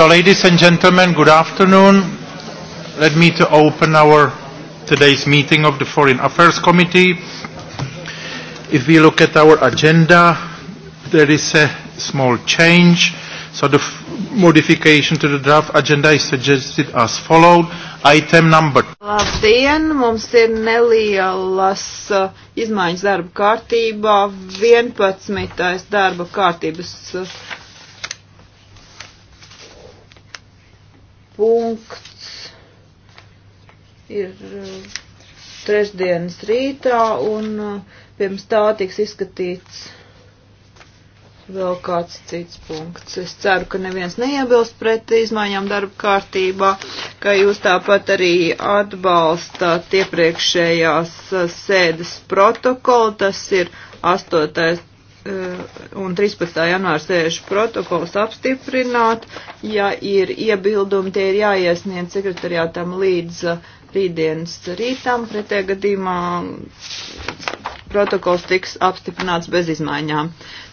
So, ladies and gentlemen, good afternoon. Let me to open our today's meeting of the Foreign Affairs Committee. If we look at our agenda, there is a small change. So the modification to the draft agenda is suggested as followed. Item number. Labdien, mums ir nelielas uh, izmaiņas darba kārtībā. 11. darba kārtības uh, punkts ir eh, trešdienas rītā, un eh, pirms tā tiks izskatīts vēl kāds cits punkts. Es ceru, ka neviens neiebilst pret izmaiņām darba kārtībā, ka jūs tāpat arī atbalstāt iepriekšējās eh, sēdes protokolu. Tas ir 8. Eh, un 13. janvāra sēžu protokols apstiprināt. Ja ir iebildumi, tie ir jāiesniedz sekretariātam līdz eh, rītdienas rītam. Pretējā gadījumā protokols tiks apstiprināts bez izmaiņām.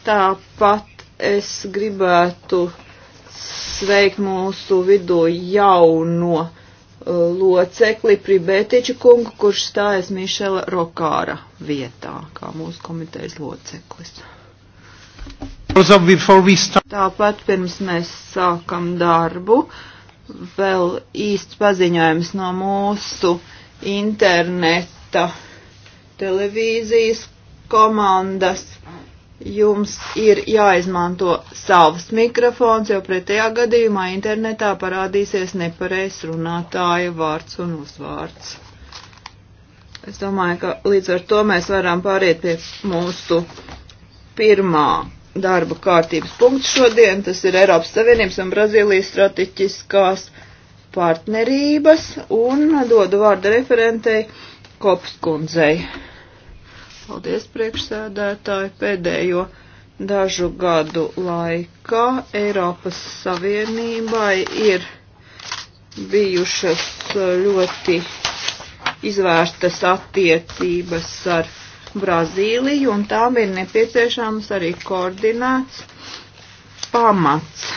Tāpat es gribētu sveikt mūsu vidū jauno uh, locekli Pribētiča kungu, kurš stājas Mišela Rokāra vietā, kā mūsu komitejas loceklis. Tāpat pirms mēs sākam darbu, vēl īsts paziņojums no mūsu interneta televīzijas komandas. Jums ir jāizmanto savs mikrofons, jo pretējā gadījumā internetā parādīsies nepareizs runātāja vārds un uzvārds. Es domāju, ka līdz ar to mēs varam pāriet pie mūsu pirmā darba kārtības punkts šodien. Tas ir Eiropas Savienības un Brazīlijas strateģiskās partnerības un dodu vārdu referentei Kopskundzei. Paldies priekšsēdētāji pēdējo dažu gadu laikā Eiropas Savienībai ir bijušas uh, ļoti izvērstas attiecības ar Brazīliju, un tām ir nepieciešams arī koordinēts pamats.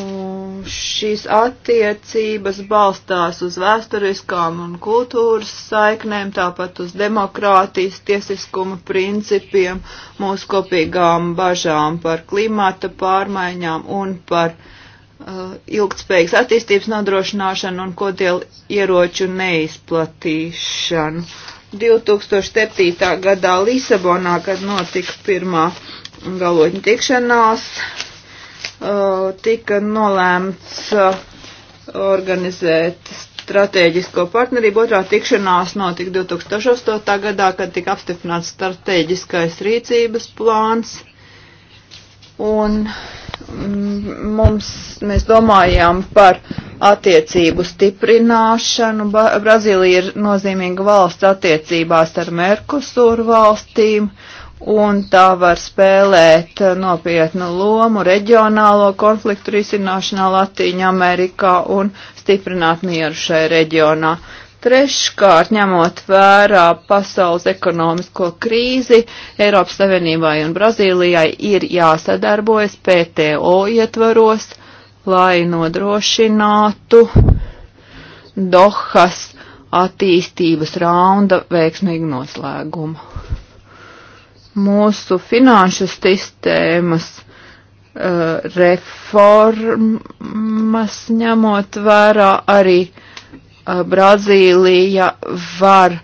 Un šīs attiecības balstās uz vēsturiskām un kultūras saiknēm, tāpat uz demokrātijas tiesiskuma principiem, mūsu kopīgām bažām par klimata pārmaiņām un par uh, ilgtspējīgas attīstības nodrošināšanu un kodēļ ieroču neizplatīšanu. Uh, 2007. gadā Lisabonā, kad notika pirmā galotņa tikšanās, uh, tika nolēmts uh, organizēt stratēģisko partnerību. Otrā tikšanās notika 2008. gadā, kad tika apstiprināts stratēģiskais rīcības plāns un mm, mums, mēs domājām par attiecību stiprināšanu. Brazīlija ir nozīmīga valsts attiecībās ar Merkusūru valstīm, un tā var spēlēt nopietnu lomu reģionālo konfliktu risināšanā Latīņa Amerikā un stiprināt mieru šai reģionā. Uh, Treškārt, ņemot vērā pasaules ekonomisko krīzi, Eiropas Savienībai un Brazīlijai ir jāsadarbojas PTO ietvaros, lai nodrošinātu Dohas attīstības raunda veiksmīgu noslēgumu. Mūsu finanšu sistēmas uh, reformas ņemot vērā arī uh, Uh, Brazīlija var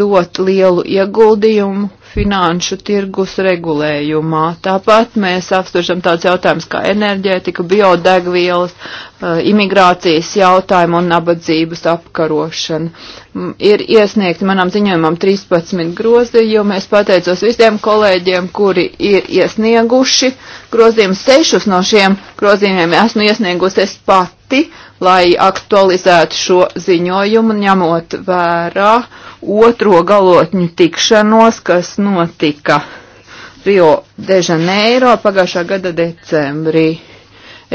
dot lielu ieguldījumu finanšu tirgus regulējumā. Tāpat mēs apspriežam tāds jautājums kā enerģētika, biodegvielas, uh, imigrācijas jautājumu un nabadzības apkarošana ir iesniegti manam ziņojumam 13 grozījumi. Es pateicos visiem kolēģiem, kuri ir iesnieguši grozījumus. Sešus no šiem grozījumiem esmu iesniegusi es pati, lai aktualizētu šo ziņojumu, ņemot vērā otro galotņu tikšanos, kas notika Rio de Janeiro pagājušā gada decembrī.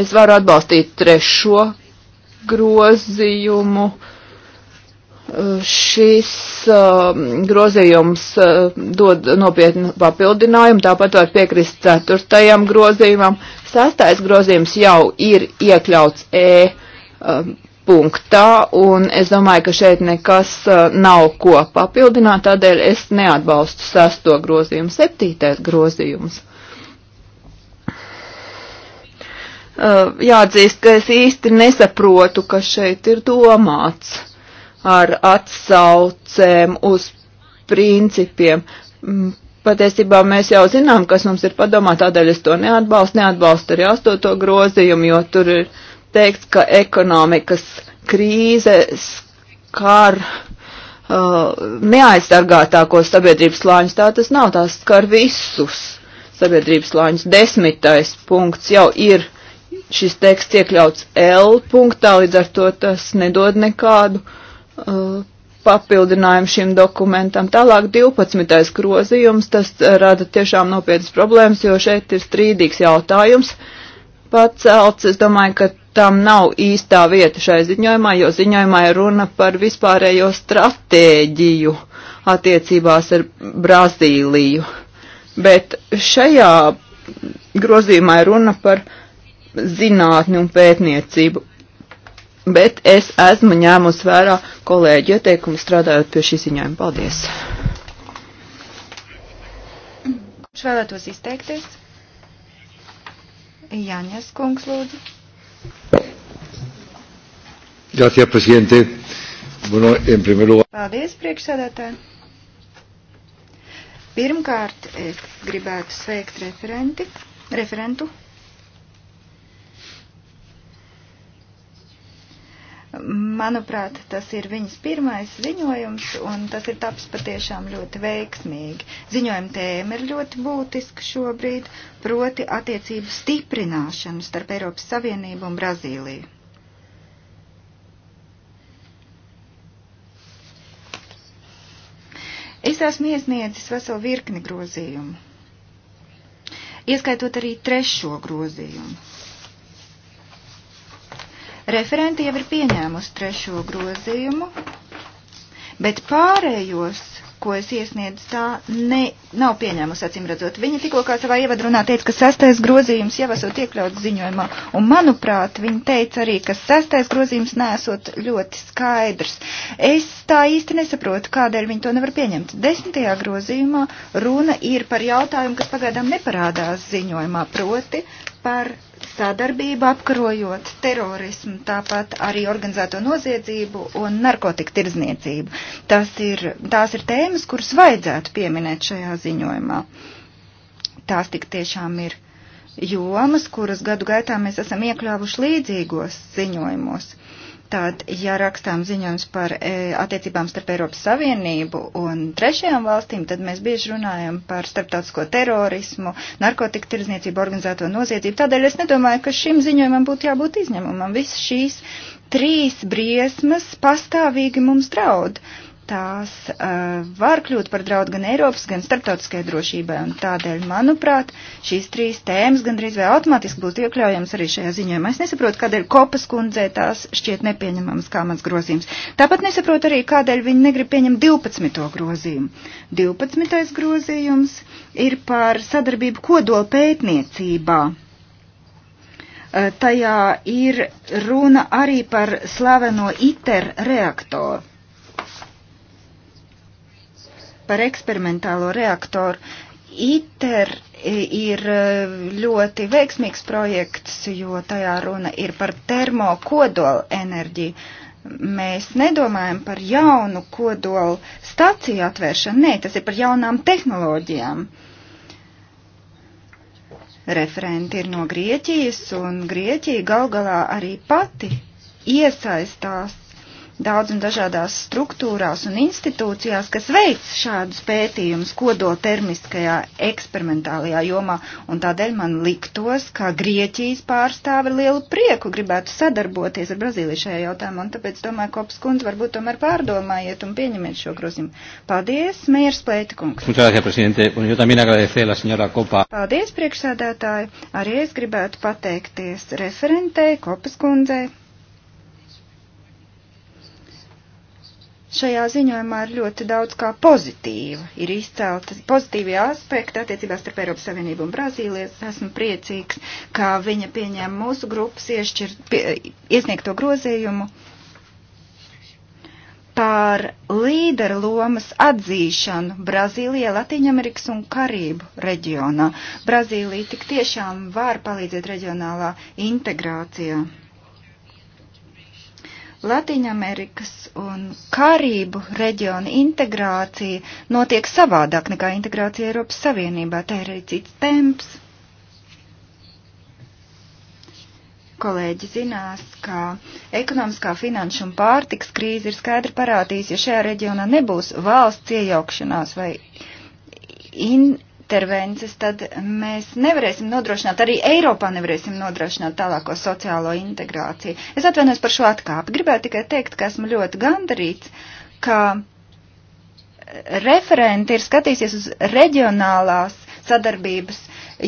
Es varu atbalstīt trešo grozījumu Šis uh, grozījums uh, dod nopietnu papildinājumu, tāpat var piekrist ceturtajam grozījumam. Sastais grozījums jau ir iekļauts E uh, punktā, un es domāju, ka šeit nekas uh, nav ko papildināt, tādēļ es neatbalstu sesto grozījumu, septītais grozījums. Uh, jāatzīst, ka es īsti nesaprotu, kas šeit ir domāts ar atsaucēm uz principiem. Mm, patiesībā mēs jau zinām, kas mums ir padomā, tādēļ es to neatbalstu, neatbalstu arī astoto grozījumu, jo tur ir teikts, ka ekonomikas krīze skar uh, neaizsargātākos sabiedrības slāņus. Tā tas nav, tās skar visus sabiedrības slāņus. Desmitais punkts jau ir šis teksts iekļauts L punktā, līdz ar to tas nedod nekādu uh, Uh, papildinājumu šim dokumentam. Tālāk 12. grozījums, tas uh, rada tiešām nopietnas problēmas, jo šeit ir strīdīgs jautājums pacelts. Es domāju, ka tam nav īstā vieta šai ziņojumā, jo ziņojumā ir runa par vispārējo stratēģiju attiecībās ar Brazīliju. Bet šajā grozījumā ir runa par zinātni un pētniecību bet es esmu ņēmus vērā kolēģi ieteikumu strādājot pie šī ziņojuma. Paldies! Kurš vēlētos izteikties? Jāņas kungs, lūdzu. Gracias, presidente. Bueno, en primer lugar. Paldies, priekšsēdētāji. Pirmkārt, es gribētu sveikt referenti, referentu Manuprāt, tas ir viņas pirmais ziņojums, un tas ir taps patiešām ļoti veiksmīgi. Ziņojuma tēma ir ļoti būtiska šobrīd, proti attiecību stiprināšanu starp Eiropas Savienību un Brazīliju. Es esmu iesniedzis veselu virkni grozījumu, ieskaitot arī trešo grozījumu Referenti jau ir pieņēmusi trešo grozījumu, bet pārējos, ko es iesniedzu, tā ne, nav pieņēmusi, acīm redzot. Viņa tikko kā savā ievadrunā teica, ka sastais grozījums jau esot iekļauts ziņojumā, un manuprāt, viņa teica arī, ka sastais grozījums nesot ļoti skaidrs. Es tā īsti nesaprotu, kādēļ viņa to nevar pieņemt. Desmitajā grozījumā runa ir par jautājumu, kas pagaidām neparādās ziņojumā, proti par sadarbību apkarojot terorismu, tāpat arī organizēto noziedzību un narkotiku tirzniecību. Tas ir, tās ir tēmas, kuras vajadzētu pieminēt šajā ziņojumā. Tās tik tiešām ir jomas, kuras gadu gaitā mēs esam iekļāvuši līdzīgos ziņojumos. Uh, Tad, ja rakstām ziņojums par e, attiecībām starp Eiropas Savienību un trešajām valstīm, tad mēs bieži runājam par starptautisko terorismu, narkotiku tirzniecību, organizēto noziedzību. Tādēļ es nedomāju, ka šim ziņojumam būtu jābūt izņēmumam. Visas šīs trīs briesmas pastāvīgi mums draud. Uh, tās uh, var kļūt par draudu gan Eiropas, gan starptautiskajai drošībai. Un tādēļ, manuprāt, šīs trīs tēmas gandrīz vai automātiski būtu iekļaujamas arī šajā ziņojumā. Es nesaprotu, kādēļ kopas kundzē tās šķiet nepieņemamas kā mans grozījums. Tāpat nesaprotu arī, kādēļ viņi negrib pieņemt 12. grozījumu. 12. grozījums ir par sadarbību kodola pētniecībā eh, tajā ir runa arī par slaveno ITER reaktoru par eksperimentālo reaktoru. ITER ir e, ļoti veiksmīgs projekts, jo tajā runa ir par termokodola enerģiju. Mēs nedomājam par jaunu kodolu staciju atvēršanu, nē, tas ir par jaunām tehnoloģijām. Referenti ir no Grieķijas, un Grieķija gal galā arī pati iesaistās daudz un dažādās struktūrās un institūcijās, kas veic šādus pētījumus kodotermiskajā eksperimentālajā jomā, un tādēļ man liktos, ka Grieķijas pārstāvi lielu prieku gribētu sadarboties ar Brazīliju šajā jautājumā, un tāpēc domāju, Kops kundze varbūt tomēr pārdomājiet un pieņemiet šo grozījumu. Paldies, Mērs Plēta kungs. Paldies, priekšsēdētāji. Arī es gribētu pateikties referentei Kopas kundzei. Šajā ziņojumā ir ļoti daudz kā pozitīva. Ir izcelti pozitīvie aspekti attiecībās starp Eiropas Savienību un Brazīliju. Esmu priecīgs, ka viņa pieņēma mūsu grupas iešķir, pie, iesniegto grozījumu par līderu lomas atzīšanu Brazīlijā, Latīņamerikas un Karību reģionā. Brazīlija tik tiešām var palīdzēt reģionālā integrācijā. Latīņamerikas un Karību reģiona integrācija notiek savādāk nekā integrācija Eiropas Savienībā. Tā ir arī cits temps. Kolēģi zinās, ka ekonomiskā, finanšu un pārtiks krīze ir skaidri parādījusi, ja šajā reģionā nebūs valsts iejaukšanās vai in, intervences, tad mēs nevarēsim nodrošināt, arī Eiropā nevarēsim nodrošināt tālāko sociālo integrāciju. Es atvainojos par šo atkāpi. Gribētu tikai teikt, ka esmu ļoti gandarīts, ka referenti ir skatīsies uz reģionālās sadarbības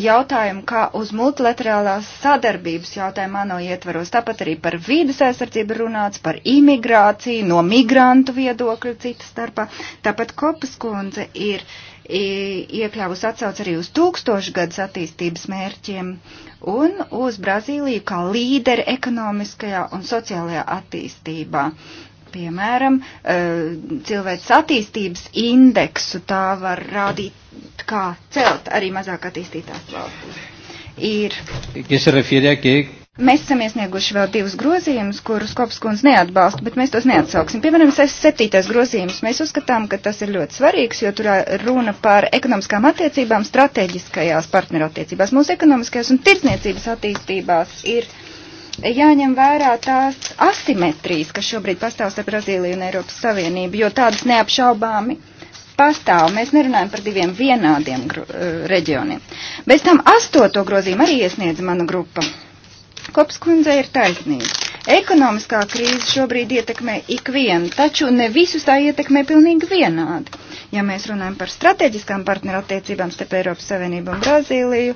jautājumu, kā uz multilaterālās sadarbības jautājumu ANO ietvaros. Tāpat arī par vīdas aizsardzību runāts, par imigrāciju, no migrantu viedokļu citas starpā. Tāpat Kopas kundze ir iekļāvusi atsauc arī uz tūkstošgadus attīstības mērķiem un uz Brazīliju kā līderi ekonomiskajā un sociālajā attīstībā. Piemēram, eh, cilvēks attīstības indeksu tā var rādīt kā celt arī mazāk attīstītās valstis. Ir. Mēs esam iesnieguši vēl divus grozījumus, kurus Kopskunds neatbalsta, bet mēs tos neatsauksim. Piemēram, 7. grozījums. Mēs uzskatām, ka tas ir ļoti svarīgs, jo tur runa par ekonomiskām attiecībām, strateģiskajās partnerattiecībās. Mūsu ekonomiskajās un tirdzniecības attīstībās ir jāņem vērā tās asimetrijas, kas šobrīd pastāv starp Brazīliju un Eiropas Savienību, jo tādas neapšaubāmi pastāv. Mēs nerunājam par diviem vienādiem gru, reģioniem. Bez tam astoto grozījumu arī iesniedz mana grupa Kops kundze ir taisnība. Ekonomiskā krīze šobrīd ietekmē ikvienu, taču ne visus tā ietekmē pilnīgi vienādi. Ja mēs runājam par strateģiskām partnerattiecībām starp Eiropas Savienību un Brazīliju,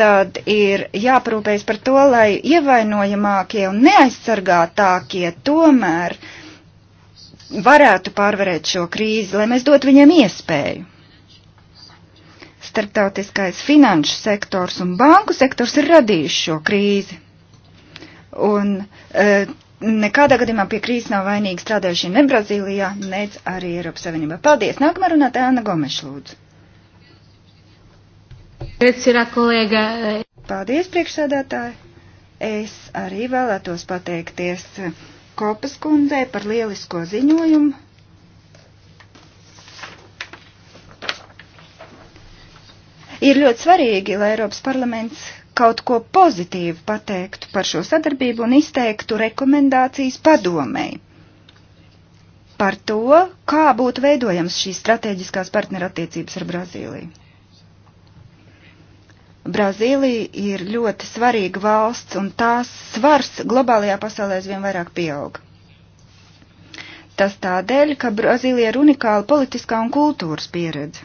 tad ir jāprūpējas par to, lai ievainojamākie un neaizsargātākie tomēr varētu pārvarēt šo krīzi, lai mēs dotu viņiem iespēju. Starptautiskais finanšu sektors un banku sektors ir radījuši šo krīzi. Un e, nekādā gadījumā pie krīzes nav vainīgi strādājušie ne Brazīlijā, ne arī Eiropas Savienībā. Paldies! Nākamā runātāja Anna Gomeša lūdzu. E, Paldies, priekšsēdētāji! Es arī vēlētos pateikties Kopas kundzei par lielisko ziņojumu. Ir ļoti svarīgi, lai Eiropas parlaments kaut ko pozitīvu pateiktu par šo sadarbību un izteiktu rekomendācijas padomēji par to, kā būtu veidojams šīs strateģiskās partnerattiecības ar Brazīliju. Brazīlija ir ļoti svarīga valsts, un tās svars globālajā pasaulē aizvien vairāk pieaug. Tas tādēļ, ka Brazīlija ir unikāla politiskā un kultūras pieredze.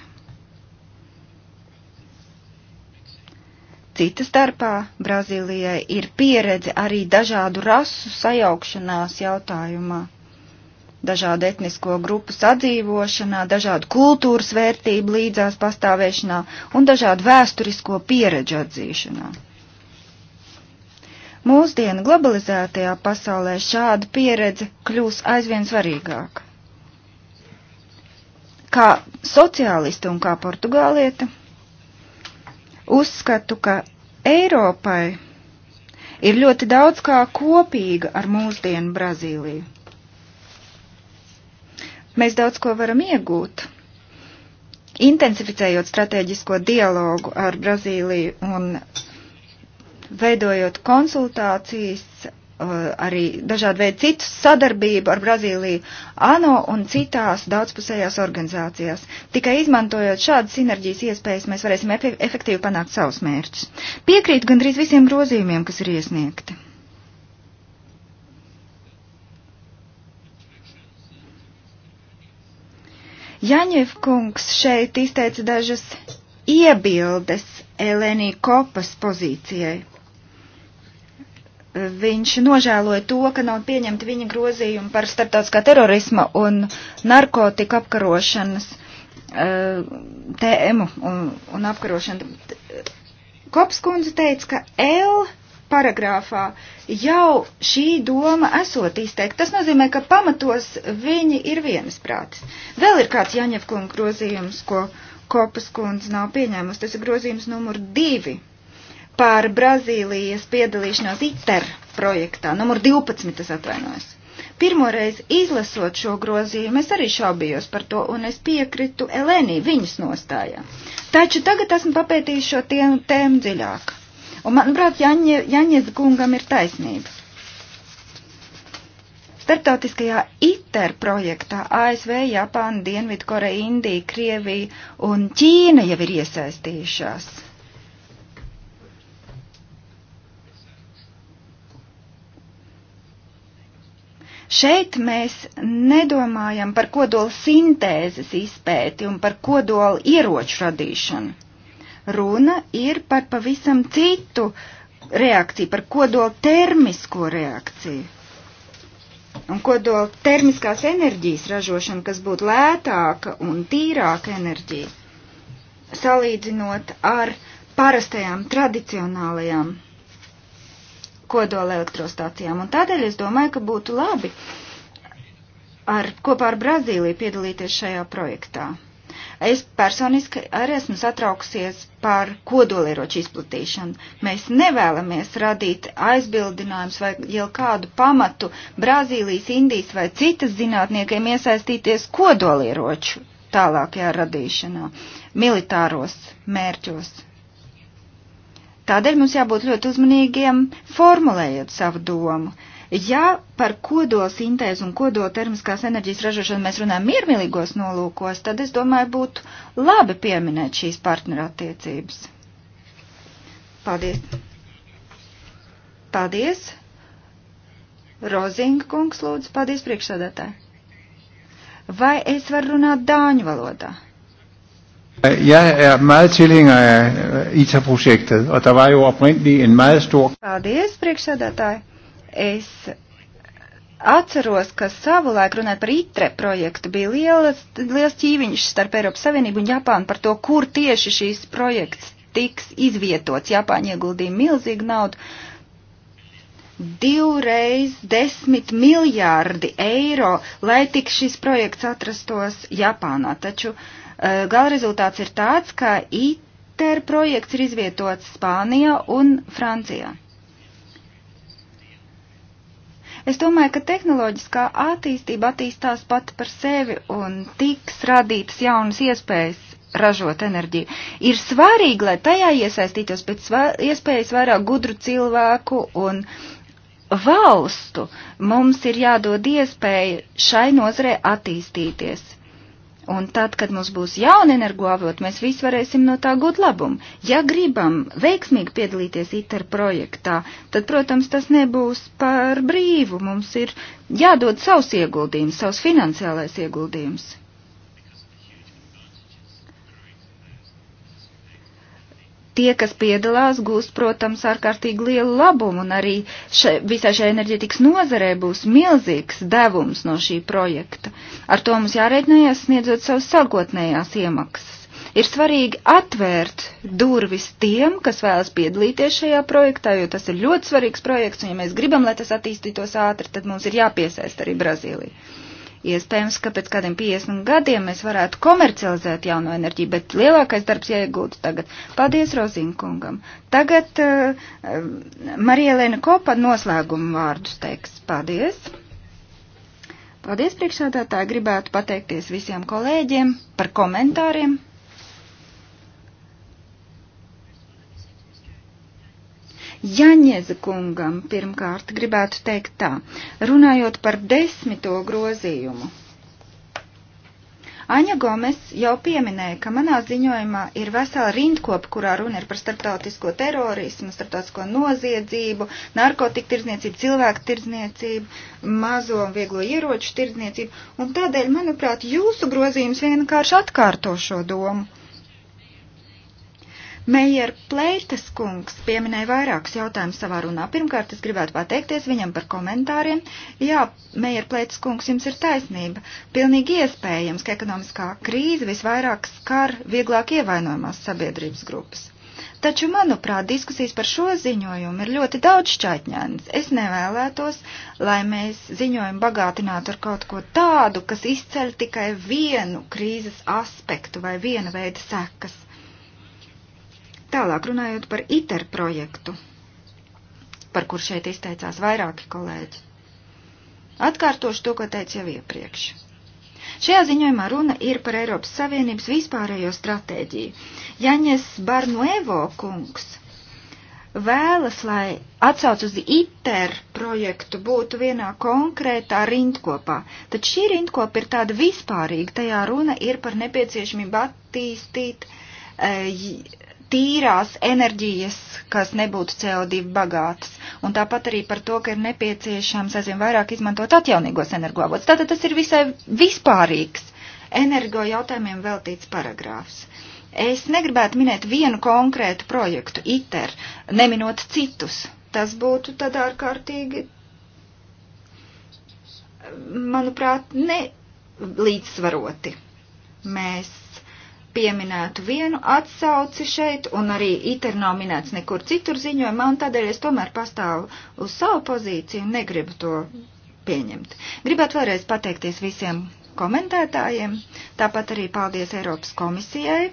Cita starpā Brazīlijai ir pieredze arī dažādu rasu sajaukšanās jautājumā, dažādu etnisko grupu sadzīvošanā, dažādu kultūras vērtību līdzās pastāvēšanā un dažādu vēsturisko pieredžu atzīšanā. Mūsdienu globalizētajā pasaulē šāda pieredze kļūs aizvien svarīgāka. Kā sociālisti un kā portugālieti Uzskatu, ka Eiropai ir ļoti daudz kā kopīga ar mūsdienu Brazīliju. Mēs daudz ko varam iegūt, intensificējot strateģisko dialogu ar Brazīliju un veidojot konsultācijas Uh, arī dažādi veidi citu sadarbību ar Brazīliju, ANO un citās daudzpusējās organizācijās. Tikai izmantojot šādas sinerģijas iespējas, mēs varēsim ef efektīvi panākt savus mērķus. Piekrītu gandrīz visiem grozījumiem, kas ir iesniegti. Jaņev kungs šeit izteica dažas iebildes Elēnī Kopas pozīcijai. Viņš nožēloja to, ka nav pieņemti viņa grozījumi par starptautiskā terorisma un narkotika apkarošanas uh, tēmu un, un apkarošanu. Kopskundze teica, ka L paragrāfā jau šī doma esot izteikta. Tas nozīmē, ka pamatos viņi ir vienasprātis. Vēl ir kāds Jaņevkunga grozījums, ko Kopskundze nav pieņēmusi. Tas ir grozījums numur divi par Brazīlijas piedalīšanos ITER projektā, numur 12 es atvainojos. Pirmoreiz izlasot šo grozījumu, es arī šaubījos par to, un es piekritu Elēnī viņas nostājā. Taču tagad esmu papētījis šo tēmu dziļāk. Un, manuprāt, Jaņa, Jaņez kungam ir taisnība. Startautiskajā ITER projektā ASV, Japāna, Dienvidkoreja, Indija, Krievija un Ķīna jau ir iesaistījušās. Šeit mēs nedomājam par kodola sintēzes izpēti un par kodola ieroču radīšanu. Runa ir par pavisam citu reakciju, par kodola termisko reakciju. Un kodola termiskās enerģijas ražošana, kas būtu lētāka un tīrāka enerģija, salīdzinot ar parastajām tradicionālajām kodola elektrostācijām. Un tādēļ es domāju, ka būtu labi ar, kopā ar Brazīliju piedalīties šajā projektā. Es personiski arī esmu satraukusies par kodolieroču izplatīšanu. Mēs nevēlamies radīt aizbildinājumus vai jau kādu pamatu Brazīlijas, Indijas vai citas zinātniekiem iesaistīties kodolieroču tālākajā radīšanā, militāros mērķos. Tādēļ mums jābūt ļoti uzmanīgiem formulējot savu domu. Ja par kodola sintēzi un kodola termiskās enerģijas ražošanu mēs runājam miermīlīgos nolūkos, tad es domāju, būtu labi pieminēt šīs partnerattiecības. Paldies! Paldies! Rozinga kungs lūdzu, paldies priekšsādātāji! Vai es varu runāt dāņu valodā? Øh, jeg er meget tilhænger af øh, ITER-projektet, og der var jo oprindeligt en meget stor... Paldies, priekšsēdētāji. Es atceros, ka savulaik runājot par ITRE projektu, bija liels, liels ķīviņš starp Eiropas Savienību un Japānu par to, kur tieši šīs projekts tiks izvietots. Japāņa ieguldīja milzīgu naudu divreiz desmit miljārdi eiro, lai tik šis projekts atrastos Japānā. Taču uh, Gala rezultāts ir tāds, ka ITER projekts ir izvietots Spānijā un Francijā. Es domāju, ka tehnoloģiskā attīstība attīstās pati par sevi un tiks radītas jaunas iespējas ražot enerģiju. Ir svarīgi, lai tajā iesaistītos pēc iespējas vairāk gudru cilvēku un valstu. Mums ir jādod iespēja šai nozarē attīstīties. Un tad, kad mums būs jauna energoavot, mēs visi varēsim no tā gūt labumu. Ja gribam veiksmīgi piedalīties ITER projektā, tad, protams, tas nebūs par brīvu. Mums ir jādod savs ieguldījums, savs finansiālais ieguldījums. tie, kas piedalās, gūst, protams, ārkārtīgi lielu labumu, un arī še, visai šai enerģetikas nozarē būs milzīgs devums no šī projekta. Ar to mums jārēķinājās sniedzot savas sagotnējās iemaksas. Ir svarīgi atvērt durvis tiem, kas vēlas piedalīties šajā projektā, jo tas ir ļoti svarīgs projekts, un ja mēs gribam, lai tas attīstītos ātri, tad mums ir jāpiesaist arī Brazīlija. Iespējams, ka pēc kādiem 50 gadiem mēs varētu komercializēt jauno enerģiju, bet lielākais darbs jāiegūtu tagad. Paldies Rozinkungam. Tagad uh, eh, Marielēna Kopa noslēguma vārdus teiks. Paldies. Paldies priekšādātāji. Gribētu pateikties visiem kolēģiem par komentāriem. Jaņieza kungam pirmkārt gribētu teikt tā, runājot par desmito grozījumu. Aņa Gomes jau pieminēja, ka manā ziņojumā ir vesela rindkopa, kurā runa ir par starptautisko terorismu, starptautisko noziedzību, narkotiku tirdzniecību, cilvēku tirdzniecību, mazo un vieglo ieroču tirdzniecību, un tādēļ, manuprāt, jūsu grozījums vienkārši atkārto šo domu. Meijer Pleitas kungs pieminēja vairākus jautājumus savā runā. Pirmkārt, es gribētu pateikties viņam par komentāriem. Jā, Meijer Pleitas kungs, jums ir taisnība. Pilnīgi iespējams, ka ekonomiskā krīze visvairāk skar vieglāk ievainojumās sabiedrības grupas. Taču, manuprāt, diskusijas par šo ziņojumu ir ļoti daudz šķaitņēnas. Es nevēlētos, lai mēs ziņojumu bagātinātu ar kaut ko tādu, kas izceļ tikai vienu krīzes aspektu vai viena veida sekas. Tālāk runājot par ITER projektu, par kur šeit izteicās vairāki kolēģi. Atkārtošu to, ko teicu jau iepriekš. Šajā ziņojumā runa ir par Eiropas Savienības vispārējo stratēģiju. Jaņes Barnuevo kungs vēlas, lai atsauc uz ITER projektu būtu vienā konkrētā rindkopā. Tad šī rindkopa ir tāda vispārīga, tajā runa ir par nepieciešamību attīstīt e, tīrās enerģijas, kas nebūtu CO2 bagātas. Un tāpat arī par to, ka ir nepieciešams aizvien vairāk izmantot atjaunīgos energoavotus. Tātad tas ir visai vispārīgs energo jautājumiem veltīts paragrāfs. Es negribētu minēt vienu konkrētu projektu, ITER, neminot citus. Tas būtu tad ārkārtīgi, manuprāt, ne līdzsvaroti. Mēs pieminētu vienu atsauci šeit, un arī ITER nav minēts nekur citur ziņojumā, un tādēļ es tomēr pastāvu uz savu pozīciju un negribu to pieņemt. Gribētu vēlreiz pateikties visiem komentētājiem, tāpat arī paldies Eiropas komisijai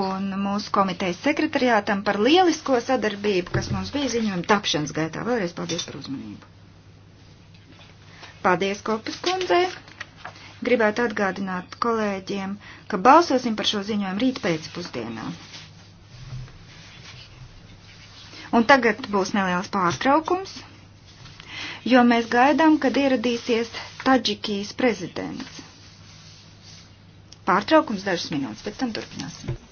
un mūsu komitejas sekretariātam par lielisko sadarbību, kas mums bija ziņojuma tapšanas gaitā. Vēlreiz paldies par uzmanību. Paldies, Kopas kundzei! Gribētu atgādināt kolēģiem, ka balsosim par šo ziņojumu rīt pēcpusdienā. Un tagad būs neliels pārtraukums, jo mēs gaidām, kad ieradīsies Taģikijas prezidents. Pārtraukums dažas minūtes, pēc tam turpināsim.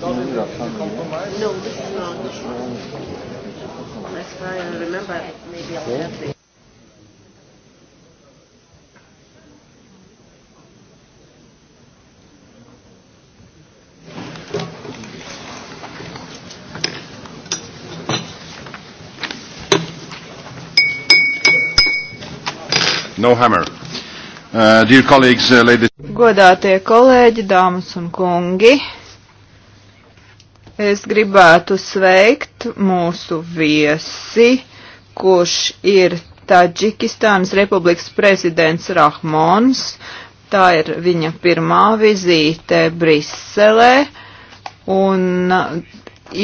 No, this is not. That's why I remember. Maybe I'll have to. No hammer. Uh, dear colleagues, uh, ladies. Godātie kolēģi, dāmas un kungi. Es gribētu sveikt mūsu viesi, kurš ir Taģikistānas republikas prezidents Rahmons. Tā ir viņa pirmā vizīte Briselē. Un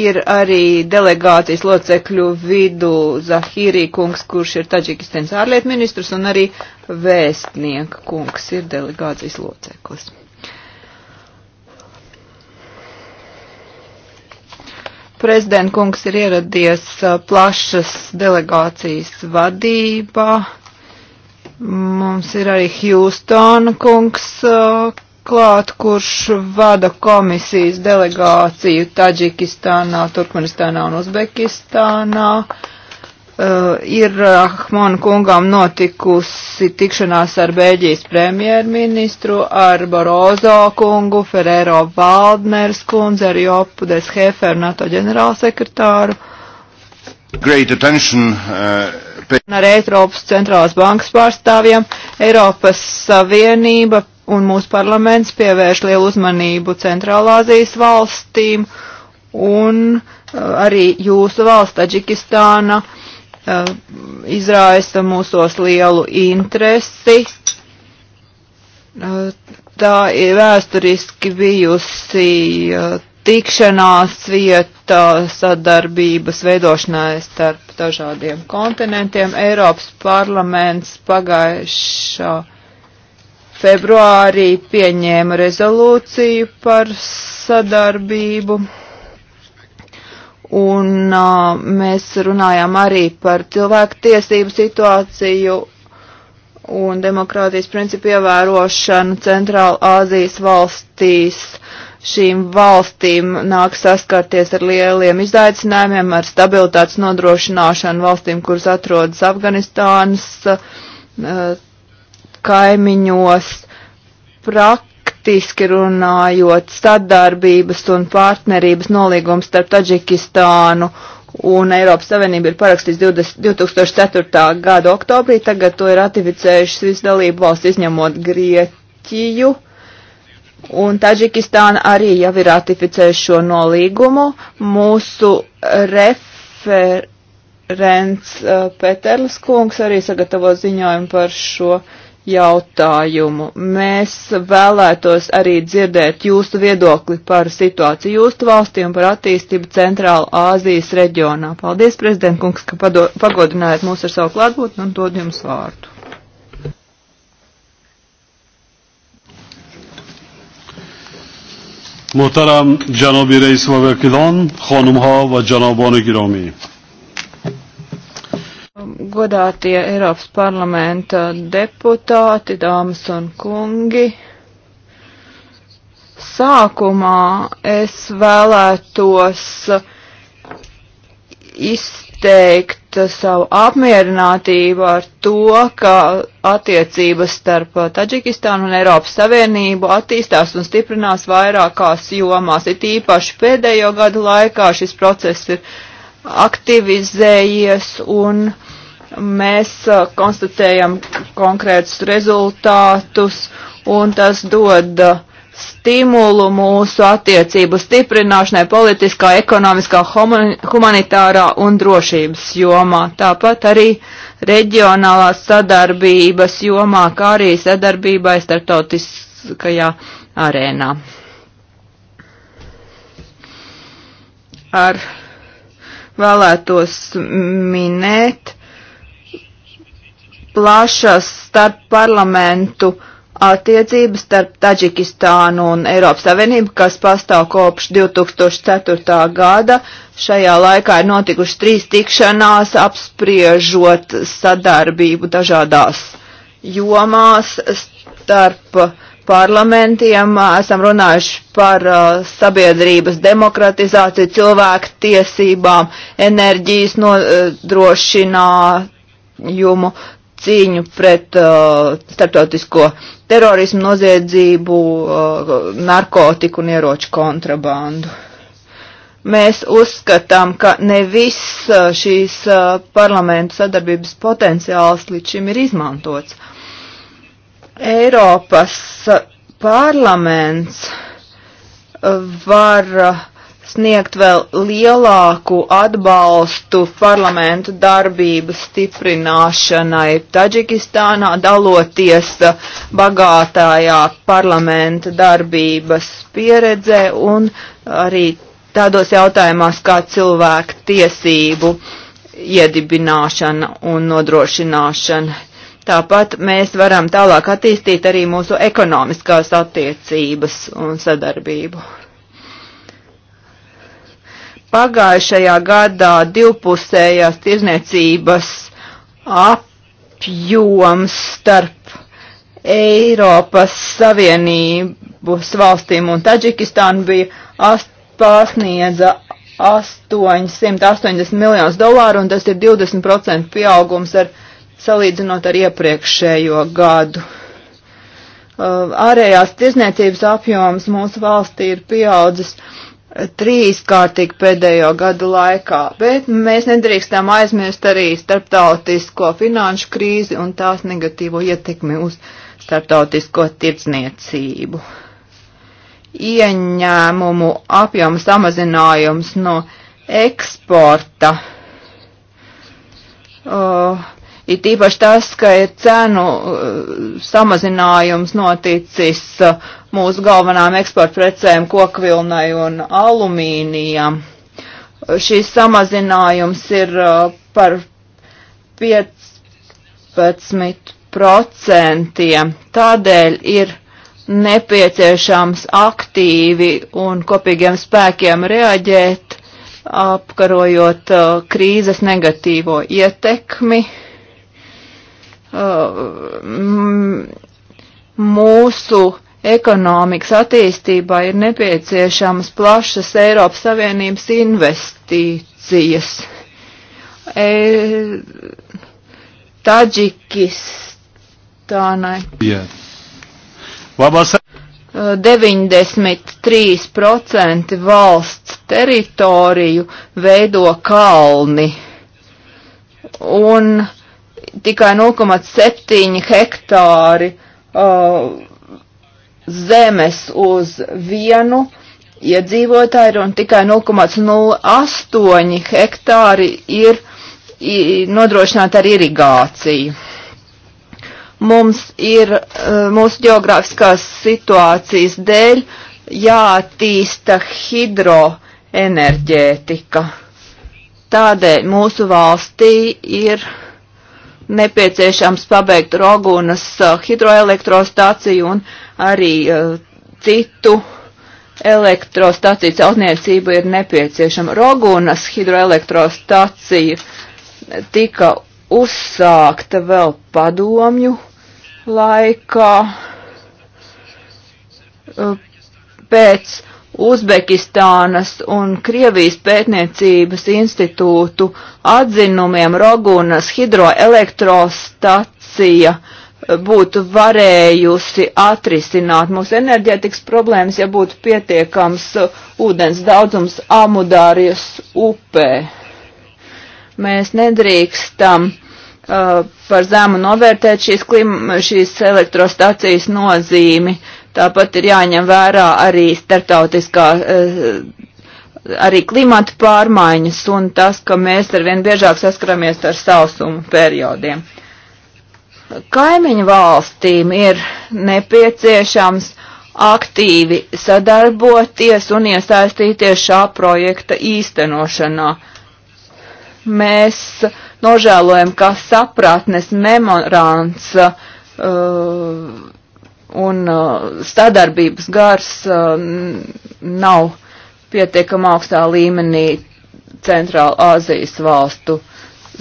ir arī delegācijas locekļu vidu Zahīrī kungs, kurš ir Taģikistānas ārlietu ministrs, un arī vēstnieka kungs ir delegācijas loceklis. Prezident kungs ir ieradies uh, plašas delegācijas vadībā. Mums ir arī Hjūstona kungs uh, klāt, kurš vada komisijas delegāciju Taģikistānā, Turkmenistānā un Uzbekistānā. Uh, uh, ir eh, Ahmona kungām notikusi tikšanās ar Bēļģijas premjerministru, ar Barozo kungu, Ferrero Valdners kundzi, ar Jopu Des Heferu, NATO ģenerālsekretāru. Great attention, uh ar Eiropas centrālās bankas pārstāvjiem, Eiropas Savienība un mūsu parlaments pievērš lielu uzmanību Centrālāzijas valstīm un uh, arī jūsu valsts Taģikistāna Uh, izraisa mūsos lielu interesi. Uh, tā ir vēsturiski bijusi uh, tikšanās vieta sadarbības veidošanai starp dažādiem kontinentiem. Eiropas parlaments pagājušā februārī pieņēma rezolūciju par sadarbību. Un uh, mēs runājām arī par cilvēku tiesību situāciju un demokrātijas principu ievērošanu Centrāla Āzijas valstīs. Šīm valstīm nāk saskarties ar lieliem izaicinājumiem, ar stabilitātes nodrošināšanu valstīm, kuras atrodas Afganistānas uh, kaimiņos. Prak praktiski runājot, sadarbības un partnerības nolīgums starp Taģikistānu un Eiropas Savienību ir parakstīts 20, 2004. gada oktobrī, tagad to ir ratificējušas visu dalību valsts izņemot Grieķiju. Un Taģikistāna arī jau ir ratificējuši šo nolīgumu. Mūsu referents uh, Peterlis kungs arī sagatavo ziņojumu par šo uh, jautājumu. Mēs vēlētos arī dzirdēt jūsu viedokli par situāciju jūsu valstī un par attīstību Centrāla Āzijas reģionā. Paldies, prezident kungs, ka pagodinājāt mūs ar savu klātbūtni un dod jums vārdu. محترم جناب رئیس و وکیلان خانم ها و جنابان گرامی Godātie Eiropas parlamenta deputāti, dāmas un kungi, sākumā es vēlētos izteikt savu apmierinātību ar to, ka attiecības starp Taģikistānu un Eiropas Savienību attīstās un stiprinās vairākās jomās. It īpaši pēdējo gadu laikā šis process ir aktivizējies un mēs uh, konstatējam konkrētus rezultātus, un tas dod uh, stimulu mūsu attiecību stiprināšanai politiskā, ekonomiskā, humanitārā un drošības jomā. Tāpat arī reģionālās sadarbības jomā, kā arī sadarbībai starptautiskajā arēnā. Ar vēlētos minēt, plašas starp parlamentu attiecības starp Taģikistānu un Eiropas Savienību, kas pastāv kopš 2004. gada. Šajā laikā ir notikušas trīs tikšanās, apspriežot sadarbību dažādās jomās starp parlamentiem. Esam runājuši par uh, sabiedrības demokratizāciju, cilvēku tiesībām, enerģijas nodrošinājumu, cīņu pret uh, starptautisko terorismu, noziedzību, uh, narkotiku un ieroču kontrabandu. Mēs uzskatām, ka ne viss uh, šīs uh, parlamentu sadarbības potenciāls līdz šim ir izmantots. Eiropas uh, parlaments uh, var uh, sniegt vēl lielāku atbalstu parlamentu darbības stiprināšanai Taģikistānā, daloties bagātājā parlamenta darbības pieredzē un arī tādos jautājumās kā cilvēku tiesību iedibināšana un nodrošināšana. Tāpat mēs varam tālāk attīstīt arī mūsu ekonomiskās attiecības un sadarbību pagājušajā gadā divpusējās tirzniecības apjoms starp Eiropas Savienības valstīm un Taģikistānu bija ast, pārsniedza 880 miljonus dolāru, un tas ir 20% pieaugums ar, salīdzinot ar iepriekšējo gadu. Uh, ārējās tirzniecības apjoms mūsu valstī ir pieaudzis trīs kārtīgi pēdējo gadu laikā, bet mēs nedrīkstam aizmirst arī starptautisko finanšu krīzi un tās negatīvo ietekmi uz starptautisko tirdzniecību. Ieņēmumu apjomu samazinājums no eksporta uh, It īpaši tas, ka ir cenu eh, samazinājums noticis eh, mūsu galvenām eksportprecēm kokvilnai un alumīnijam. Šis samazinājums ir eh, par 15%. Tādēļ ir nepieciešams aktīvi un kopīgiem spēkiem reaģēt, apkarojot krīzes negatīvo ietekmi Uh, mūsu ekonomikas attīstībai ir nepieciešamas plašas Eiropas Savienības investīcijas. E, Taģikistānai. Yeah. Uh, 93% valsts teritoriju veido kalni. Un uh, tikai 0,7 hektāri uh, zemes uz vienu iedzīvotāju un tikai 0,08 hektāri ir nodrošināta ar irigāciju. Mums ir uh, mūsu geogrāfiskās situācijas dēļ jātīsta hidroenerģētika. Tādēļ mūsu valstī ir uh, nepieciešams pabeigt Rogunas uh, hidroelektrostaciju un arī uh, citu elektrostaciju celtniecību ir nepieciešama. Rogunas hidroelektrostacija tika uzsākta vēl padomju laikā uh, pēc Uzbekistānas un Krievijas pētniecības institūtu atzinumiem Rogunas hidroelektrostacija būtu varējusi atrisināt mūsu enerģētikas problēmas, ja būtu pietiekams ūdens daudzums Amudārijas upē. Mēs nedrīkstam uh, par zemu novērtēt šīs, klim, šīs elektrostacijas nozīmi. Uh, Tāpat ir jāņem vērā arī starptautiskā eh, arī klimata pārmaiņas un tas, ka mēs arvien biežāk saskaramies ar sausumu periodiem. Kaimiņu valstīm ir nepieciešams aktīvi sadarboties un iesaistīties šā projekta īstenošanā. Mēs nožēlojam, ka sapratnes memorands uh, un uh, sadarbības gars uh, nav pietiekam augstā līmenī Centrāla Āzijas valstu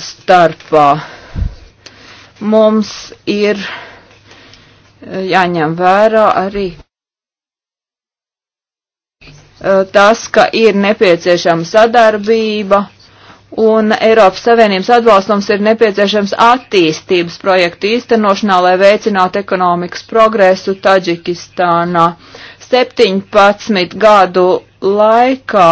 starpā. Mums ir uh, jāņem vērā arī tas, ka ir nepieciešama sadarbība un Eiropas Savienības atbalsts mums ir nepieciešams attīstības projektu īstenošanā, lai veicinātu ekonomikas progresu Taģikistānā. 17 gadu laikā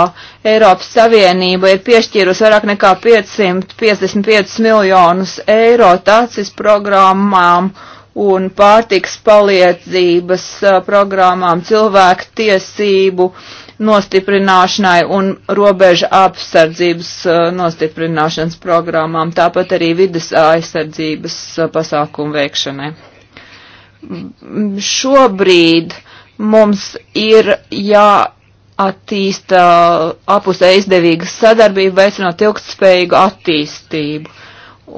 Eiropas Savienība ir piešķīrusi vairāk nekā 555 miljonus eiro tacis programmām un pārtiks paliedzības eh, programmām cilvēku tiesību uh, nostiprināšanai un robeža apsardzības uh, nostiprināšanas programmām, tāpat arī vidas aizsardzības uh, pasākumu veikšanai. Mm, šobrīd mums ir jāattīsta apusē izdevīga sadarbība, veicinot ilgtspējīgu attīstību.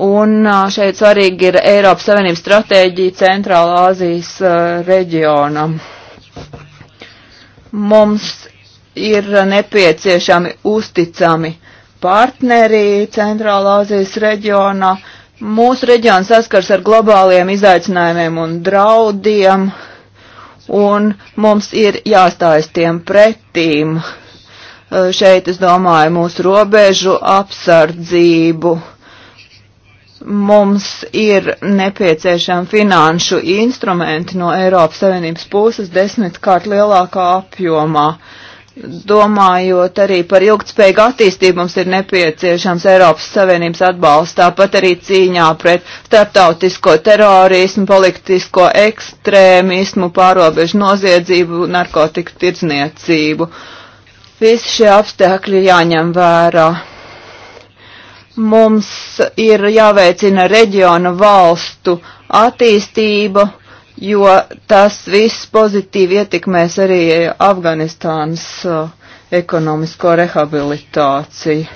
Un uh, šeit svarīgi ir Eiropas Savienības stratēģija Centrālā Azijas reģionam. Mums ir nepieciešami uzticami partneri Centrālā Azijas reģionā. Mūsu reģions saskars ar globāliem izaicinājumiem un draudiem, un mums ir jāstājas tiem pretīm. Eh, šeit, es domāju, mūsu robežu apsardzību. Mums ir nepieciešami finanšu instrumenti no Eiropas Savienības puses desmitkārt lielākā apjomā. Uh, Domājot arī par ilgtspējīgu attīstību, mums ir nepieciešams Eiropas Savienības atbalsts, tāpat arī cīņā pret starptautisko terorismu, politisko ekstrēmismu, pārobežu noziedzību, narkotiku tirdzniecību. Visi šie apstākļi jāņem vērā. Mums ir jāveicina reģionu valstu attīstība jo tas viss pozitīvi ietekmēs arī Afganistānas uh, ekonomisko rehabilitāciju.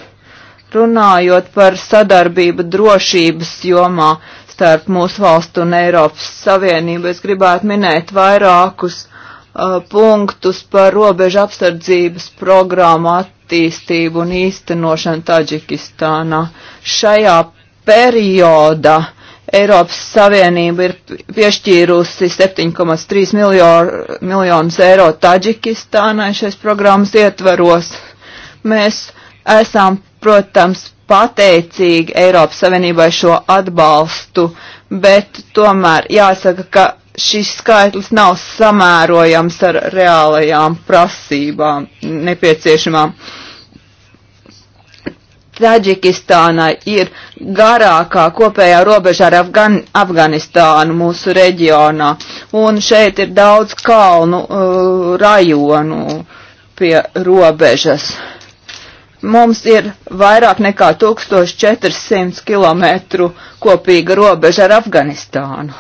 Runājot par sadarbību drošības jomā starp mūsu valstu un Eiropas Savienību, es gribētu minēt vairākus uh, punktus par robežu apsardzības programmu attīstību un īstenošanu Taģikistānā. Šajā perioda uh, Eiropas Savienība ir piešķīrusi 7,3 miljonus eiro Taģikistānai šais programmas ietvaros. Mēs esam, protams, pateicīgi Eiropas Savienībai šo atbalstu, bet tomēr jāsaka, ka šis skaitlis nav samērojams ar reālajām prasībām nepieciešamām. Uh, Taģikistānai ir garākā kopējā robeža ar Afgan Afganistānu mūsu reģionā, un šeit ir daudz kalnu uh, rajonu pie robežas. Mums ir vairāk nekā 1400 km kopīga robeža ar Afganistānu.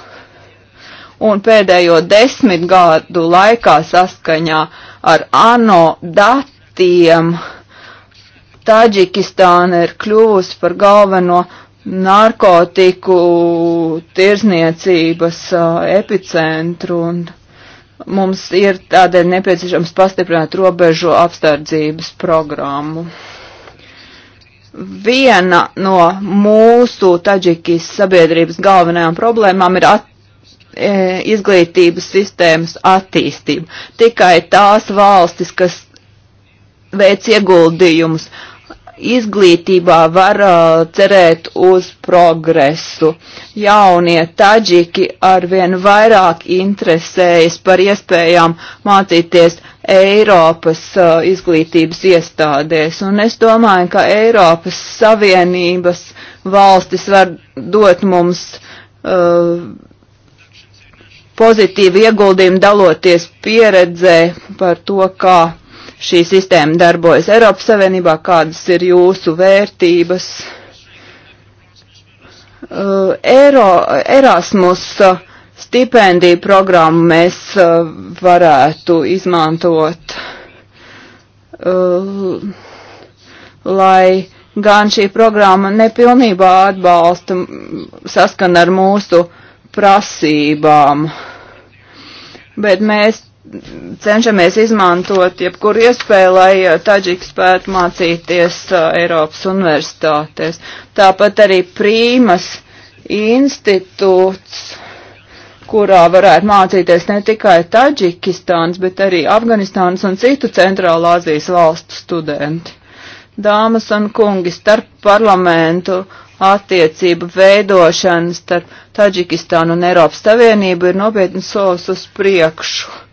Un pēdējo desmit gadu laikā saskaņā ar ANO datiem uh, Tāģikistāna ir kļuvusi par galveno narkotiku tirzniecības epicentru un mums ir tādēļ nepieciešams pastiprināt robežu apstardzības programmu. Viena no mūsu Taģikijas sabiedrības galvenajām problēmām ir at, e, izglītības sistēmas attīstība. Tikai tās valstis, kas veic ieguldījumus izglītībā var uh, cerēt uz progresu. Jaunie taģiki arvien vairāk interesējas par iespējām mācīties Eiropas uh, izglītības iestādēs, un es domāju, ka Eiropas Savienības valstis var dot mums uh, pozitīvu ieguldījumu daloties pieredzē par to, kā šī sistēma darbojas Eiropas Savienībā, kādas ir jūsu vērtības. Uh, Eiro, Erasmus uh, stipendiju programmu mēs uh, varētu izmantot, uh, lai gan šī programma nepilnībā atbalsta saskan ar mūsu prasībām. Bet mēs cenšamies izmantot jebkuru iespēju, lai eh, taģiks spētu mācīties eh, Eiropas universitātēs. Tāpat arī prīmas institūts, kurā varētu mācīties ne tikai Taģikistāns, bet arī Afganistānas un citu centrālā Azijas valstu studenti. Dāmas un kungi starp parlamentu attiecību veidošana starp Taģikistānu un Eiropas Savienību ir nopietni solis uz priekšu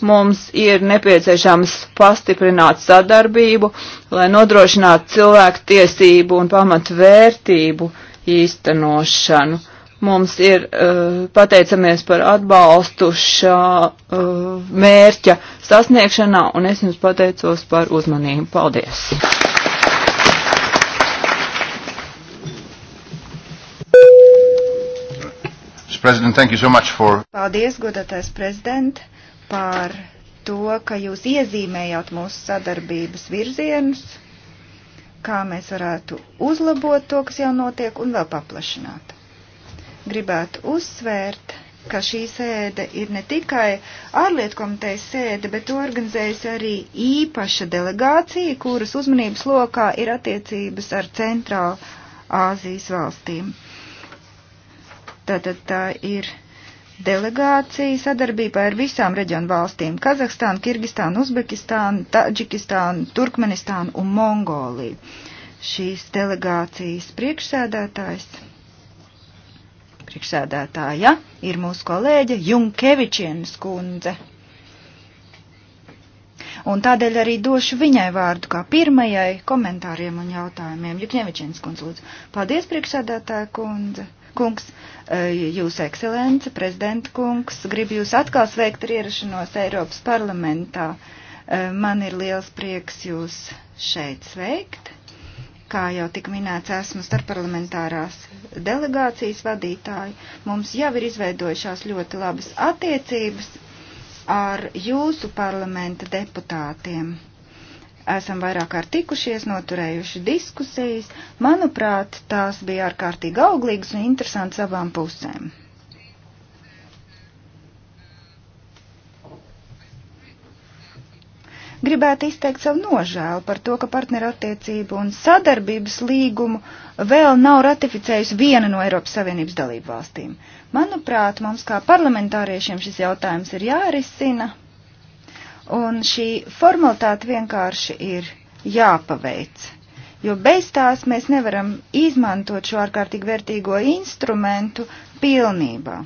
Mums ir nepieciešams pastiprināt sadarbību, lai nodrošinātu cilvēku tiesību un pamatvērtību īstenošanu. Mums ir uh, pateicamies par atbalstu šā uh, mērķa sasniegšanā, un es jums pateicos par uzmanību. Paldies! President, thank you so much for. Paldies, godātais prezident par to, ka jūs iezīmējāt mūsu sadarbības virzienus, kā mēs varētu uzlabot to, kas jau notiek, un vēl paplašināt. Gribētu uzsvērt, ka šī sēde ir ne tikai ārlietu komitejas sēde, bet organizējas arī īpaša delegācija, kuras uzmanības lokā ir attiecības ar Centrālu Āzijas valstīm. Tātad tā ir delegācija sadarbībā ar visām reģionu valstīm - Kazahstānu, Kirgistānu, Uzbekistānu, Taģikistānu, Turkmenistānu un Mongoliju. Šīs delegācijas priekšsēdētājs, priekšsēdētāja ir mūsu kolēģe Junkevičienas kundze. Un tādēļ arī došu viņai vārdu kā pirmajai komentāriem un jautājumiem. Jukņevičienas kundze, lūdzu. Paldies, priekšsēdētāja kundze kungs, eh, jūsu ekscelence, prezidenta kungs, gribu jūs atkal sveikt ar ierašanos Eiropas parlamentā. Eh, man ir liels prieks jūs šeit sveikt. Kā jau tik minēts, esmu starpparlamentārās delegācijas vadītāja. Mums jau ir izveidojušās ļoti labas attiecības ar jūsu parlamenta deputātiem esam vairāk kārt tikušies, noturējuši diskusijas. Manuprāt, tās bija ārkārtīgi auglīgas un interesantas abām pusēm. gribētu izteikt savu nožēlu par to, ka partnerattiecību un sadarbības līgumu vēl nav ratificējusi viena no Eiropas Savienības dalību valstīm. Manuprāt, mums kā parlamentāriešiem šis jautājums ir jārisina Un šī formalitāte vienkārši ir jāpaveic. Jo bez tās mēs nevaram izmantot šo ārkārtīgi vērtīgo instrumentu pilnībā.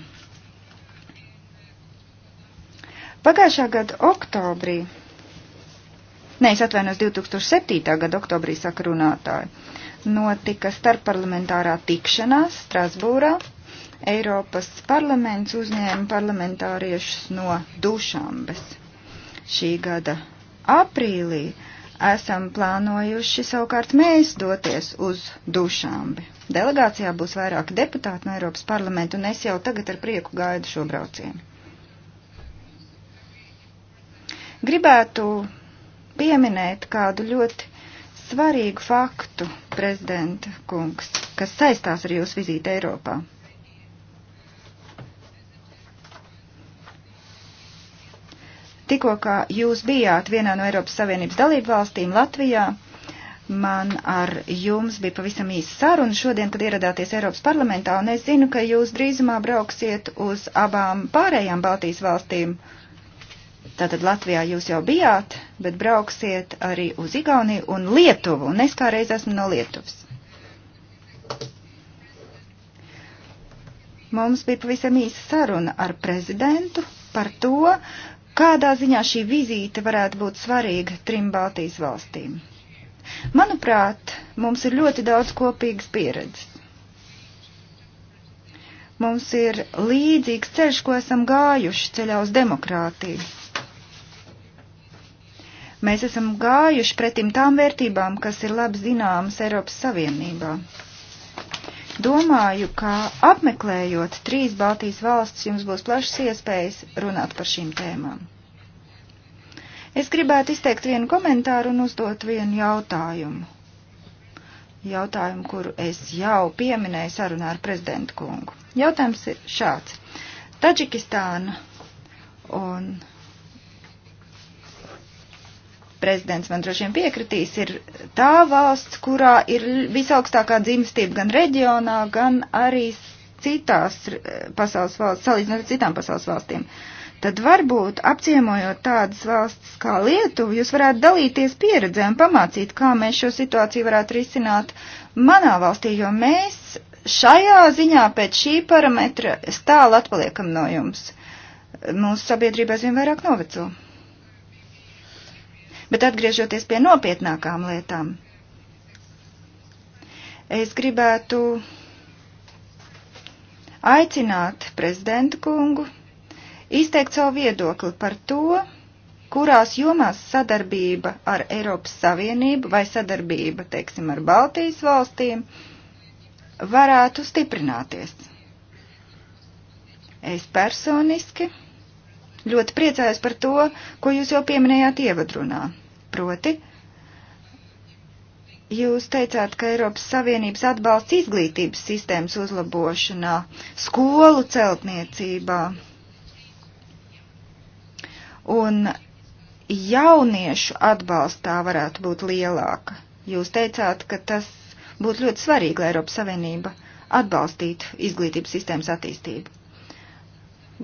Pagājušā gada oktobrī, nē, es atvainos 2007. gada oktobrī saka runātāji, notika starpparlamentārā tikšanās Strasbūrā. Eiropas parlaments uzņēma parlamentāriešus no Dušambes. Šī gada aprīlī esam plānojuši savukārt mēs doties uz Dušambi. Delegācijā būs vairāki deputāti no Eiropas parlamenta, un es jau tagad ar prieku gaidu šo braucienu. Gribētu pieminēt kādu ļoti svarīgu faktu, prezidenta kungs, kas saistās ar jūsu vizīti Eiropā. Tikko kā jūs bijāt vienā no Eiropas Savienības dalību valstīm Latvijā, man ar jums bija pavisam īsa saruna šodien, kad ieradāties Eiropas parlamentā, un es zinu, ka jūs drīzumā brauksiet uz abām pārējām Baltijas valstīm. Tātad Latvijā jūs jau bijāt, bet brauksiet arī uz Igauniju un Lietuvu, un es kādreiz esmu no Lietuvas. Mums bija pavisam īsa saruna ar prezidentu par to, Kādā ziņā šī vizīte varētu būt svarīga trim Baltijas valstīm? Manuprāt, mums ir ļoti daudz kopīgas pieredzes. Mums ir līdzīgs ceļš, ko esam gājuši ceļā uz demokrātiju. Mēs esam gājuši pretim tām vērtībām, kas ir labi zināmas Eiropas Savienībā. Domāju, ka apmeklējot trīs Baltijas valstis, jums būs plašas iespējas runāt par šīm tēmām. Es gribētu izteikt vienu komentāru un uzdot vienu jautājumu. Jautājumu, kuru es jau pieminēju sarunā ar prezidentu kungu. Jautājums ir šāds. Taģikistāna un prezidents man droši vien piekritīs, ir tā valsts, kurā ir visaugstākā dzimstība gan reģionā, gan arī citās eh, pasaules valsts, salīdzinot ar citām pasaules valstīm. Tad varbūt apciemojot tādas valsts kā Lietuva, jūs varētu dalīties pieredzē un pamācīt, kā mēs šo situāciju varētu risināt manā valstī, jo mēs šajā ziņā pēc šī parametra stāli atpaliekam no jums. Mūsu sabiedrība aizvien vairāk noveco. Bet atgriežoties pie nopietnākām lietām, es gribētu aicināt prezidentu kungu izteikt savu viedokli par to, kurās jomās sadarbība ar Eiropas Savienību vai sadarbība, teiksim, ar Baltijas valstīm varētu stiprināties. Es personiski ļoti priecājos par to, ko jūs jau pieminējāt ievadrunā. Proti, jūs teicāt, ka Eiropas Savienības atbalsts izglītības sistēmas uzlabošanā, skolu celtniecībā un jauniešu atbalstā varētu būt lielāka. Jūs teicāt, ka tas būtu ļoti svarīgi, lai Eiropas Savienība atbalstītu izglītības sistēmas attīstību.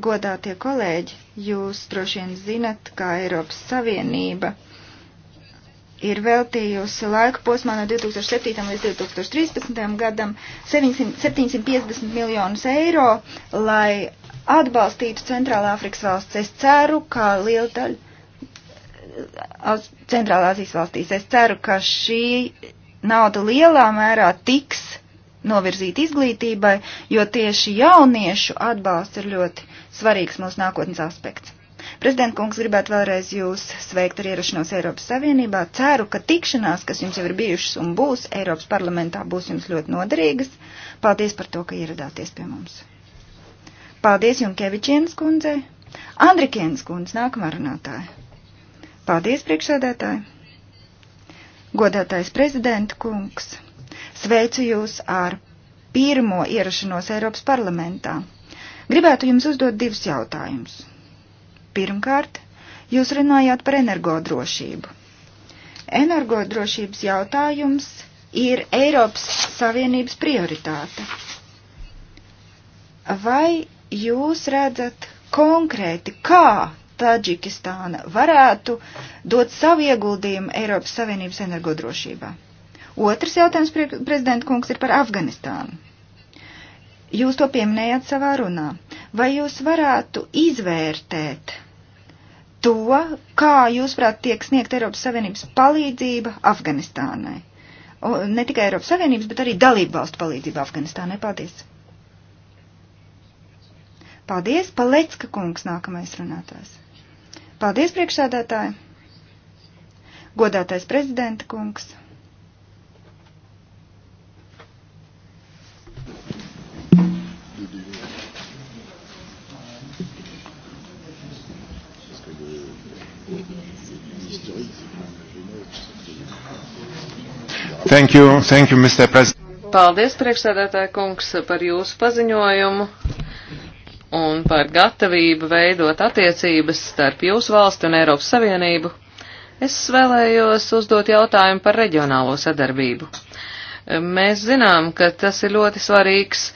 Godātie kolēģi, jūs droši vien zinat, kā Eiropas Savienība ir veltījusi laika posmā no 2007. līdz 2013. gadam 700, 750 miljonus eiro, lai atbalstītu Centrālā Afrikas valsts. Es ceru, ka liela daļa Centrālā Azijas valstīs, es ceru, ka šī nauda lielā mērā tiks novirzīt izglītībai, jo tieši jauniešu atbalsts ir ļoti svarīgs mūsu nākotnes aspekts. Prezident kungs, gribētu vēlreiz jūs sveikt ar ierašanos Eiropas Savienībā. Ceru, ka tikšanās, kas jums jau ir bijušas un būs Eiropas parlamentā, būs jums ļoti noderīgas. Paldies par to, ka ieradāties pie mums. Paldies Junkevičienas kundzei. Andrikienas kundze, nākamā runātāja. Paldies, priekšsēdētāji. Godātais prezidenta kungs, sveicu jūs ar pirmo ierašanos Eiropas parlamentā. Gribētu jums uzdot divus jautājumus. Pirmkārt, jūs runājāt par energodrošību. Energodrošības jautājums ir Eiropas Savienības prioritāte. Vai jūs redzat konkrēti, kā Taģikistāna varētu dot savu ieguldījumu Eiropas Savienības energodrošībā? Otrs jautājums, prezidenta kungs, ir par Afganistānu. Jūs to pieminējāt savā runā. Vai jūs varētu izvērtēt to, kā jūs prāt tiek sniegt Eiropas Savienības palīdzība Afganistānai? O, ne tikai Eiropas Savienības, bet arī dalību valstu palīdzība Afganistānai. Paldies! Paldies, Palecka kungs, nākamais runātājs. Paldies, priekšsēdētāji! Godātais prezidenta kungs! Thank you, thank you, Mr. President. Paldies, priekšsēdētāja kungs, par jūsu paziņojumu un par gatavību veidot attiecības starp jūsu valsti un Eiropas Savienību. Es vēlējos uzdot jautājumu par reģionālo sadarbību. Mēs zinām, ka tas ir ļoti svarīgs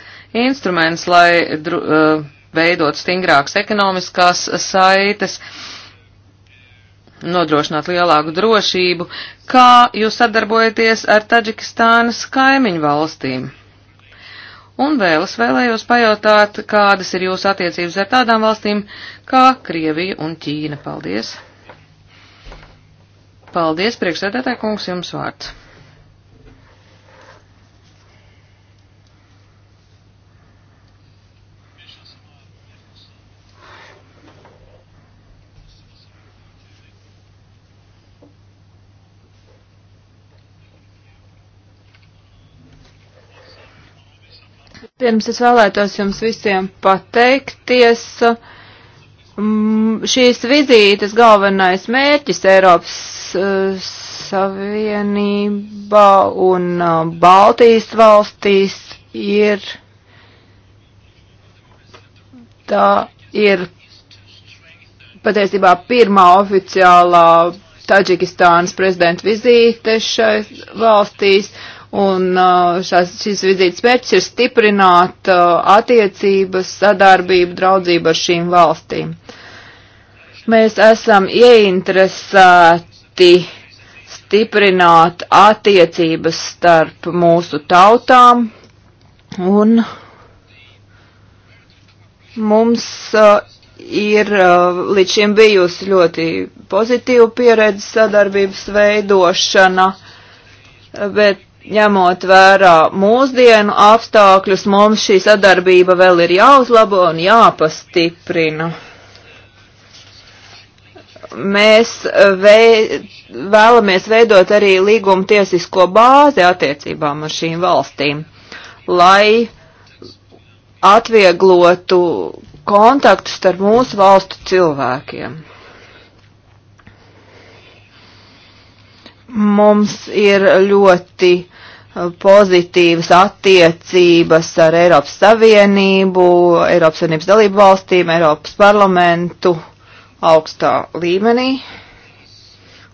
instruments, lai dru, uh, veidot stingrākas ekonomiskās saites. Uh, nodrošināt lielāku drošību, kā jūs sadarbojaties ar Taģikistānas kaimiņu valstīm. Un vēl es vēlējos pajautāt, kādas ir jūsu attiecības ar tādām valstīm kā Krievija un Ķīna. Paldies! Paldies, priekšsēdētāji kungs, jums vārds! Pirms es vēlētos jums visiem pateikties. Mm, šīs vizītes galvenais mērķis Eiropas eh, Savienībā un eh, Baltijas valstīs ir tā ir patiesībā pirmā oficiālā Taģikistānas prezidenta vizīte šais valstīs, Un uh, šās, šīs vizītes mērķis ir stiprināt uh, attiecības, sadarbību, draudzību ar šīm valstīm. Mēs esam ieinteresēti stiprināt attiecības starp mūsu tautām un mums uh, ir uh, līdz šim bijusi ļoti pozitīva pieredze sadarbības veidošana, bet ņemot vērā mūsdienu apstākļus, mums šī sadarbība vēl ir jāuzlabo un jāpastiprina. Mēs vei, vēlamies veidot arī līguma tiesisko bāzi attiecībām ar šīm valstīm, lai atvieglotu kontaktus starp mūsu valstu cilvēkiem. Mums ir ļoti pozitīvas attiecības ar Eiropas Savienību, Eiropas Savienības dalību valstīm, Eiropas parlamentu augstā līmenī.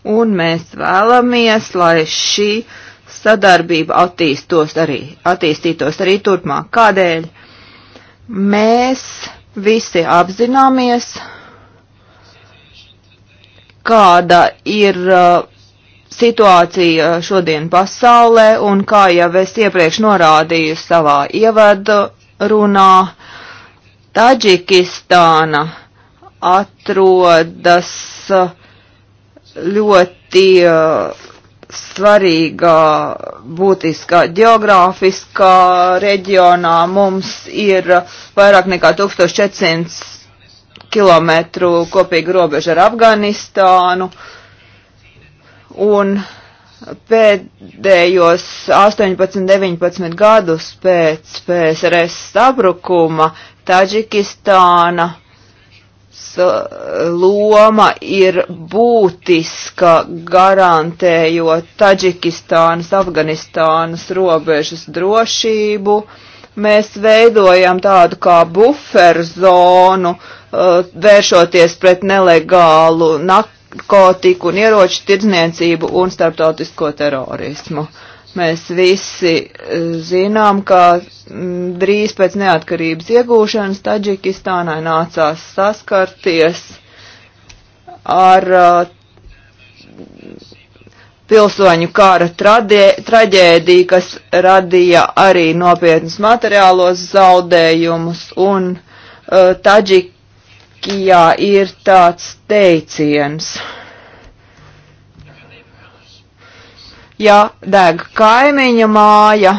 Un mēs vēlamies, lai šī sadarbība attīstos arī, attīstītos arī turpmāk. Kādēļ? Mēs visi apzināmies, kāda ir uh, situācija eh, šodien pasaulē, un kā jau es iepriekš norādīju savā ievadu runā, Taģikistāna atrodas eh, ļoti eh, svarīgā, būtiskā geogrāfiskā reģionā. Mums ir vairāk nekā 1400 kilometru kopīga robeža ar Afganistānu. Uh, un pēdējos 18-19 gadus pēc PSRS sabrukuma Taģikistāna loma ir būtiska garantējot Taģikistānas, Afganistānas robežas drošību. Mēs veidojam tādu kā buferu zonu, uh, vēršoties pret nelegālu nak narkotiku un ieroču tirdzniecību un starptautisko terorismu. Mēs visi eh, zinām, ka mm, drīz pēc neatkarības iegūšanas Taģikistānai nācās saskarties ar eh, pilsoņu kara traģēdiju, kas radīja arī nopietnus materiālos zaudējumus, un uh, Taģik Jā, ir tāds teiciens. Ja deg kaimiņa māja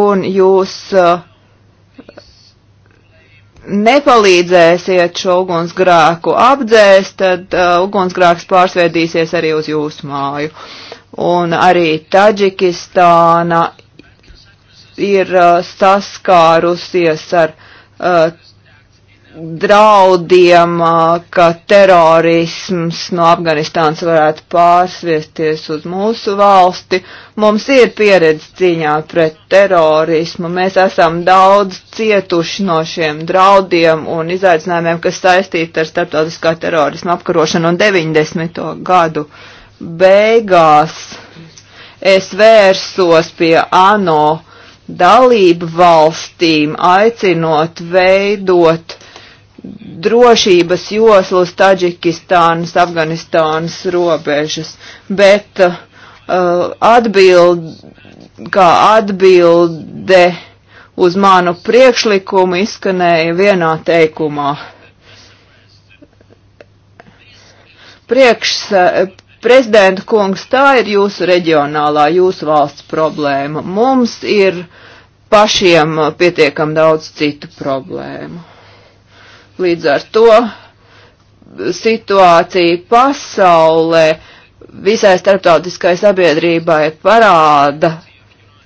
un jūs uh, nepalīdzēsiet šo ugunsgrēku apdzēst, tad uh, ugunsgrēks pārsvēdīsies arī uz jūsu māju. Un arī Taģikistāna ir uh, saskārusies ar uh, draudiem, ka terorisms no Afganistānas varētu pārsviesties uz mūsu valsti. Mums ir pieredze cīņā pret terorismu. Mēs esam daudz cietuši no šiem draudiem un izaicinājumiem, kas saistīti ar starptautiskā terorisma apkarošanu un 90. gadu beigās. Es vērsos pie ANO dalību valstīm, aicinot veidot drošības joslu uz Taģikistānas, Afganistānas robežas, bet uh, atbild, kā atbilde uz manu priekšlikumu izskanēja vienā teikumā. Priekš, prezidenta kungs, tā ir jūsu reģionālā, jūsu valsts problēma. Mums ir pašiem pietiekam daudz citu problēmu. Līdz ar to situācija pasaulē visai starptautiskai sabiedrībai parāda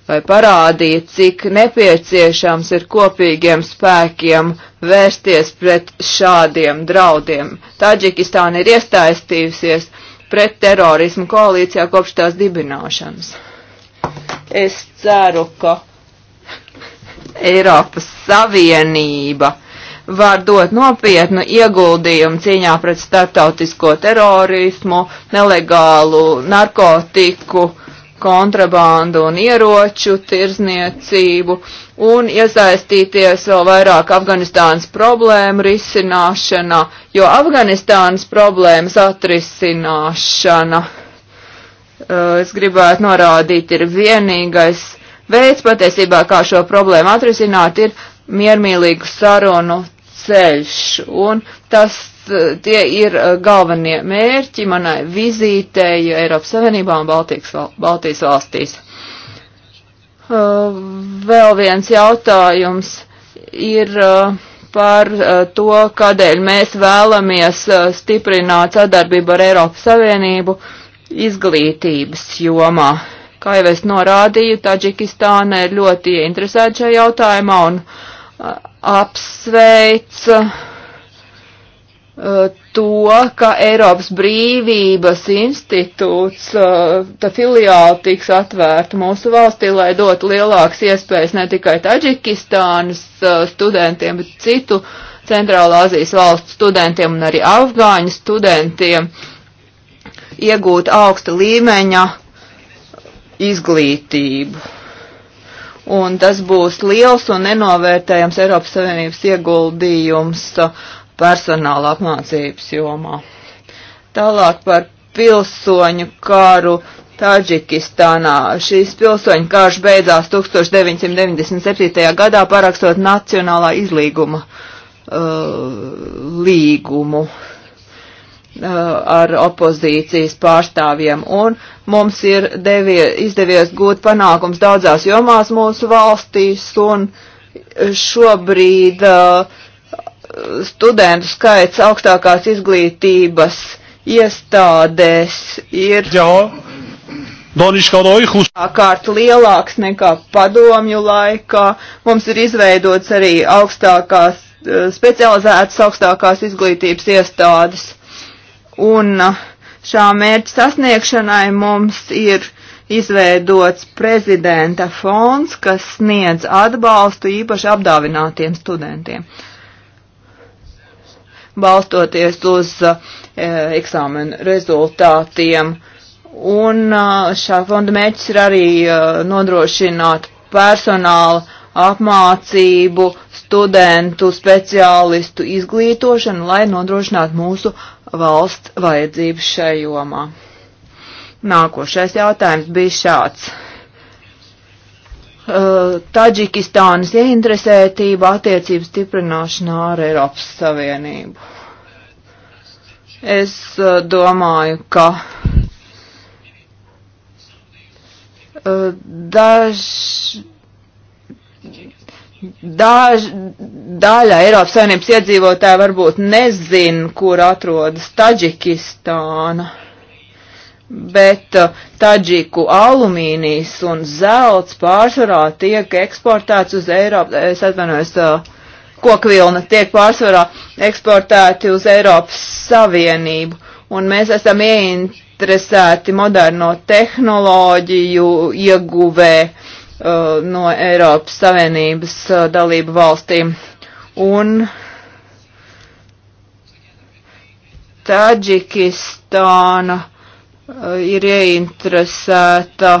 vai parādīja, cik nepieciešams ir kopīgiem spēkiem vērsties pret šādiem draudiem. Taģikistāna ir iestaistījusies pret terorismu koalīcijā kopš tās dibināšanas. Es ceru, ka Eiropas Savienība var dot nopietnu ieguldījumu cīņā pret starptautisko terorismu, nelegālu narkotiku kontrabandu un ieroču tirzniecību un iesaistīties vēl vairāk Afganistānas problēmu risināšanā, jo Afganistānas problēmas atrisināšana, uh, es gribētu norādīt, ir vienīgais veids patiesībā, kā šo problēmu atrisināt, ir miermīlīgu sarunu ceļš, un tas, eh, tie ir eh, galvenie mērķi manai vizītēji Eiropas Savienībā un Baltijas, Baltijas valstīs. Eh, vēl viens jautājums ir par to, kādēļ mēs vēlamies stiprināt sadarbību ar Eiropas Savienību izglītības jomā. Kā jau es norādīju, Taģikistāna ir ļoti interesēta šajā jautājumā un uh, apsveica uh, to, ka Eiropas brīvības institūts, tā uh, filiāla tiks atvērta mūsu valstī, lai dotu lielākas iespējas ne tikai Taģikistānas uh, studentiem, bet citu Centrālā Azijas valstu studentiem un arī Afgāņu studentiem iegūt augsta līmeņa izglītību un tas būs liels un nenovērtējams Eiropas Savienības ieguldījums personāla apmācības jomā. Tālāk par pilsoņu kāru Taģikistānā. Šīs pilsoņu kārš beidzās 1997. gadā parakstot Nacionālā izlīguma uh, līgumu. Uh, ar opozīcijas pārstāvjiem, un mums ir devie, izdevies gūt panākums daudzās jomās mūsu valstīs, un šobrīd uh, studentu skaits augstākās izglītības iestādēs ir kārt lielāks nekā padomju laikā. Mums ir izveidots arī augstākās, uh, specializētas augstākās izglītības iestādes Un uh, šā mērķa sasniegšanai mums ir izveidots prezidenta fonds, kas sniedz atbalstu īpaši apdāvinātiem studentiem, balstoties uz uh, e, eksāmenu rezultātiem. Un uh, šā fonda mērķis ir arī nodrošināt personāla apmācību, studentu, speciālistu izglītošanu, lai nodrošinātu mūsu valsts vajadzības šai jomā. Nākošais jautājums bija šāds. Uh, Taģikistānas ieinteresētība attiecību stiprināšanā ar Eiropas Savienību. Es uh, domāju, ka uh, daži Daž, daļa Eiropas saimnības iedzīvotāja varbūt nezin, kur atrodas Taģikistāna, bet uh, Taģiku alumīnijas un zelts pārsvarā tiek eksportēts uz Eiropu, es atvainojos, uh, kokvilna tiek pārsvarā eksportēti uz Eiropas Savienību, un mēs esam ieinteresēti moderno tehnoloģiju ieguvē Uh, no Eiropas Savienības uh, dalību valstīm. Un Taģikistāna uh, ir ieinteresēta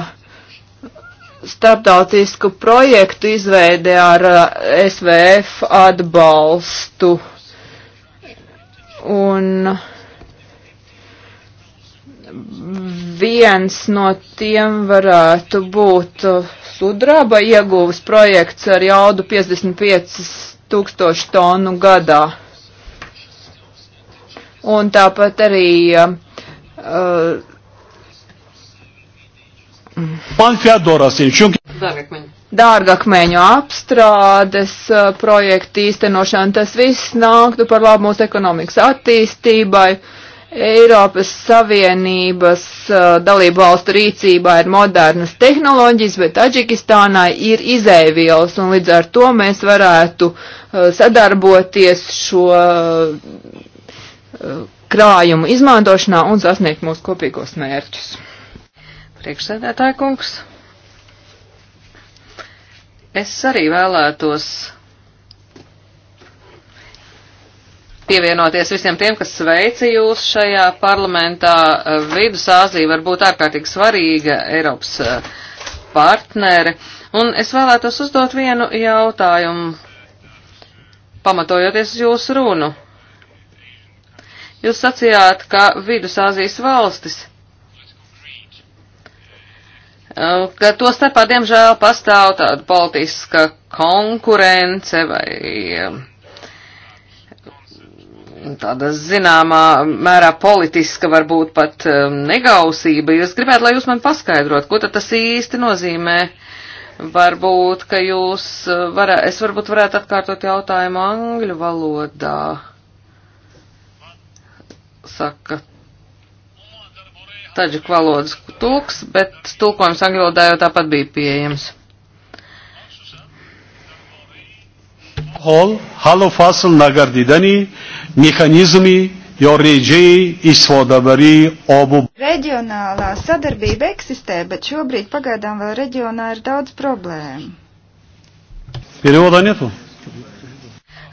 starptautisku projektu izveidē ar SVF atbalstu. Un viens no tiem varētu būt uh, sudraba ieguvis projekts ar jaudu 55 tūkstošu tonu gadā. Un tāpat arī um, uh, Man jādodas, jo. Dārgakmeņu apstrādes uh, projektu īstenošana, tas viss nāktu par labu mūsu ekonomikas attīstībai. Uh, Eiropas Savienības uh, dalību valstu rīcībā ir modernas tehnoloģijas, bet Taģikistānā ir izēvielas, un līdz ar to mēs varētu uh, sadarboties šo uh, krājumu izmantošanā un sasniegt mūsu kopīgos mērķus. Priekšsēdētāja kungs, es arī vēlētos pievienoties visiem tiem, kas sveica jūs šajā parlamentā. Eh, Vidusāzija var būt ārkārtīgi svarīga Eiropas eh, partnere. Un es vēlētos uzdot vienu jautājumu, pamatojoties uz jūsu runu. Jūs sacījāt, ka Vidusāzijas valstis eh, ka to starpā, diemžēl, pastāv tāda politiska konkurence vai tāda zināmā mērā politiska, varbūt pat um, negausība. Es gribētu, lai jūs man paskaidrot, ko tad tas īsti nozīmē. Varbūt, ka jūs uh, varētu, es varbūt varētu atkārtot jautājumu angļu valodā. Saka taģiku valodas tulks, bet tulkojums angļu valodā jau tāpat bija pieejams. Hol, ҳаллу фасл нагардидани механизми jo rīģī izsvodavarī obu. Reģionālā sadarbība eksistē, bet šobrīd pagaidām vēl reģionā ir daudz problēmu. Перевода нету?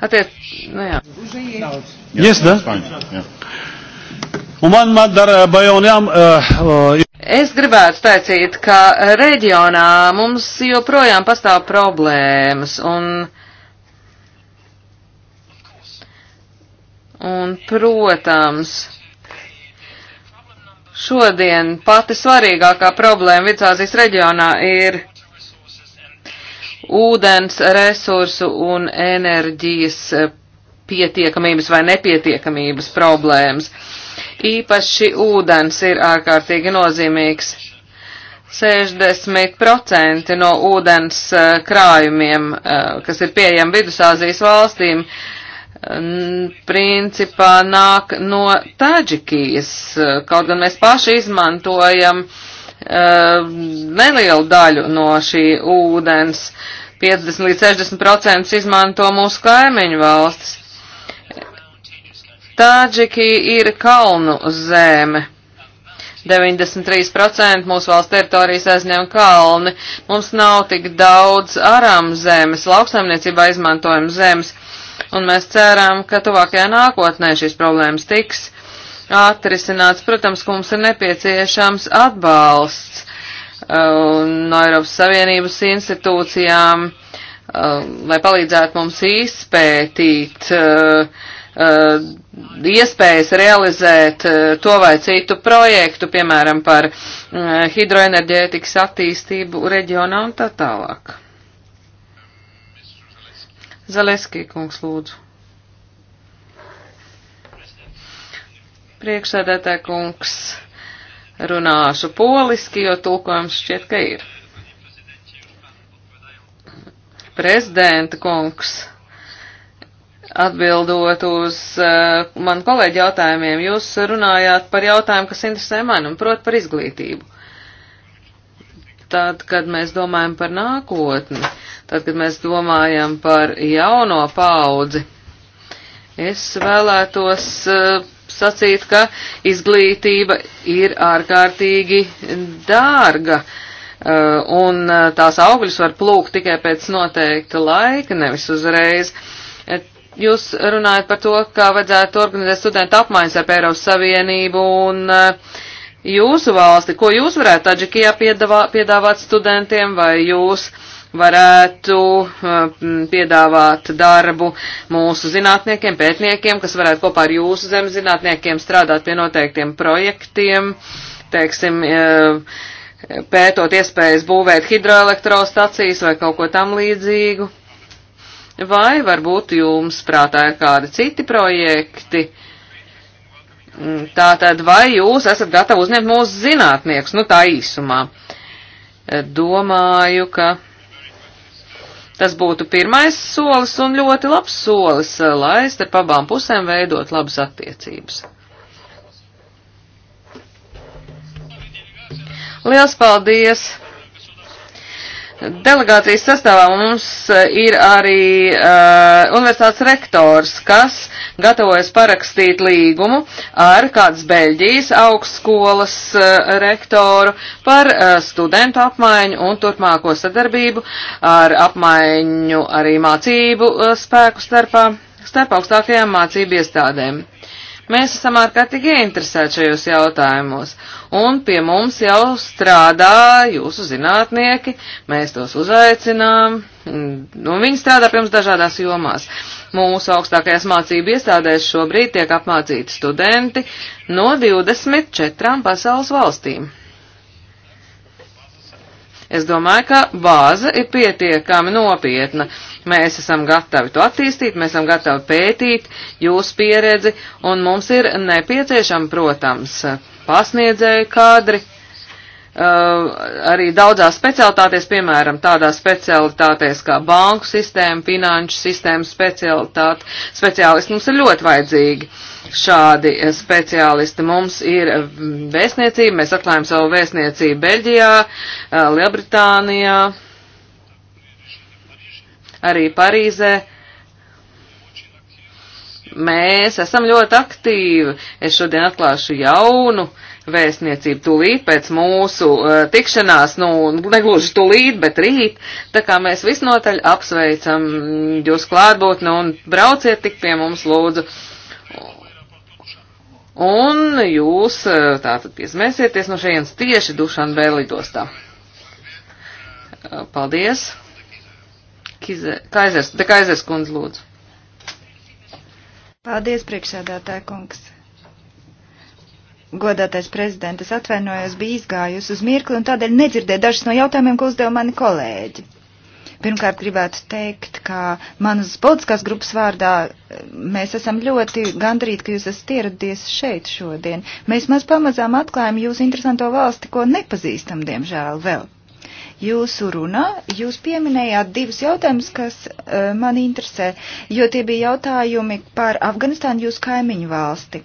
Ответ, ну я. Уже есть. Есть, да? Un man, man dar eh, bajonām. Uh, eh, uh, eh, es gribētu teicīt, ka reģionā mums joprojām pastāv problēmas un Un, protams, šodien pati svarīgākā problēma Vicāzijas reģionā ir ūdens resursu un enerģijas pietiekamības vai nepietiekamības problēmas. Īpaši ūdens ir ārkārtīgi nozīmīgs. 60% no ūdens eh, krājumiem, eh, kas ir pieejami Vidusāzijas valstīm, principā nāk no Taģikijas, kaut gan mēs paši izmantojam uh, nelielu daļu no šī ūdens. 50 līdz 60% izmanto mūsu kaimiņu valstis. Tāģiki ir kalnu zeme. 93% mūsu valsts teritorijas aizņem kalni. Mums nav tik daudz aram zemes, lauksaimniecībā izmantojam zemes un mēs ceram, ka tuvākajā nākotnē šīs problēmas tiks atrisināts. Protams, ka mums ir nepieciešams atbalsts uh, no Eiropas Savienības institūcijām, uh, lai palīdzētu mums izpētīt uh, uh iespējas realizēt uh, to vai citu projektu, piemēram, par uh, hidroenerģētikas attīstību reģionā un tā tālāk. Zaleskī kungs lūdzu. Priekšsēdētāja kungs runāšu poliski, jo tulkojums šķiet, ka ir. Prezidenta kungs. Atbildot uz uh, manu kolēģi jautājumiem, jūs runājāt par jautājumu, kas interesē mani, un proti par izglītību tad, kad mēs domājam par nākotni, tad, kad mēs domājam par jauno paudzi, es vēlētos uh, sacīt, ka izglītība ir ārkārtīgi dārga. Uh, un eh, tās augļus var plūkt tikai pēc noteikta laika, nevis uzreiz. Jūs runājat par to, kā vajadzētu organizēt studentu apmaiņas ar Eiropas Savienību un uh, jūsu valsti, ko jūs varētu Taģikijā piedāvā, piedāvāt studentiem, vai jūs varētu uh, piedāvāt darbu mūsu zinātniekiem, pētniekiem, kas varētu kopā ar jūsu zemes zinātniekiem strādāt pie noteiktiem projektiem, teiksim, uh, pētot iespējas būvēt hidroelektrostacijas vai kaut ko tam līdzīgu. Vai varbūt jums prātā ir kādi citi projekti, uh, Mm, Tātad, vai jūs esat gatavi uzņemt mūsu zinātnieks, nu tā īsumā? Eh, domāju, ka tas būtu pirmais solis un ļoti labs solis, eh, lai starp abām pusēm veidot labas attiecības. Liels paldies! Delegācijas sastāvā mums eh, ir arī uh, universitātes rektors, kas gatavojas parakstīt līgumu ar kādas Beļģijas augstskolas uh, rektoru par uh, studentu apmaiņu un turpmāko sadarbību ar apmaiņu arī mācību uh, spēku starpā, starp augstākajām mācību iestādēm. Mēs esam ārkārtīgi ieinteresēti šajos jautājumos, un pie mums jau strādā jūsu zinātnieki, mēs tos uzaicinām, nu, un viņi strādā pie mums dažādās jomās. Mūsu augstākajās mācību iestādēs šobrīd tiek apmācīti studenti no 24 pasaules valstīm. Es domāju, ka bāze ir pietiekami nopietna. Mēs esam gatavi to attīstīt, mēs esam gatavi pētīt jūsu pieredzi, un mums ir nepieciešama, protams, pasniedzēju kadri, Eh, arī daudzās specialitātēs, piemēram, tādās specialitātēs kā banku sistēma, finanšu sistēma specialitāte, speciālisti mums ir ļoti vajadzīgi. Šādi eh, speciālisti mums ir vēstniecība, mēs atklājam savu vēstniecību Beļģijā, eh, Lielbritānijā, arī Parīzē mēs esam ļoti aktīvi. Es šodien atklāšu jaunu vēstniecību tūlīt pēc mūsu uh, tikšanās, nu, negluži tūlīt, bet rīt, tā kā mēs visnotaļ apsveicam jūs klātbūtni un brauciet tik pie mums lūdzu. Un jūs uh, tātad piesmēsieties no šajienas tieši Dušan Bēlidostā. Uh, eh, paldies. Kize, kaizers, te Kaizers kundze lūdzu. Paldies, priekšsēdētāja kungs. Godātais prezident, es atvainojos, biju izgājusi uz mirkli un tādēļ nedzirdēju dažus no jautājumiem, ko uzdeva mani kolēģi. Pirmkārt, gribētu teikt, ka manas politiskās grupas vārdā eh, mēs esam ļoti gandrīt, ka jūs esat ieradies šeit šodien. Mēs maz pamazām atklājam jūsu interesanto valsti, ko nepazīstam, diemžēl, vēl jūsu runā. Jūs pieminējāt divus jautājumus, kas uh, eh, man interesē, jo tie bija jautājumi par Afganistānu jūsu kaimiņu valsti.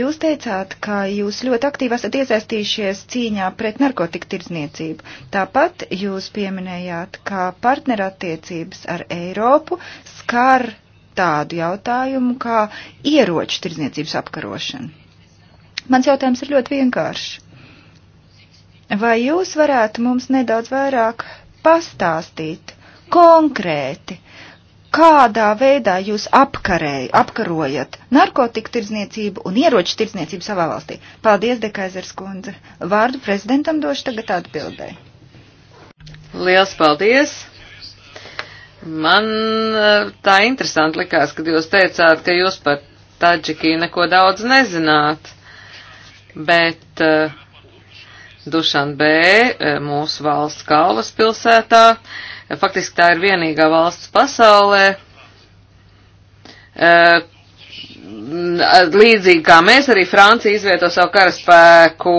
Jūs teicāt, ka jūs ļoti aktīvi esat iesaistījušies cīņā pret narkotiku tirdzniecību. Tāpat jūs pieminējāt, ka partnerattiecības ar Eiropu skar tādu jautājumu kā ieroču tirdzniecības apkarošana. Mans jautājums ir ļoti vienkāršs. Vai jūs varētu mums nedaudz vairāk pastāstīt konkrēti, kādā veidā jūs apkarēj, apkarojat narkotiku tirdzniecību un ieroču tirdzniecību savā valstī? Paldies, Dekaizers kundze. Vārdu prezidentam došu tagad atbildē. Liels paldies! Man e, tā interesanti likās, kad jūs teicāt, ka jūs par Tadžikiju neko daudz nezināt, bet uh, Dušanbē, e, mūsu valsts galvaspilsētā. E, faktiski tā ir vienīgā valsts pasaulē. E, līdzīgi kā mēs arī Francija izvieto savu karaspēku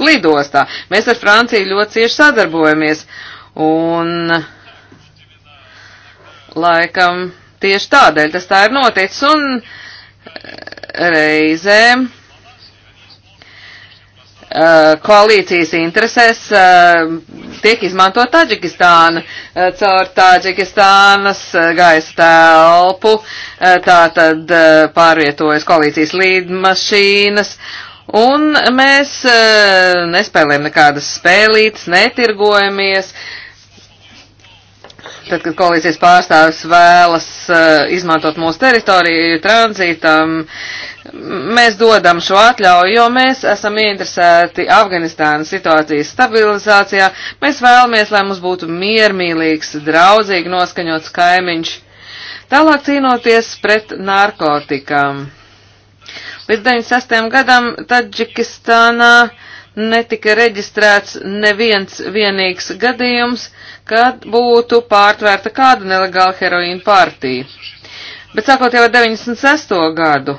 lidostā. Mēs ar Franciju ļoti cieši sadarbojamies. Un laikam tieši tādēļ tas tā ir noticis. Un reizēm Eh, koalīcijas interesēs eh, tiek izmantot Taģikistāna eh, caur Taģikistānas gaisa telpu, tā tad pārvietojas koalīcijas līdmašīnas, un mēs nespēlējam nekādas spēlītas, netirgojamies, tad, kad koalīcijas pārstāvis vēlas uh, izmantot mūsu teritoriju tranzītam, mēs dodam šo atļauju, jo mēs esam ieinteresēti Afganistānas situācijas stabilizācijā. Mēs vēlamies, lai mums būtu miermīlīgs, draudzīgi noskaņots kaimiņš. Tālāk cīnoties pret narkotikām. Līdz 96. gadam Taģikistānā netika reģistrēts neviens vienīgs gadījums, kad būtu pārtvērta kāda nelegāla heroīna partija. Bet sākot jau ar 96. gadu,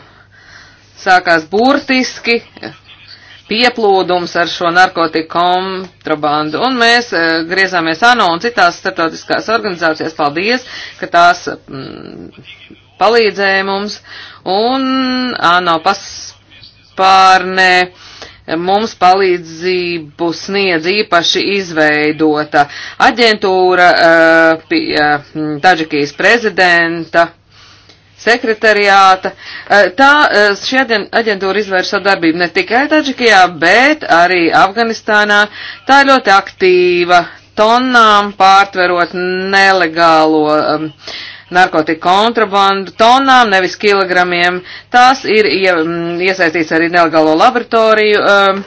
sākās burtiski pieplūdums ar šo narkotiku kontrabandu, un mēs e, griezāmies ANO un citās starptautiskās organizācijās. Paldies, ka tās mm, palīdzēja mums, un ANO paspārnē mums palīdzību sniedz īpaši izveidota aģentūra eh, pie eh, Taģikijas prezidenta sekretariāta. Eh, tā šī aģentūra izvērš sadarbību ne tikai Taģikijā, bet arī Afganistānā. Tā ir ļoti aktīva, tonnām pārtverot nelegālo um, narkotiku kontrabandu tonām, nevis kilogramiem. Tās ir ja, mm, iesaistīts arī nelegālo laboratoriju um,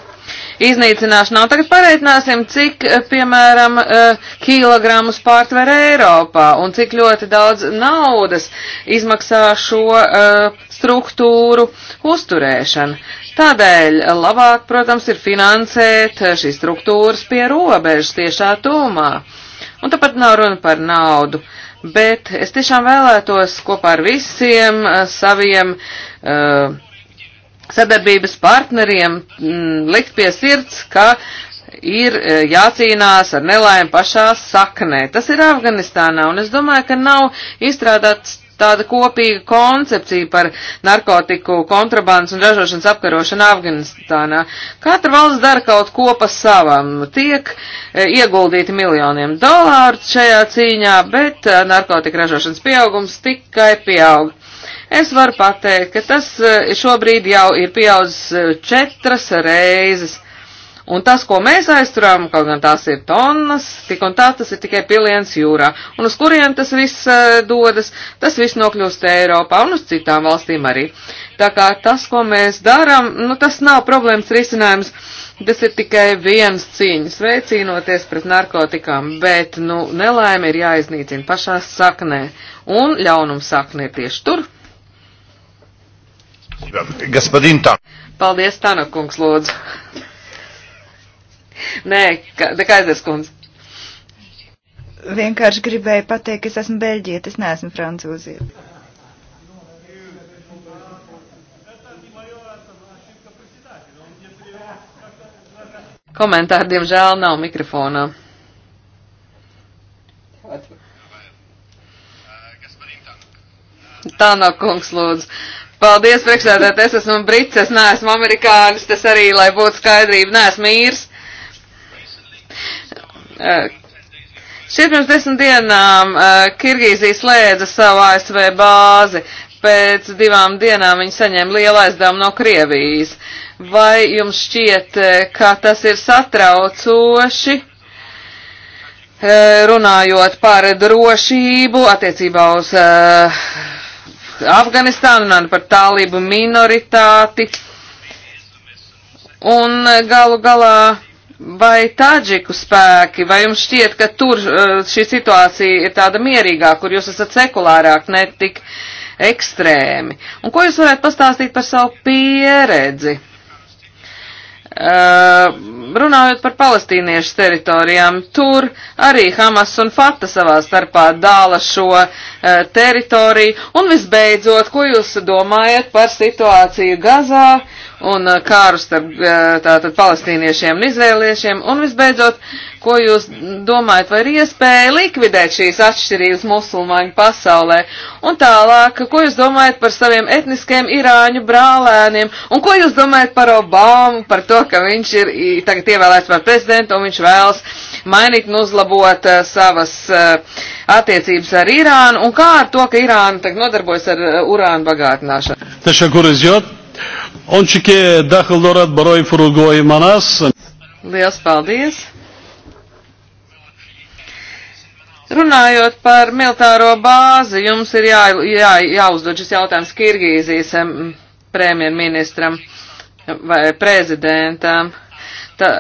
iznīcināšanā. Un tagad pareitināsim, cik, eh, piemēram, uh, kilogramus pārtver Eiropā un cik ļoti daudz naudas izmaksā šo uh, struktūru uzturēšana. Tādēļ labāk, protams, ir finansēt šīs struktūras pie robežas tiešā tūmā. Un tāpat nav runa par naudu. Uh, bet es tiešām vēlētos kopā ar visiem eh, saviem uh, sadarbības partneriem mm, likt pie sirds, ka ir eh, jācīnās ar nelaimi pašā saknē. Tas ir Afganistānā, un es domāju, ka nav izstrādāts tāda kopīga koncepcija par narkotiku kontrabandas un ražošanas apkarošanu Afganistānā. Katra valsts dara kaut ko pa savam. Tiek e, ieguldīti miljoniem dolāru šajā cīņā, bet e, narkotika ražošanas pieaugums tikai pieaug. Es varu pateikt, ka tas e, šobrīd jau ir pieaudzis četras reizes. Un tas, ko mēs aizturām, kaut gan tās ir tonnas, tik un tā tas ir tikai piliens jūrā. Un uz kuriem tas viss uh, dodas, tas viss nokļūst Eiropā un uz citām valstīm arī. Tā kā tas, ko mēs darām, nu tas nav problēmas risinājums, tas ir tikai viens cīņas veicīnoties pret narkotikām, bet, nu, nelaime ir jāiznīcina pašā saknē. Un ļaunums saknē tieši tur. Gaspadīn tā. Paldies, Tanakungs, lūdzu. Nē, Dekaizers kundze. Vienkārši gribēju pateikt, ka es esmu beļģiet, es neesmu francūzija. Komentāri, diemžēl, nav mikrofonā. Tā nav kungs, lūdzu. Paldies, priekšsēdētājs, es esmu brits, es neesmu amerikānis, tas arī, lai būtu skaidrība, neesmu īrs. Eh, Šeit pirms desmit dienām eh, Kirgīzija slēdza savu ASV bāzi. Pēc divām dienām viņi saņēma lielu aizdevumu no Krievijas. Vai jums šķiet, eh, ka tas ir satraucoši, runājot par drošību attiecībā uz Afganistānu, runājot par tālību minoritāti? Un galu galā vai tāģiku spēki, vai jums šķiet, ka tur uh, šī situācija ir tāda mierīgāka, kur jūs esat sekulārāk, ne tik ekstrēmi? Un ko jūs varētu pastāstīt par savu pieredzi? Uh, runājot par palestīniešu teritorijām, tur arī Hamas un Fata savā starpā dāla šo uh, teritoriju. Un visbeidzot, ko jūs domājat par situāciju Gazā? Uh, un uh, kāru starp uh, tātad palestīniešiem un izrēliešiem, un visbeidzot, ko jūs domājat, vai ir iespēja likvidēt šīs atšķirības musulmaņu pasaulē, un tālāk, ko jūs domājat par saviem etniskiem irāņu brālēniem, un ko jūs domājat par Obamu, par to, ka viņš ir tagad ievēlēts par prezidentu, un viņš vēlas mainīt un uzlabot uh, savas uh, attiecības ar Irānu, un kā ar to, ka Irāna tagad nodarbojas ar uh, urānu bagātināšanu? Tešakuriziot. Он чеке дахал дорат барой фуругой манас. Liels paldies! Runājot par militāro bāzi, jums ir jā, jā, jāuzdod šis jautājums Kirgīzijas premjerministram vai prezidentam. Tā,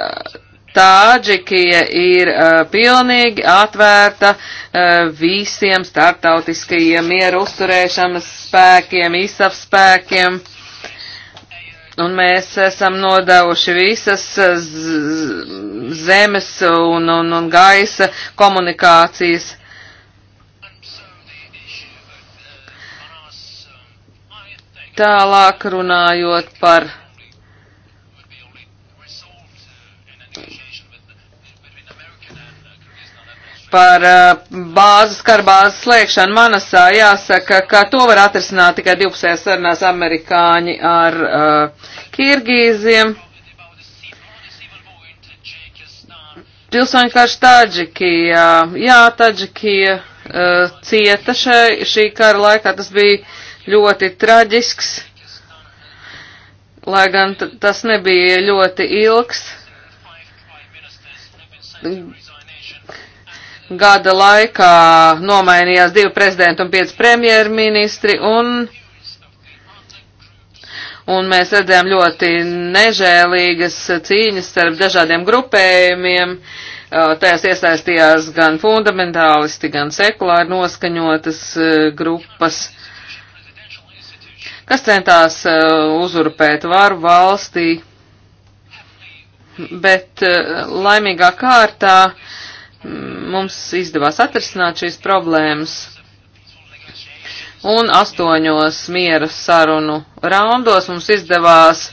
Tāģikija ir uh, pilnīgi atvērta uh, visiem startautiskajiem mieru uzturēšanas spēkiem, ISAF spēkiem. Uh, Un mēs esam nodevuši visas eh, zemes un, un, un gaisa komunikācijas. Tālāk runājot par par eh, bāzes karbāzes slēgšanu Manasā jāsaka, ka to var atrisināt tikai divpusējās sarunās amerikāņi ar uh, Kirgīziem. Pilsoņu karš Tadžikijā. Jā, Tadžikija uh, cieta šai, šī kara laikā. Tas bija ļoti traģisks, lai gan tas nebija ļoti ilgs gada laikā nomainījās divi prezidenti un pieci premjerministri, un, un mēs redzējām ļoti nežēlīgas cīņas starp dažādiem grupējumiem. Tajās iesaistījās gan fundamentālisti, gan sekulāri noskaņotas grupas, kas centās uzurpēt varu valstī. Bet laimīgā kārtā uh, mums izdevās atrisināt šīs problēmas. Un astoņos miera sarunu raundos mums izdevās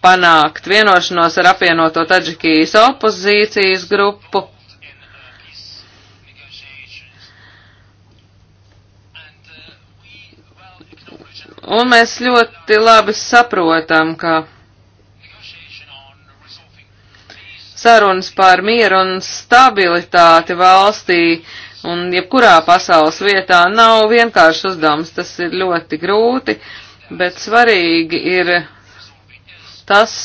panākt vienošanos ar apvienoto Taģikijas opozīcijas grupu. Un mēs ļoti labi saprotam, ka sarunas par mieru un stabilitāti valstī un jebkurā pasaules vietā nav vienkāršs uzdevums. Tas ir ļoti grūti, bet svarīgi ir tas,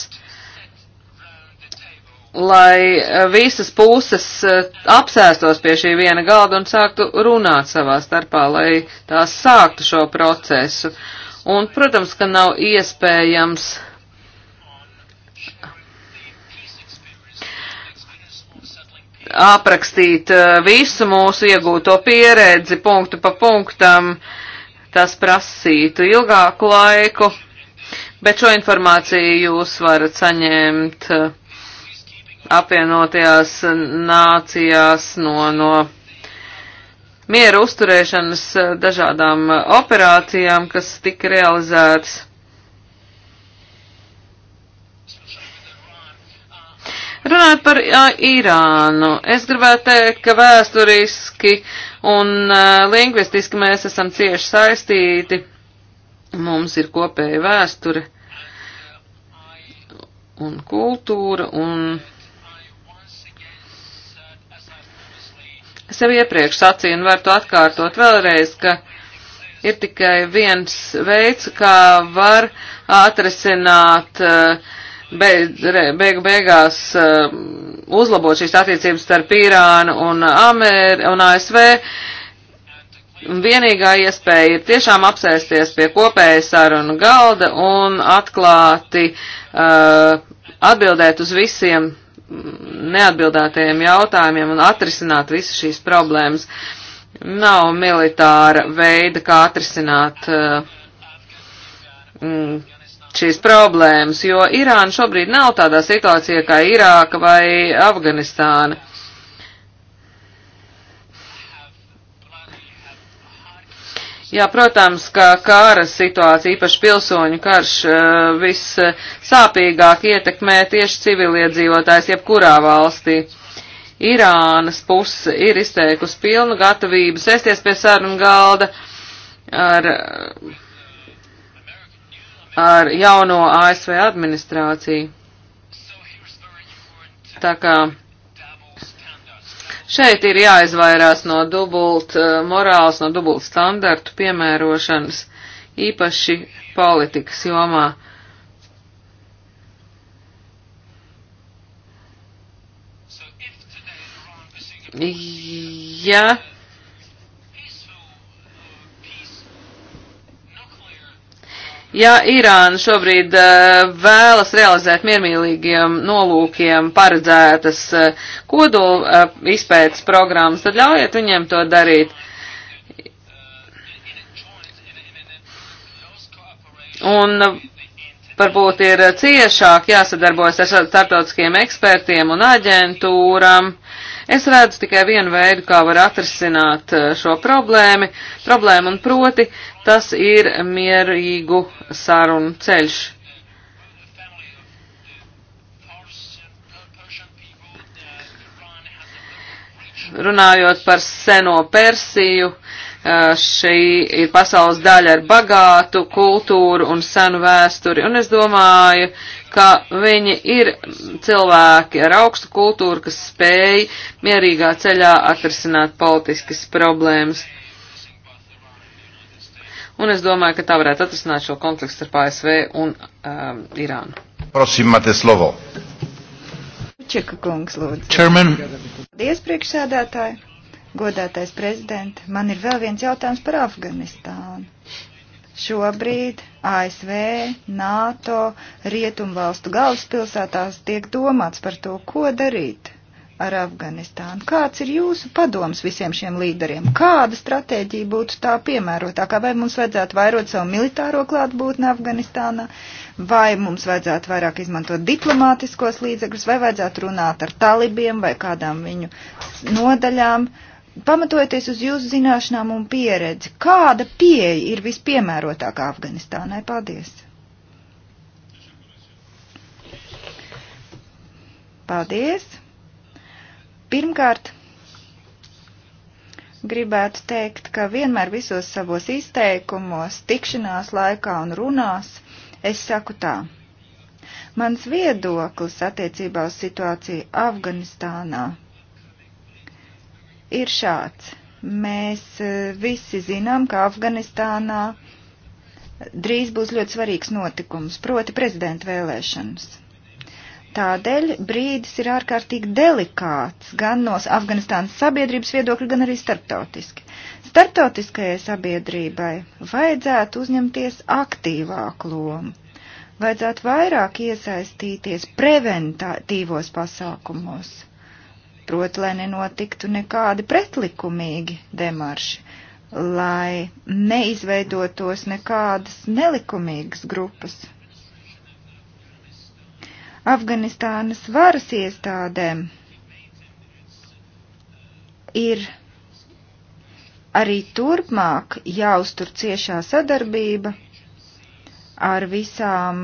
lai visas puses eh, apsēstos pie šī viena galda un sāktu runāt savā starpā, lai tās sāktu šo procesu. Un, protams, ka nav iespējams aprakstīt eh, visu mūsu iegūto pieredzi punktu pa punktam, tas prasītu ilgāku laiku, bet šo informāciju jūs varat saņemt eh, apvienotajās nācijās no, no miera uzturēšanas eh, dažādām operācijām, kas tika realizētas. Runājot par jā, Irānu, es gribētu teikt, ka vēsturiski un uh, lingvistiski mēs esam cieši saistīti. Mums ir kopēja vēsture un kultūra un. Es jau iepriekš sacīju un varu to atkārtot vēlreiz, ka ir tikai viens veids, kā var atrasināt uh, beigu beigās um, uzlabot šīs attiecības starp Irānu un, Amer un ASV. Vienīgā iespēja ir tiešām apsēsties pie kopējas sarunu galda un atklāti uh, atbildēt uz visiem neatbildētajiem jautājumiem un atrisināt visas šīs problēmas. Nav militāra veida, kā atrisināt uh, mm, šīs problēmas, jo Irāna šobrīd nav tādā situācijā kā Irāka vai Afganistāna. Jā, protams, ka kāra situācija, īpaši pilsoņu karš, eh, vissāpīgāk ietekmē tieši civiliedzīvotājs jebkurā valstī. Irānas puse ir izteikusi pilnu gatavību sēsties pie sarunu galda ar ar jauno ASV administrāciju. Tā kā šeit ir jāizvairās no dubult eh, morāls, no dubult standartu piemērošanas, īpaši politikas jomā. Ja Ja Irāna šobrīd uh, vēlas realizēt miermīlīgiem nolūkiem paredzētas uh, eh, kodolu uh, eh, izpētes programmas, tad ļaujiet viņiem to darīt. Un varbūt ir ciešāk jāsadarbojas ar starptautiskiem ekspertiem un aģentūram. Es redzu tikai vienu veidu, kā var atrisināt šo problēmu, problēmu un proti Tas ir mierīgu sarunu ceļš. Runājot par seno Persiju, eh, šī ir pasaules daļa ar bagātu kultūru un senu vēsturi, un es domāju, ka viņi ir cilvēki ar augstu kultūru, kas spēj mierīgā ceļā atrisināt politiskas problēmas un es domāju, ka tā varētu atrisināt šo konfliktu starp ASV un um, Irānu. Prosim, Mates Lovo. Čeka kungs, lūdzu. Chairman. Paldies, priekšsēdētāji. Godātais prezident, man ir vēl viens jautājums par Afganistānu. Šobrīd ASV, NATO, Rietumvalstu galvaspilsētās tiek domāts par to, ko darīt ar Afganistānu. Kāds ir jūsu padoms visiem šiem līderiem? Kāda stratēģija būtu tā piemērotākā? Vai mums vajadzētu vairot savu militāro klātbūtni Afganistānā, vai mums vajadzētu vairāk izmantot diplomātiskos līdzekļus, vai vajadzētu runāt ar talibiem vai kādām viņu nodaļām? Pamatojoties uz jūsu zināšanām un pieredzi, kāda pieeja ir vispiemērotākā Afganistānai? Paldies! Paldies! Pirmkārt, gribētu teikt, ka vienmēr visos savos izteikumos, tikšanās laikā un runās es saku tā. Mans viedoklis attiecībā uz situāciju Afganistānā ir šāds. Mēs e, visi zinām, ka Afganistānā drīz būs ļoti svarīgs notikums, proti prezidenta vēlēšanas. Tādēļ brīdis ir ārkārtīgi delikāts gan no Afganistānas sabiedrības viedokļa, gan arī starptautiski. Startautiskajai sabiedrībai vajadzētu uzņemties aktīvāku lomu, vajadzētu vairāk iesaistīties preventīvos pasākumos, proti, lai nenotiktu nekādi pretlikumīgi demarši, lai neizveidotos nekādas nelikumīgas grupas Afganistānas varas iestādēm ir arī turpmāk jāuztur ciešā sadarbība ar visām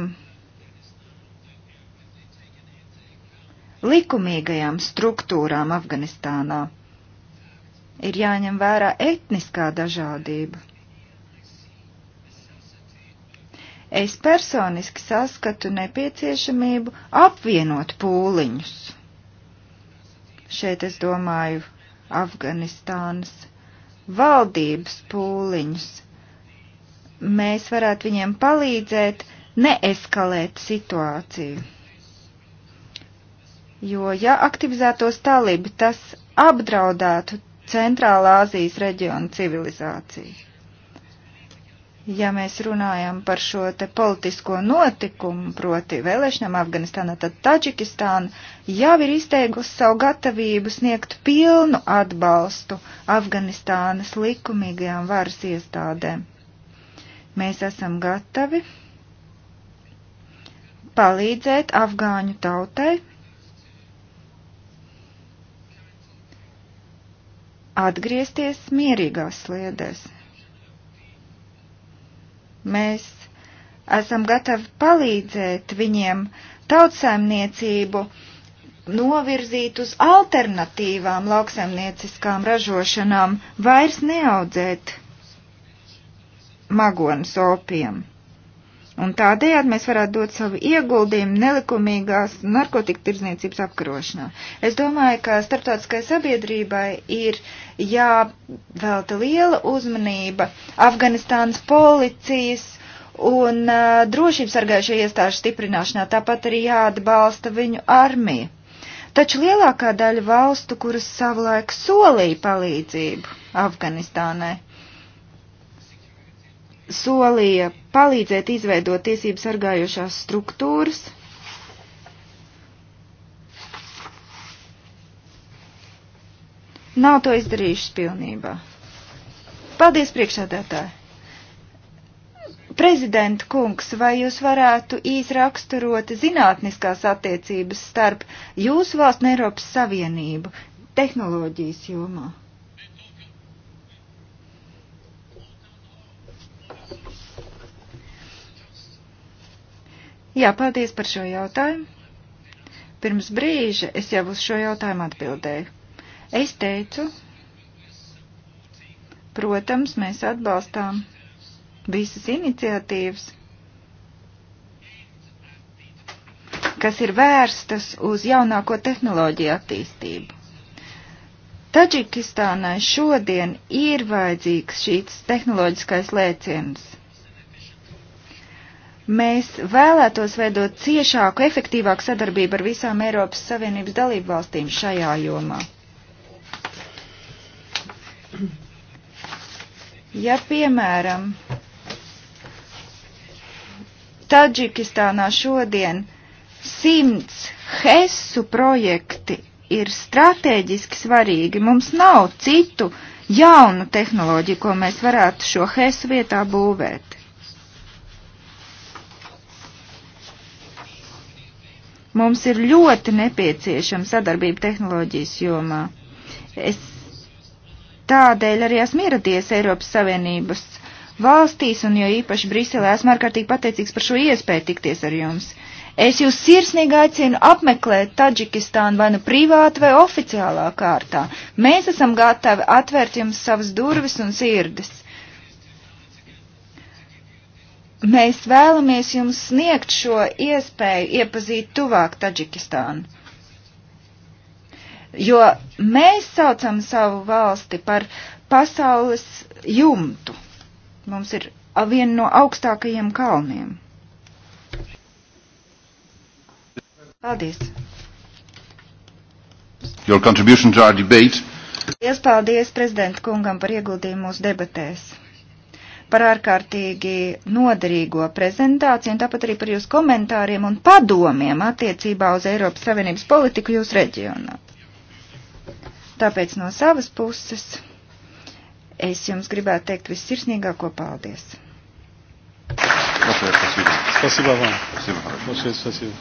likumīgajām struktūrām Afganistānā. Ir jāņem vērā etniskā dažādība. Es personiski saskatu nepieciešamību apvienot pūliņus. Šeit es domāju Afganistānas valdības pūliņus. Mēs varētu viņiem palīdzēt neeskalēt situāciju. Jo, ja aktivizētos talibi, tas apdraudētu Centrālā Azijas reģiona civilizāciju ja mēs runājam par šo te politisko notikumu, proti vēlēšanām Afganistānā, tad Taģikistāna jau ir izteigusi savu gatavību sniegt pilnu atbalstu Afganistānas likumīgajām varas iestādēm. Mēs esam gatavi palīdzēt afgāņu tautai atgriezties mierīgās sliedēs. Mēs esam gatavi palīdzēt viņiem tautsaimniecību novirzīt uz alternatīvām lauksaimnieciskām ražošanām, vairs neaudzēt magonas opiem. Un tādējādi mēs varētu dot savu ieguldījumu nelikumīgās narkotika tirdzniecības apkarošanā. Es domāju, ka starptautiskai sabiedrībai ir jāvelta liela uzmanība Afganistānas policijas un uh, drošības sargājušo iestāžu stiprināšanā, tāpat arī jāatbalsta viņu armija. Taču lielākā daļa valstu, kuras savulaik solīja palīdzību Afganistānai, solīja palīdzēt izveidot tiesību sargājošās struktūras. Nav to izdarījušas pilnībā. Paldies, priekšsādātāji! Prezidenta kungs, vai jūs varētu īsi raksturot zinātniskās attiecības starp jūsu valsts un Eiropas Savienību tehnoloģijas jomā? Jā, paldies par šo jautājumu. Pirms brīža es jau uz šo jautājumu atbildēju. Es teicu, protams, mēs atbalstām visas iniciatīvas, kas ir vērstas uz jaunāko tehnoloģiju attīstību. Taģikistānai šodien ir vajadzīgs šīs tehnoloģiskais lēciens – Mēs vēlētos veidot ciešāku, efektīvāku sadarbību ar visām Eiropas Savienības dalību valstīm šajā jomā. Ja, piemēram, Taģikistānā šodien simts HESU projekti ir strateģiski svarīgi. Mums nav citu jaunu tehnoloģiju, ko mēs varētu šo HESU vietā būvēt. Mums ir ļoti nepieciešama sadarbība tehnoloģijas jomā. Es tādēļ arī esmu ieradies Eiropas Savienības valstīs, un jo īpaši Briselē esmu ārkārtīgi pateicīgs par šo iespēju tikties ar jums. Es jūs sirsnīgi aicinu apmeklēt Taģikistānu vai nu privāti vai oficiālā kārtā. Mēs esam gatavi atvērt jums savas durvis un sirdes mēs vēlamies jums sniegt šo iespēju iepazīt tuvāk Taģikistānu. Jo mēs saucam savu valsti par pasaules jumtu. Mums ir viena no augstākajiem kalniem. Paldies! Your contribution to our debate. Liels paldies prezidenta kungam par ieguldījumu mūsu debatēs par ārkārtīgi noderīgo prezentāciju un tāpat arī par jūsu komentāriem un padomiem attiecībā uz Eiropas Savienības politiku jūsu reģionā. Tāpēc no savas puses es jums gribētu teikt vissirsnīgāko paldies. Спасибо вам. Спасибо. Большое спасибо.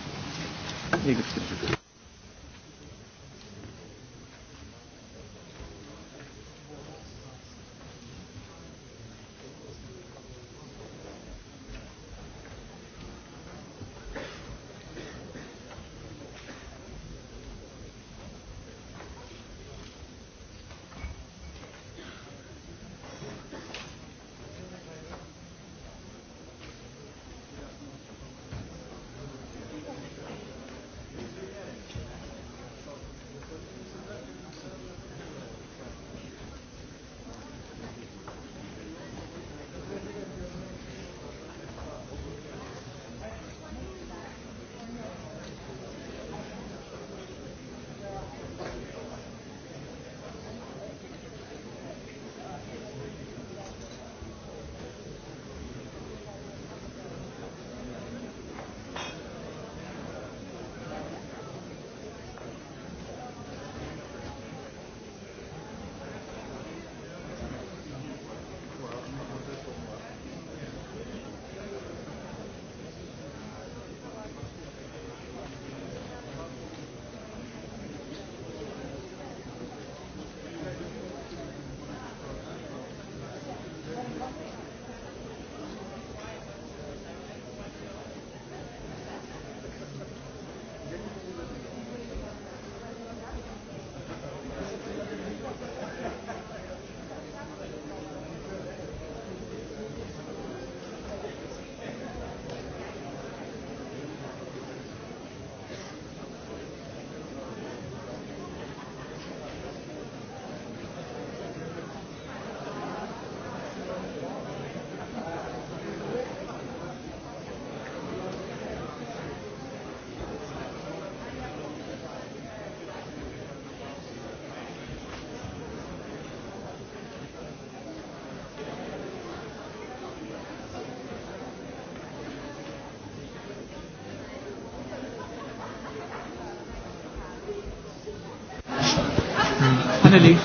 Benedict.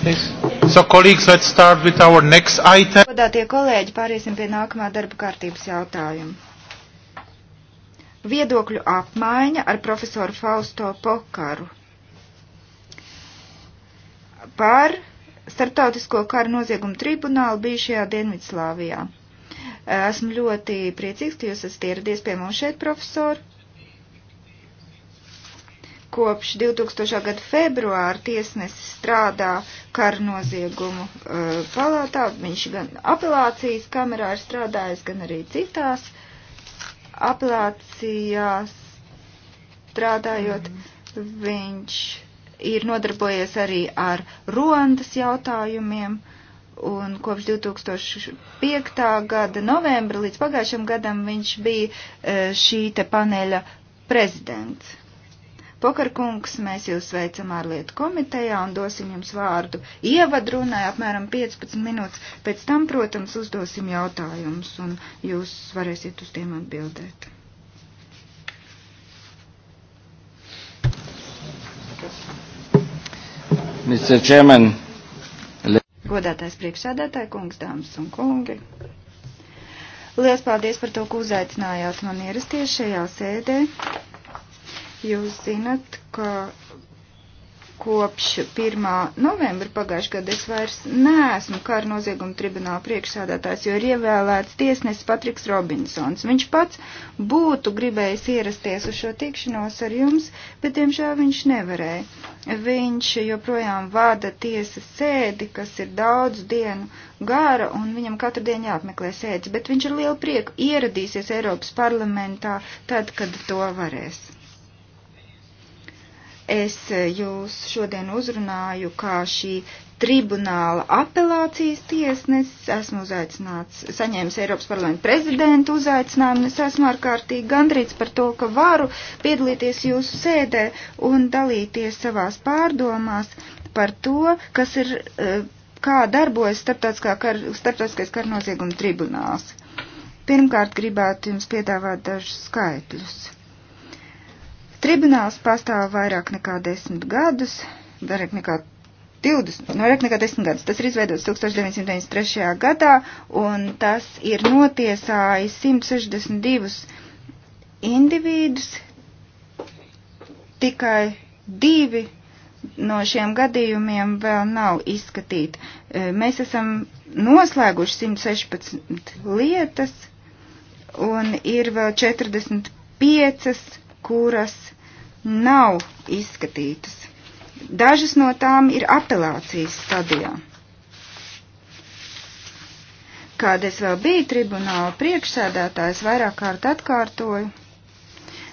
Please. So, colleagues, let's start with our next item. Godātie kolēģi, pāriesim pie nākamā darba kārtības jautājuma. Viedokļu apmaiņa ar profesoru Fausto Pokaru par Startautisko kara noziegumu tribunālu bijušajā Dienvidslāvijā. Esmu ļoti priecīgs, ka jūs esat ieradies pie mums šeit, profesori. Kopš 2000. gada februāra tiesnesis strādā karnoziegumu uh, palātā. Viņš gan apelācijas kamerā ir strādājis, gan arī citās apelācijās strādājot. Mm. Viņš ir nodarbojies arī ar Ruandas jautājumiem. Un kopš 2005. gada novembra līdz pagājušam gadam viņš bija eh, šī te paneļa prezidents. Pokarkungs, mēs jūs sveicam ārlietu komitejā un dosim jums vārdu ievadrunai apmēram 15 minūtes. Pēc tam, protams, uzdosim jautājumus un jūs varēsiet uz tiem atbildēt. Mr. Chairman. Godātais priekšsēdētāji, kungs, dāmas un kungi. Lielas paldies par to, ka uzaicinājāt man ierasties šajā sēdē. Jūs zinat, ka kopš 1. novembra pagājušajā gadā es vairs neesmu kara nozieguma tribunāla priekšsādātājs, jo ir ievēlēts tiesnesis Patriks Robinsons. Viņš pats būtu gribējis ierasties uz šo tikšanos ar jums, bet diemžēl viņš nevarēja. Viņš joprojām vada tiesas sēdi, kas ir daudz dienu gara, un viņam katru dienu jāapmeklē sēdes, bet viņš ar lielu prieku ieradīsies Eiropas parlamentā tad, kad to varēs. Es eh, jūs šodien uzrunāju kā šī tribunāla apelācijas tiesnesis, esmu uzaicināts, saņēmis Eiropas parlamenta prezidenta uzaicinājumu, es esmu ārkārtīgi gandrīts par to, ka varu piedalīties jūsu sēdē un dalīties savās pārdomās par to, kas ir, eh, kā darbojas kar, starptautiskais karnozieguma tribunāls. Pirmkārt, gribētu jums piedāvāt dažus skaitļus. Tribunāls pastāv vairāk nekā desmit gadus, vairāk nekā 20, nu, vairāk nekā 10 gadus. Tas ir izveidots 1993. gadā, un tas ir notiesājis 162 individus. Tikai divi no šiem gadījumiem vēl nav izskatīti. E, mēs esam noslēguši 116 lietas, un ir vēl 45 kuras nav izskatītas. Dažas no tām ir apelācijas stadijā. Kad es vēl biju tribunāla priekšsēdētājs, vairāk kārt atkārtoju,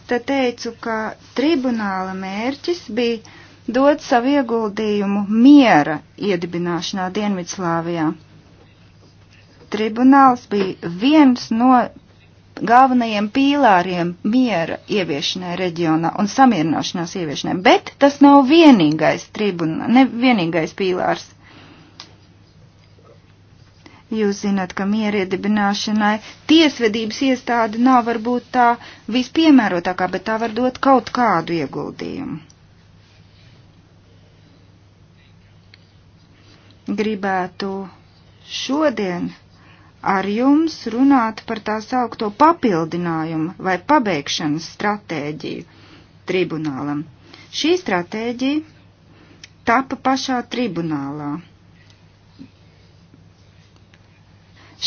tad teicu, ka tribunāla mērķis bija dot savu ieguldījumu miera iedibināšanā Dienvidslāvijā. Tribunāls bija viens no galvenajiem pīlāriem miera ieviešanai reģionā un samierināšanās ieviešanai, bet tas nav vienīgais tribunā, ne vienīgais pīlārs. Jūs zināt, ka miera iedibināšanai tiesvedības iestāde nav varbūt tā vispiemērotākā, bet tā var dot kaut kādu ieguldījumu. Gribētu šodien ar jums runāt par tā saukto papildinājumu vai pabeigšanas stratēģiju tribunālam. Šī stratēģija tapa pašā tribunālā.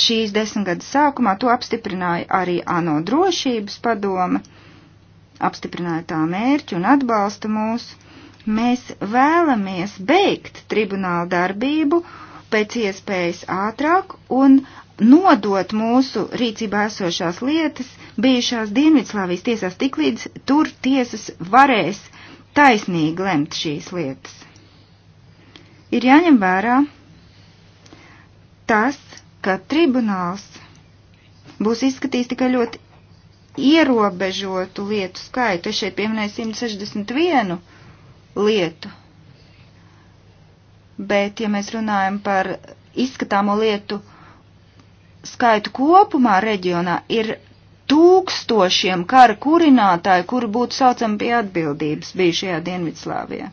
Šīs desmitgada sākumā to apstiprināja arī ANO drošības padome, apstiprināja tā mērķi un atbalsta mūs. Mēs vēlamies beigt tribunāla darbību pēc iespējas ātrāk un nodot mūsu rīcībā esošās lietas bijušās Dienvidslāvijas tiesās tiklīdz tur tiesas varēs taisnīgi lemt šīs lietas. Ir jāņem vērā tas, ka tribunāls būs izskatījis tikai ļoti ierobežotu lietu skaitu. Es šeit pieminēju 161 lietu. Bet, ja mēs runājam par izskatāmo lietu skaitu kopumā reģionā ir tūkstošiem kara kurinātāju, kuri būtu saucami pie atbildības bijušajā Dienvidslāvijā.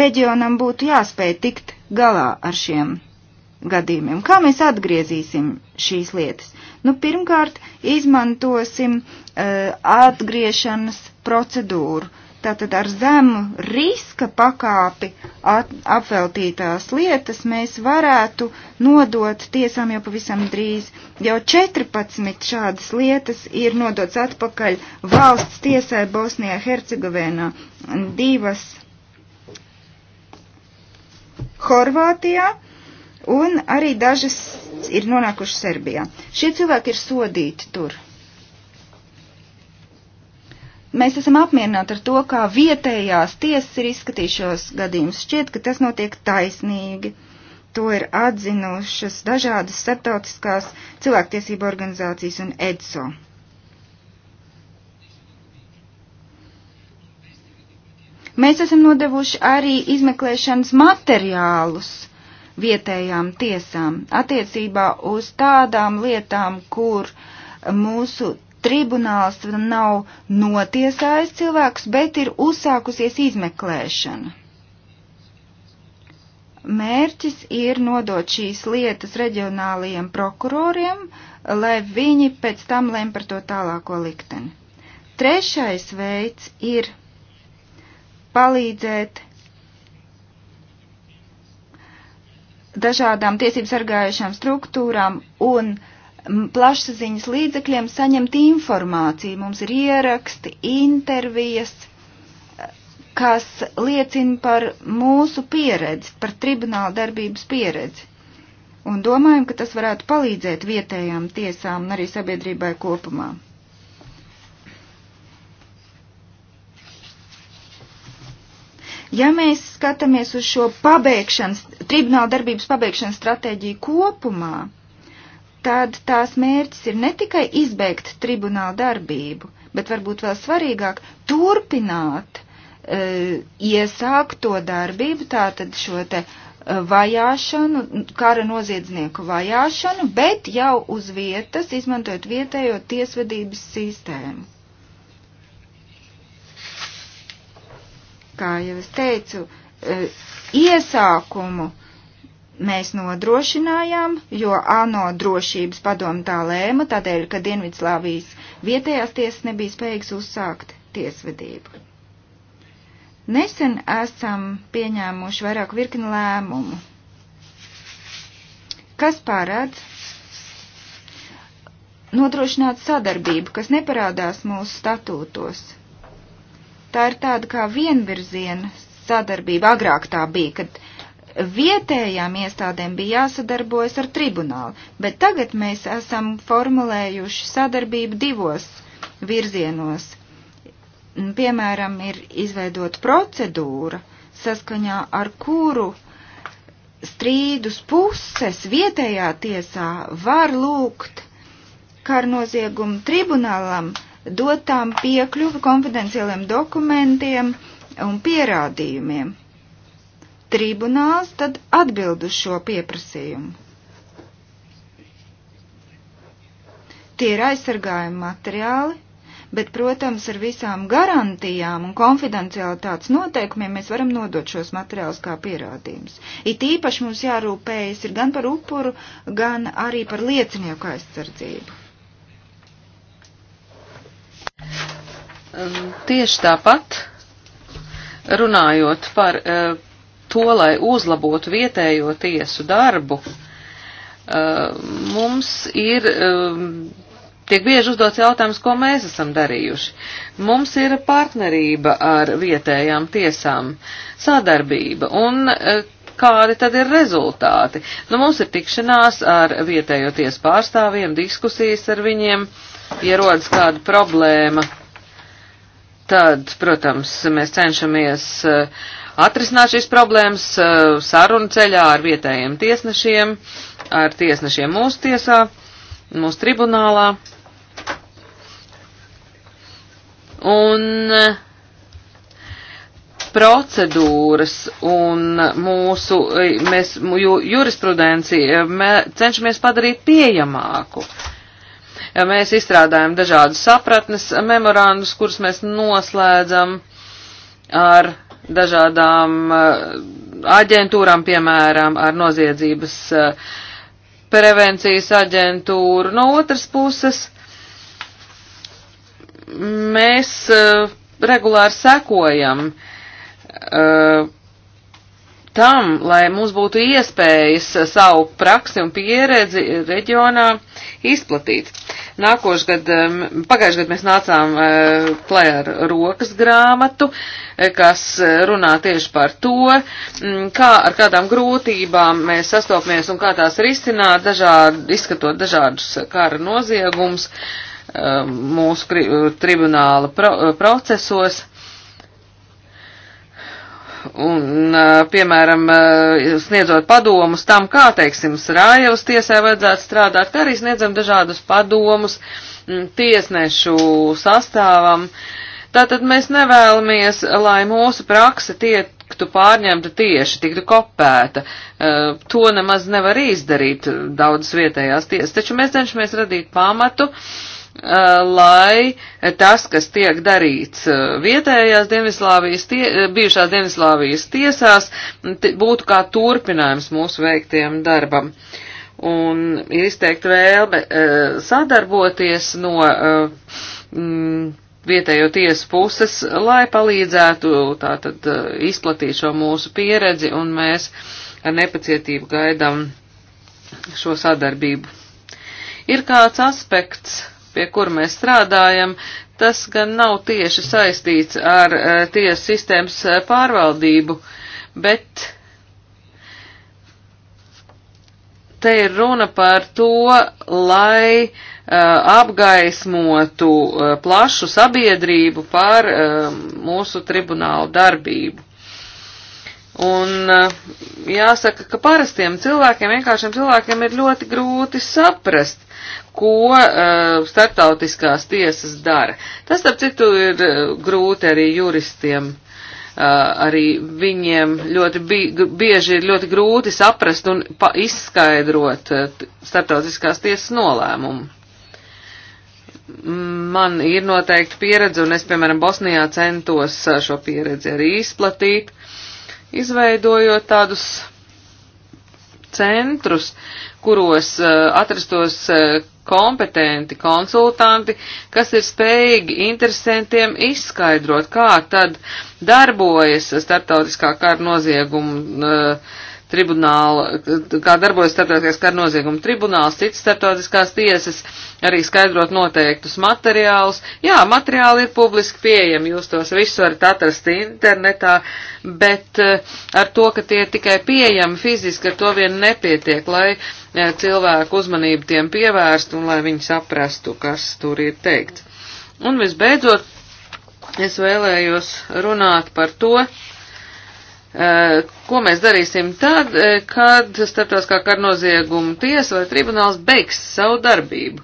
Reģionam būtu jāspēj tikt galā ar šiem gadījumiem. Kā mēs atgriezīsim šīs lietas? Nu, pirmkārt, izmantosim uh, atgriešanas procedūru. Uh, Tātad ar zemu riska pakāpi at, apveltītās lietas mēs varētu nodot tiesām jau pavisam drīz. Jau 14 šādas lietas ir nodots atpakaļ valsts tiesai Bosnijā Hercegovēnā. Divas Horvātijā un arī dažas ir nonākušas Serbijā. Šie cilvēki ir sodīti tur. Mēs esam apmierināti ar to, kā vietējās tiesas ir izskatījušos gadījumus. Šķiet, ka tas notiek taisnīgi. To ir atzinušas dažādas starptautiskās cilvēktiesība organizācijas un EDSO. Mēs esam nodevuši arī izmeklēšanas materiālus vietējām tiesām attiecībā uz tādām lietām, kur mūsu tribunāls nav notiesājis cilvēkus, bet ir uzsākusies izmeklēšana. Mērķis ir nodot šīs lietas reģionālajiem prokuroriem, lai viņi pēc tam lem par to tālāko likteni. Trešais veids ir palīdzēt dažādām tiesību sargājušām struktūrām un uh, plašsaziņas līdzekļiem saņemt informāciju. Mums ir ieraksti, intervijas, eh, kas liecina par mūsu pieredzi, par tribunāla darbības pieredzi. Un domājam, ka tas varētu palīdzēt vietējām tiesām un arī sabiedrībai kopumā. Ja mēs skatāmies uz šo pabeigšanas, tribunāla darbības pabeigšanas stratēģiju kopumā, tad tās mērķis ir ne tikai izbeigt tribunālu darbību, bet varbūt vēl svarīgāk turpināt e, iesākt to darbību, tātad šo te e, vajāšanu, kara noziedznieku vajāšanu, bet jau uz vietas, izmantojot vietējo tiesvedības sistēmu. Kā jau es teicu, e, iesākumu uh, mēs nodrošinājām, jo ANO drošības padomu tā lēma, tādēļ, ka Dienvidslāvijas vietējās tiesas nebija spējīgas uzsākt tiesvedību. Nesen esam pieņēmuši vairāk virkni lēmumu, kas pārādz nodrošināt sadarbību, kas neparādās mūsu statūtos. Tā ir tāda kā vienvirziena sadarbība. Agrāk tā bija, kad vietējām iestādēm bija jāsadarbojas ar tribunālu, bet tagad mēs esam formulējuši sadarbību divos virzienos. Piemēram, ir izveidot procedūra, saskaņā ar kuru strīdus puses vietējā tiesā var lūgt karnoziegumu tribunālam dotām piekļuvi konfidenciāliem dokumentiem un pierādījumiem tribunāls tad atbild uz šo pieprasījumu. Tie ir aizsargājumi materiāli, bet, protams, ar visām garantijām un konfidencialitātes noteikumiem mēs varam nodot šos materiālus kā pierādījumus. It īpaši mums jārūpējas ir gan par upuru, gan arī par liecinieku aizsardzību. Tieši tāpat runājot par uh, to, lai uzlabotu vietējo tiesu darbu, eh, mums ir eh, tiek bieži uzdots jautājums, ko mēs esam darījuši. Mums ir partnerība ar vietējām tiesām, sadarbība un eh, kādi tad ir rezultāti. Nu, mums ir tikšanās ar vietējo tiesu pārstāvjiem, diskusijas ar viņiem, ierodas kāda problēma. Tad, protams, mēs cenšamies uh, atrisināt šīs problēmas eh, sarunu ceļā ar vietējiem tiesnešiem, ar tiesnešiem mūsu tiesā, mūsu tribunālā. Un eh, procedūras un mūsu eh, mēs, ju, jurisprudenci mē, cenšamies padarīt pieejamāku. Mēs izstrādājam dažādas sapratnes memorandus, kurus mēs noslēdzam ar dažādām eh, aģentūrām, piemēram, ar noziedzības eh, prevencijas aģentūru. No otras puses, mēs eh, regulāri sekojam tam, lai mums būtu iespējas savu praksi un pieredzi reģionā izplatīts. Nākošu gadu, um, pagājušajā gadā mēs nācām uh, klajā ar rokas grāmatu, eh, kas uh, runā tieši par to, mm, kā ar kādām grūtībām mēs sastopamies un kā tās risināt, dažādi, izskatot dažādus kara noziegumus um, mūsu tribunāla procesos Un, piemēram, sniedzot padomus tam, kā, teiksim, Srājevas tiesai vajadzētu strādāt, kā arī sniedzam dažādus padomus tiesnešu sastāvam. Tātad mēs nevēlamies, lai mūsu praksa tiektu pārņemta tieši, tiktu kopēta. To nemaz nevar izdarīt daudzas vietējās tiesas, taču mēs cenšamies radīt pamatu. Uh, Eh, lai tas, kas tiek darīts eh, vietējās Dienvidslāvijas, tie, eh, bijušās Dienvidslāvijas tiesās, būtu kā turpinājums mūsu veiktiem darbam. Un ir izteikti vēlme sadarboties no mm, vietējo tiesu puses, lai palīdzētu tātad izplatīt šo mūsu pieredzi, un mēs ar nepacietību gaidām šo sadarbību. Ir kāds aspekts, pie kura mēs strādājam, tas gan nav tieši saistīts ar eh, tiesu sistēmas eh, pārvaldību, bet te ir runa par to, lai uh, apgaismotu uh, plašu sabiedrību par uh, mūsu tribunālu darbību. Un jāsaka, ka parastiem cilvēkiem, vienkāršiem cilvēkiem ir ļoti grūti saprast, ko uh, eh, startautiskās tiesas dara. Tas, starp citu, ir uh, grūti arī juristiem. Uh, arī viņiem ļoti bi bieži ir ļoti grūti saprast un izskaidrot uh, starptautiskās tiesas nolēmumu. Man ir noteikti pieredze, un es, piemēram, Bosnijā centos šo pieredzi arī izplatīt, izveidojot tādus centrus, kuros eh, atrastos eh, kompetenti konsultanti, kas ir spējīgi interesantiem izskaidrot, kā tad darbojas starptautiskā kara nozieguma uh, eh, tribunāla, kā darbojas starptautiskais kara nozieguma tribunāls, citas starptautiskās tiesas, arī skaidrot noteiktus materiālus. Jā, materiāli ir publiski pieejami, jūs tos visus varat atrast internetā, bet eh, ar to, ka tie ir tikai pieejami fiziski, ar to vien nepietiek, lai eh, cilvēku uzmanību tiem pievērstu un lai viņi saprastu, kas tur ir teikts. Un visbeidzot, es vēlējos runāt par to, Eh, ko mēs darīsim tad, eh, kad starptautiskā kara nozieguma tiesa vai tribunāls beigs savu darbību?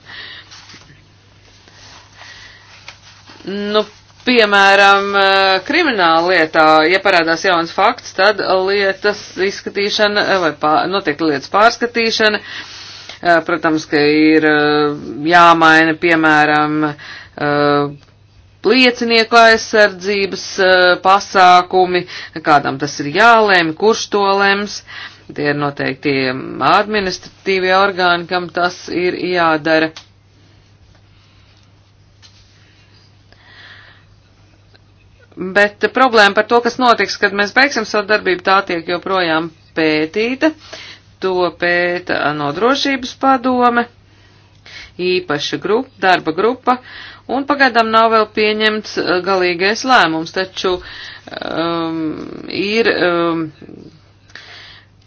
Nu, piemēram, eh, krimināla lietā, ja parādās jauns fakts, tad lietas izskatīšana vai pār, notiek lietas pārskatīšana. Protams, ka ir jāmaina, piemēram, liecinieku aizsardzības eh, pasākumi, kādam tas ir jālēm, kurš to lems. Tie ir noteikti administratīvie orgāni, kam tas ir jādara. Bet problēma par to, kas notiks, kad mēs beigsim savu darbību, tā tiek joprojām pētīta. To pēta no drošības padome īpaša grupa, darba grupa, un pagaidām nav vēl pieņemts eh, galīgais lēmums, taču um, ir um,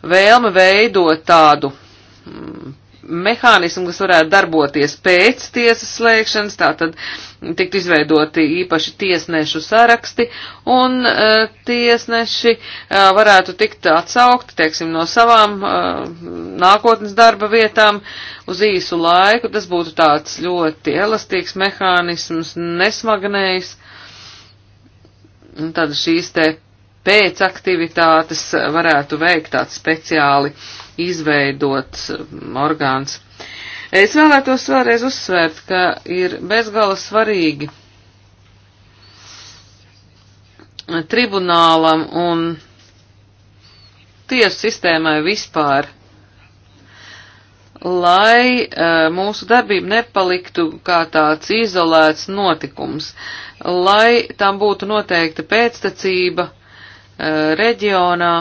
vēlme veidot tādu um, mehānismu, kas varētu darboties pēc tiesas slēgšanas, tātad tikt izveidoti īpaši tiesnešu saraksti, un uh, tiesneši uh, varētu tikt atsaukti, teiksim, no savām uh, nākotnes darba vietām uz īsu laiku. Tas būtu tāds ļoti elastīgs mehānisms, nesmagnējs. Un tad šīs te pēc aktivitātes varētu veikt tāds speciāli uh, izveidots um, orgāns. Es vēlētos vēlreiz uzsvērt, ka ir bezgala svarīgi tribunālam un tiesu sistēmai vispār, lai uh, mūsu darbība nepaliktu kā tāds izolēts notikums, lai tam būtu noteikta pēctecība uh, reģionā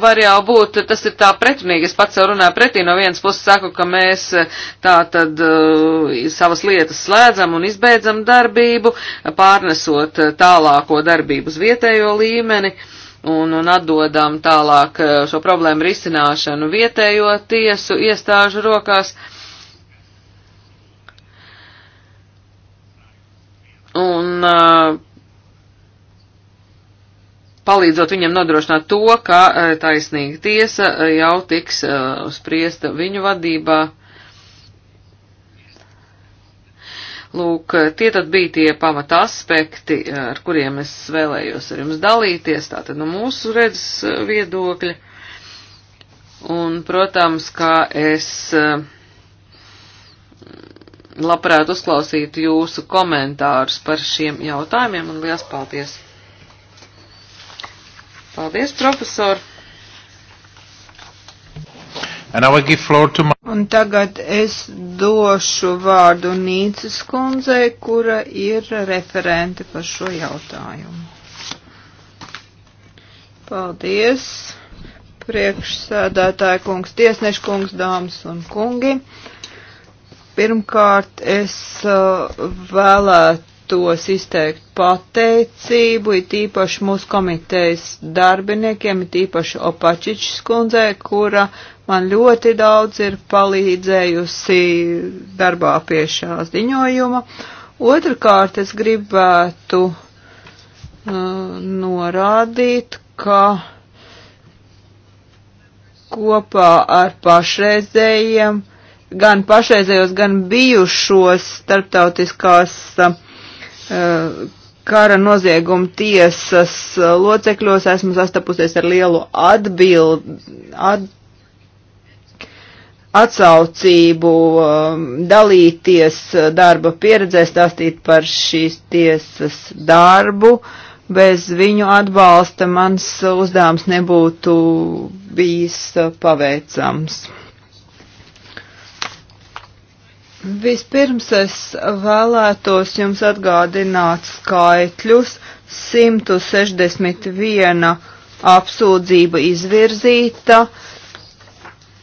var jau būt, tas ir tā pretrunīgi, es pats jau runāju pretī, no vienas puses saku, ka mēs eh, tā tad uh, savas lietas slēdzam un izbeidzam darbību, pārnesot eh, tālāko darbību uz vietējo līmeni un, un atdodam tālāk šo problēmu risināšanu vietējo tiesu iestāžu rokās. Un uh, palīdzot viņam nodrošināt to, ka e, taisnīga tiesa e, jau tiks e, spriesta viņu vadībā. Lūk, tie tad bija tie pamata aspekti, ar kuriem es vēlējos ar jums dalīties, tātad no mūsu redzes viedokļa. Un, protams, kā es labprāt uzklausītu jūsu komentārus par šiem jautājumiem, un liels paldies! Paldies, profesor! My... Un tagad es došu vārdu Nīcas kundzei, kura ir referente par šo jautājumu. Paldies, priekšsēdētāja kungs, tiesneša kungs, dāmas un kungi. Pirmkārt, es uh, vēlētu vēlētos izteikt pateicību, it īpaši mūsu komitejas darbiniekiem, it īpaši Opačičs kundzē, kura man ļoti daudz ir palīdzējusi darbā pie šā ziņojuma. Otrakārt, es gribētu uh, norādīt, ka kopā ar pašreizējiem gan pašreizējos, gan bijušos starptautiskās uh, Eh, kara nozieguma tiesas eh, locekļos esmu sastapusies ar lielu atbild, at, atsaucību, eh, dalīties darba pieredzē, stāstīt par šīs tiesas darbu. Bez viņu atbalsta mans uzdevums nebūtu bijis paveicams. Vispirms es vēlētos jums atgādināt skaitļus. 161 apsūdzība izvirzīta,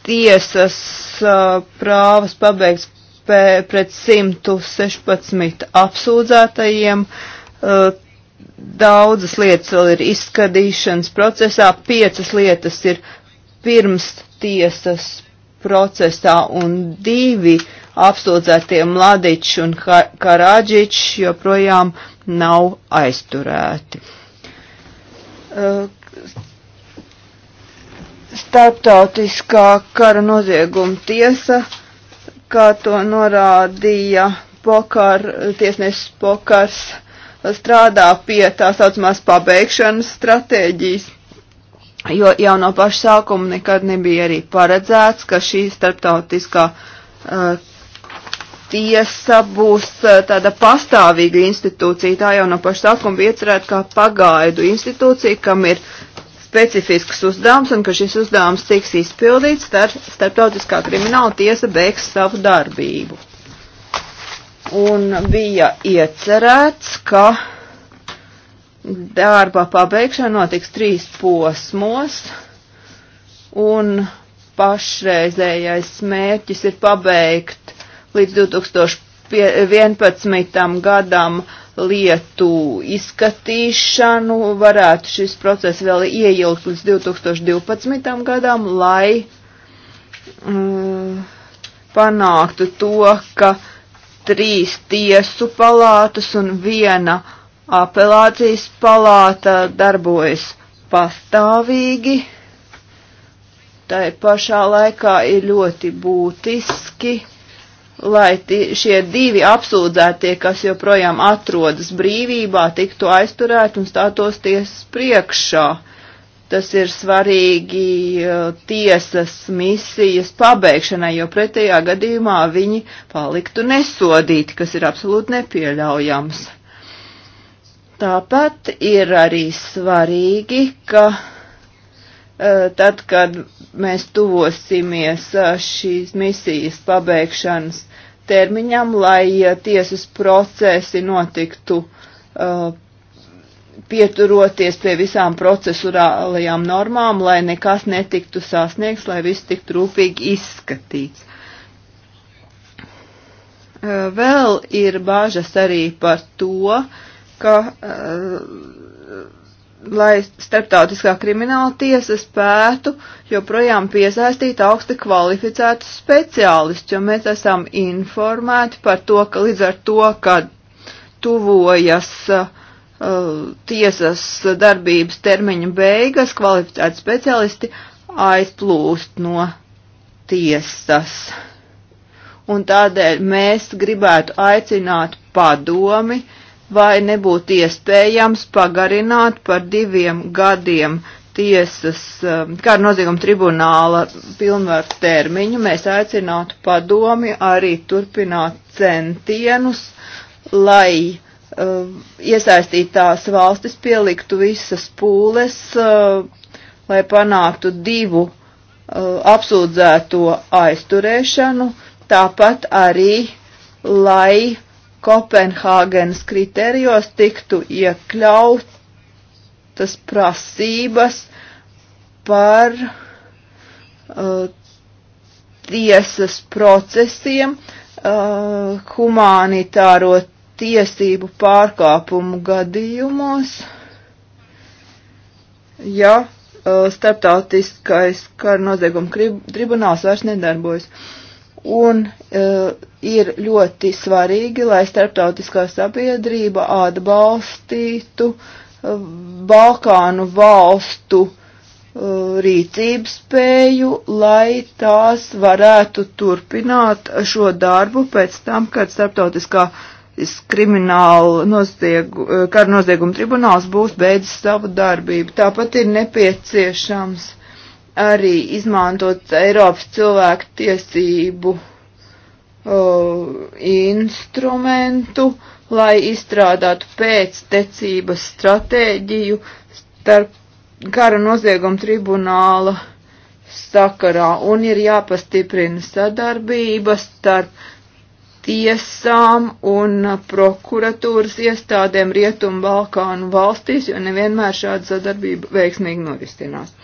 tiesas uh, prāvas pabeigts pret 116 apsūdzētajiem, uh, daudzas lietas vēl ir izskatīšanas procesā, piecas lietas ir pirms tiesas procesā un divi uh, apsūdzētie Mladičs un Karādžičs joprojām nav aizturēti. Eh, starptautiskā kara nozieguma tiesa, kā to norādīja pokar, tiesnesis Pokars, strādā pie tā saucamās pabeigšanas stratēģijas, jo jau no paša sākuma nekad nebija arī paredzēts, ka šī starptautiskā uh, tiesa būs eh, tāda pastāvīga institūcija. Tā jau no paša sākuma bija iecerēta kā pagaidu institūcija, kam ir specifisks uzdevums un ka šis uzdevums tiks izpildīts, tad starptautiskā krimināla tiesa beigs savu darbību. Un bija iecerēts, ka darba pabeigšana notiks trīs posmos, un pašreizējais mērķis ir pabeigt līdz 2011. gadam lietu izskatīšanu, varētu šis process vēl ieilgt līdz 2012. gadam, lai mm, panāktu to, ka trīs tiesu palātas un viena apelācijas palāta darbojas pastāvīgi. Tā pašā laikā ir ļoti būtiski lai šie divi apsūdzētie, kas joprojām atrodas brīvībā, tiktu aizturēti un stātos tiesas priekšā. Tas ir svarīgi uh, tiesas misijas pabeigšanai, jo pretējā gadījumā viņi paliktu nesodīti, kas ir absolūti nepieļaujams. Tāpat ir arī svarīgi, ka uh, tad, kad mēs tuvosimies šīs misijas pabeigšanas termiņam, lai tiesas procesi notiktu uh, pieturoties pie visām procesurālajām normām, lai nekas netiktu sasniegts, lai viss tiktu rūpīgi izskatīts. Uh, vēl ir bāžas arī par to, ka uh, lai starptautiskā krimināla tiesa spētu joprojām piesaistīt augsti kvalificētus speciālistus, jo mēs esam informēti par to, ka līdz ar to, ka tuvojas uh, tiesas darbības termiņa beigas, kvalificēti speciālisti aizplūst no tiesas. Un tādēļ mēs gribētu aicināt padomi, vai nebūtu iespējams pagarināt par diviem gadiem tiesas, um, kā ar nozieguma tribunāla pilnvaru termiņu, mēs aicinātu padomi arī turpināt centienus, lai uh, iesaistītās valstis pieliktu visas pūles, uh, lai panāktu divu uh, apsūdzēto aizturēšanu, tāpat arī, lai uh, Kopenhāgenes kriterijos tiktu iekļautas prasības par uh, tiesas procesiem, uh, humanitāro tiesību pārkāpumu gadījumos, ja uh, starptautiskais kara nozieguma tribunāls vairs nedarbojas. Uh, un uh, ir ļoti svarīgi, lai starptautiskā sabiedrība atbalstītu uh, Balkānu valstu uh, rīcības spēju, lai tās varētu turpināt šo darbu pēc tam, kad starptautiskā krimināla noziegu, kara nozieguma tribunāls būs beidzis savu darbību. Tāpat ir nepieciešams uh, arī izmantot Eiropas cilvēku tiesību uh, instrumentu, lai izstrādātu pēctecības stratēģiju starp kara nozieguma tribunāla sakarā un ir jāpastiprina sadarbība starp tiesām un prokuratūras iestādēm Rietumu Balkānu valstīs, jo nevienmēr šāda sadarbība veiksmīgi norisinās.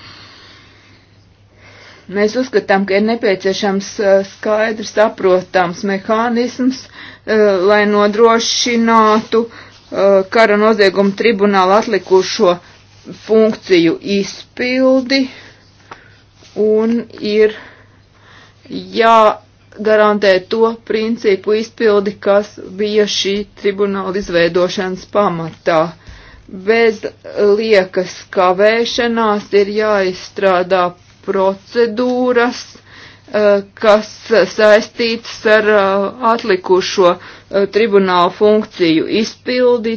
Mēs uzskatām, ka ir nepieciešams eh, skaidrs, saprotams mehānisms, eh, lai nodrošinātu eh, kara nozieguma tribunāla atlikušo funkciju izpildi un ir jāgarantē to principu izpildi, kas bija šī tribunāla izveidošanas pamatā bez liekas kavēšanās ir jāizstrādā procedūras, eh, kas saistītas ar eh, atlikušo eh, tribunālu funkciju izpildi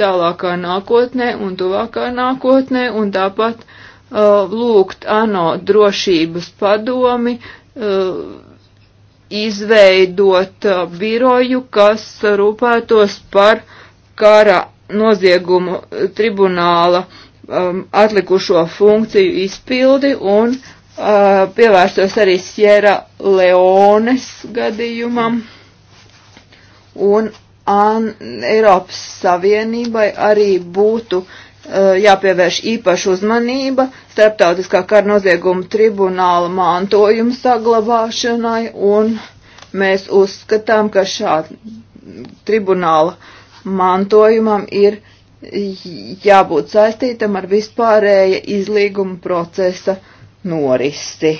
tālākā nākotnē un tuvākā nākotnē, un tāpat lūgt ANO drošības padomi izveidot biroju, kas rūpētos par kara noziegumu tribunāla uh, um, atlikušo funkciju izpildi un uh, pievērstos arī Sierra Leones gadījumam. Un an, Eiropas Savienībai arī būtu uh, jāpievērš īpaša uzmanība starptautiskā kara nozieguma tribunāla mantojuma saglabāšanai, un mēs uzskatām, ka šā tribunāla mantojumam ir jābūt saistītam ar vispārēja izlīguma procesa norisi.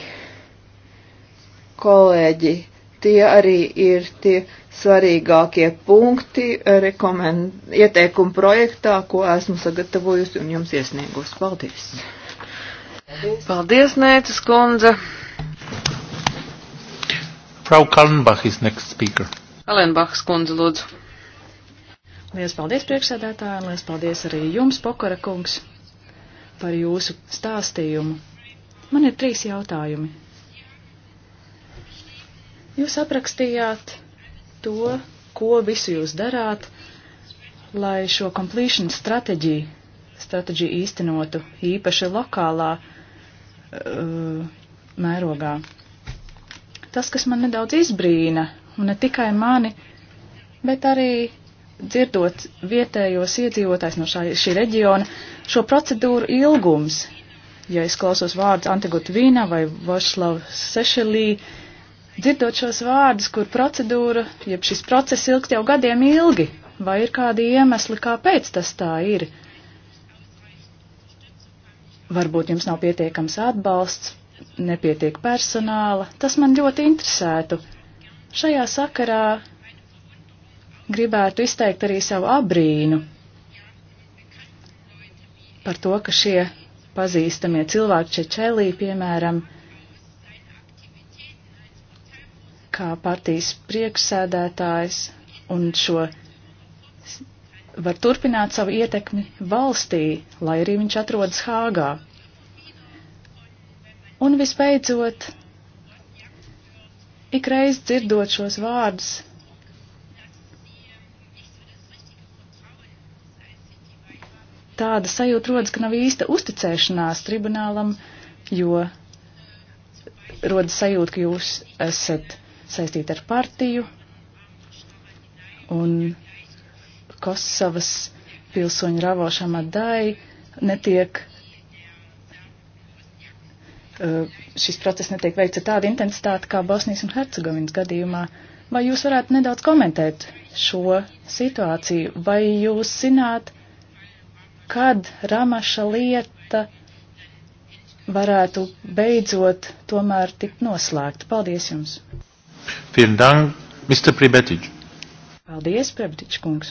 Kolēģi, tie arī ir tie svarīgākie punkti rekomend... ieteikumu projektā, ko esmu sagatavojusi un jums iesniegusi. Paldies! Paldies, Nētas kundze! Frau Kalnbach is next speaker. Kalenbachs kundze, lūdzu. Lielas paldies priekšsēdētāji, lielas paldies arī jums, Pokara kungs, par jūsu stāstījumu. Man ir trīs jautājumi. Jūs aprakstījāt to, ko visu jūs darāt, lai šo completion stratēģiju, stratēģiju īstenotu īpaši lokālā uh, mērogā. Tas, kas man nedaudz izbrīna, un ne tikai mani, bet arī dzirdot vietējos iedzīvotājs no šā, šī reģiona, šo procedūru ilgums, ja es klausos vārdus Antigotvīna vai Vašlav Sešelī, dzirdot šos vārdus, kur procedūra, jeb šis process ilgt jau gadiem ilgi, vai ir kādi iemesli, kāpēc tas tā ir? Varbūt jums nav pietiekams atbalsts, nepietiek personāla, tas man ļoti interesētu. Šajā sakarā gribētu izteikt arī savu abrīnu par to, ka šie pazīstamie cilvēki Čečelī, piemēram, kā partijas priekšsēdētājs un šo var turpināt savu ietekmi valstī, lai arī viņš atrodas Hāgā. Un visbeidzot, ikreiz dzirdot šos vārdus, tāda sajūta rodas, ka nav īsta uzticēšanās tribunālam, jo rodas sajūta, ka jūs esat saistīti ar partiju un Kosovas pilsoņu ravošām atdai netiek eh, šis process netiek veikts ar tādu intensitāti kā Bosnijas un Hercegovinas gadījumā. Vai jūs varētu nedaudz komentēt šo situāciju? Vai jūs zināt, kad Ramaša lieta varētu beidzot tomēr tikt noslēgta. Paldies jums! Dank, Mr. Pribetič. Paldies, Pribetič kungs!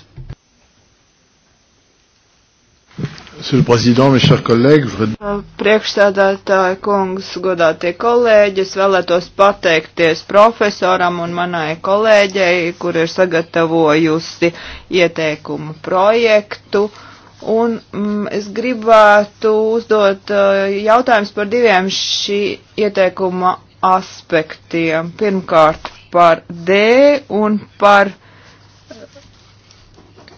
Monsieur le Président, mes chers collègues, je voudrais... Uh, Priekšsēdētāji kungs, godātie kolēģi, es vēlētos pateikties profesoram un manai kolēģei, kur ir sagatavojusi ieteikumu projektu. Uh, Un mm, es gribētu uzdot uh, jautājums par diviem šī ieteikuma aspektiem. Pirmkārt par D un par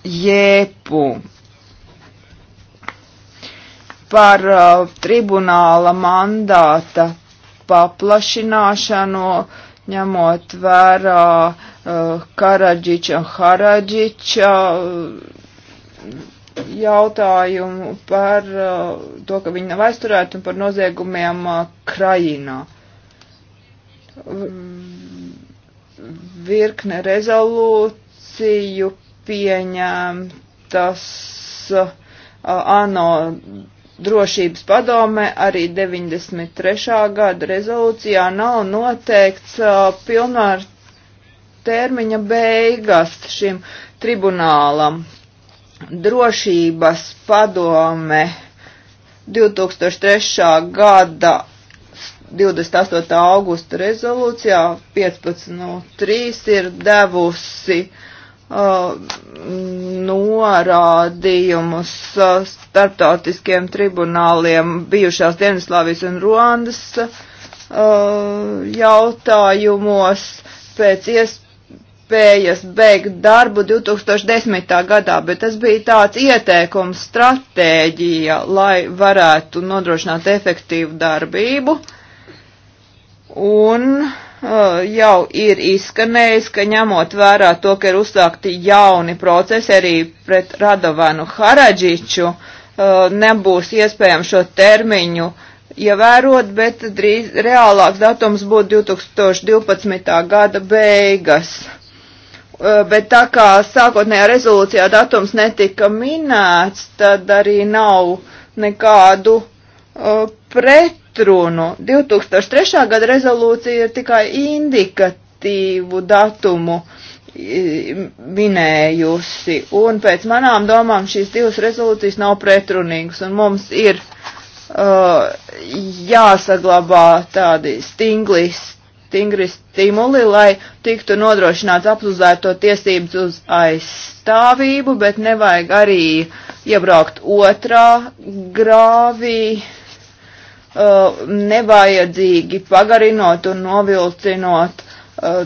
jēpu. Par uh, tribunāla mandāta paplašināšanu, ņemot vērā uh, eh, Karadžiča un Haradžiča uh, jautājumu par uh, to, ka viņi nav aizturēti un par noziegumiem uh, Krajinā. Virkne rezolūciju pieņemtas uh, ANO drošības padome arī 93. gada rezolūcijā nav noteikts uh, pilnvar termiņa beigas šim tribunālam, drošības padome 2003. gada 28. augusta rezolūcijā 15.03 ir devusi uh, norādījumus uh, starptautiskiem tribunāliem bijušās Dienaslāvijas un Ruandas uh, jautājumos pēc iespējas iespējas beigt darbu 2010. gadā, bet tas bija tāds ieteikums stratēģija, lai varētu nodrošināt efektīvu darbību. Un uh, jau ir izskanējis, ka ņemot vērā to, ka ir uzsākti jauni procesi arī pret Radovanu Haradžiču, uh, nebūs iespējams šo termiņu uh, ievērot, ja bet drīz reālāks datums būtu 2012. gada beigas. Eh, bet tā kā sākotnējā rezolūcijā datums netika minēts, tad arī nav nekādu uh, pretrunu. 2003. gada rezolūcija ir tikai indikatīvu datumu minējusi, un pēc manām domām šīs divas rezolūcijas nav pretrunīgas, un mums ir uh, jāsaglabā tādi stinglis stingri stimuli, lai tiktu nodrošināts apzuzēto tiesības uz aizstāvību, bet nevajag arī iebraukt otrā grāvī, uh, nevajadzīgi pagarinot un novilcinot uh,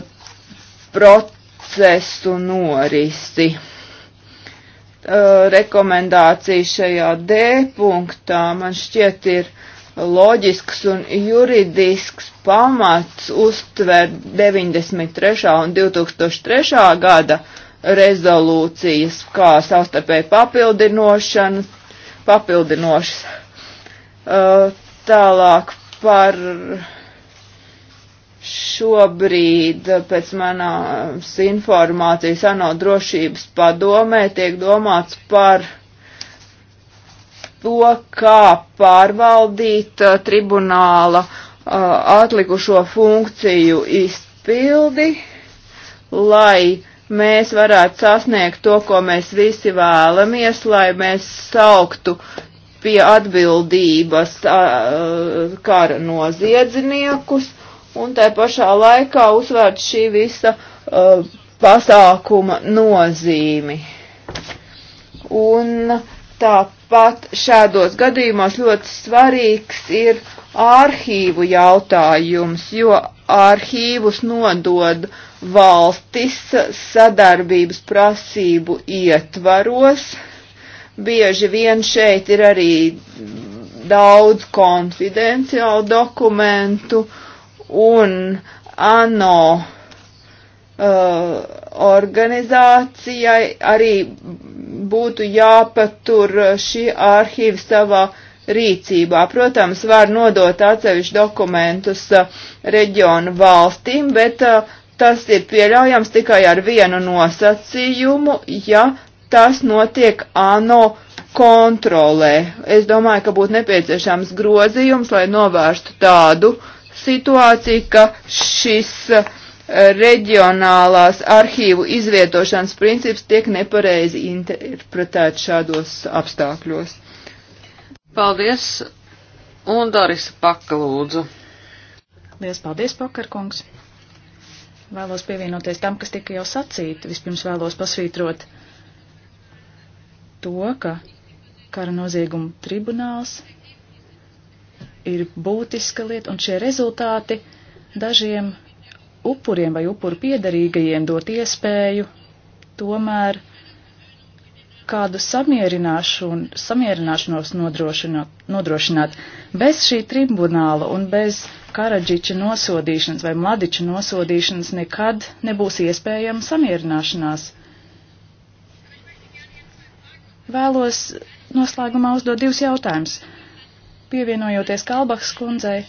procesu norisi. Uh, rekomendācija šajā D punktā man šķiet ir uh, loģisks un juridisks pamats uztvert 93. un 2003. gada rezolūcijas kā savstarpēji papildinošanas, papildinošas. Uh, tālāk par šobrīd pēc manās informācijas ANO drošības padomē tiek domāts par to, kā pārvaldīt uh, tribunāla uh, atlikušo funkciju izpildi, lai mēs varētu sasniegt to, ko mēs visi vēlamies, lai mēs sauktu pie atbildības uh, kara noziedzniekus un tai pašā laikā uzsvērt šī visa uh, pasākuma nozīmi. Un tā pat šādos gadījumos ļoti svarīgs ir arhīvu jautājums, jo arhīvus nodod valstis sadarbības prasību ietvaros. Bieži vien šeit ir arī daudz konfidenciālu dokumentu un ANO Uh, organizācijai arī būtu jāpatur šī arhīva savā rīcībā. Protams, var nodot atsevišķu dokumentus uh, reģionu valstīm, bet uh, tas ir pieļaujams tikai ar vienu nosacījumu, ja tas notiek ANO kontrolē. Es domāju, ka būtu nepieciešams grozījums, lai novērstu tādu situāciju, ka šis uh, reģionālās arhīvu izvietošanas princips tiek nepareizi interpretēts šādos apstākļos. Paldies, un Darisa Paka lūdzu. Liels paldies, Pakarkungs. Vēlos pievienoties tam, kas tika jau sacīt. Vispirms vēlos pasvītrot to, ka kara nozieguma tribunāls ir būtiska lieta, un šie rezultāti dažiem upuriem vai upuru piedarīgajiem dot iespēju tomēr kādu samierināšanos nodrošināt, nodrošināt. Bez šī tribunāla un bez Karadžiča nosodīšanas vai Mladiča nosodīšanas nekad nebūs iespējama samierināšanās. Vēlos noslēgumā uzdot divus jautājumus. Pievienojoties Kalbaks kundzei,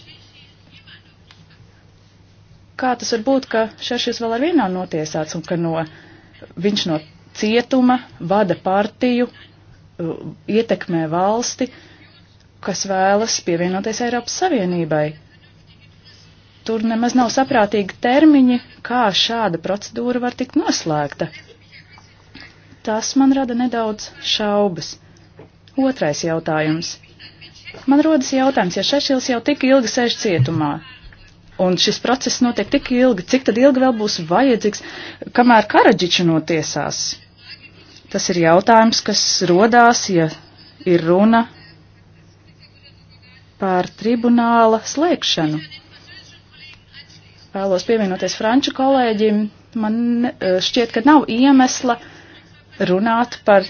kā tas var būt, ka Šešis vēl ar vienu nav notiesāts un ka no, viņš no cietuma vada partiju, uh, ietekmē valsti, kas vēlas pievienoties Eiropas Savienībai. Tur nemaz nav saprātīgi termiņi, kā šāda procedūra var tikt noslēgta. Tas man rada nedaudz šaubas. Otrais jautājums. Man rodas jautājums, ja Šešils jau tik ilgi sēž cietumā, Un šis process notiek tik ilgi, cik tad ilgi vēl būs vajadzīgs, kamēr Karadžiču notiesās. Tas ir jautājums, kas rodās, ja ir runa par tribunāla slēgšanu. Vēlos pievienoties franču kolēģim. Man eh, šķiet, ka nav iemesla runāt par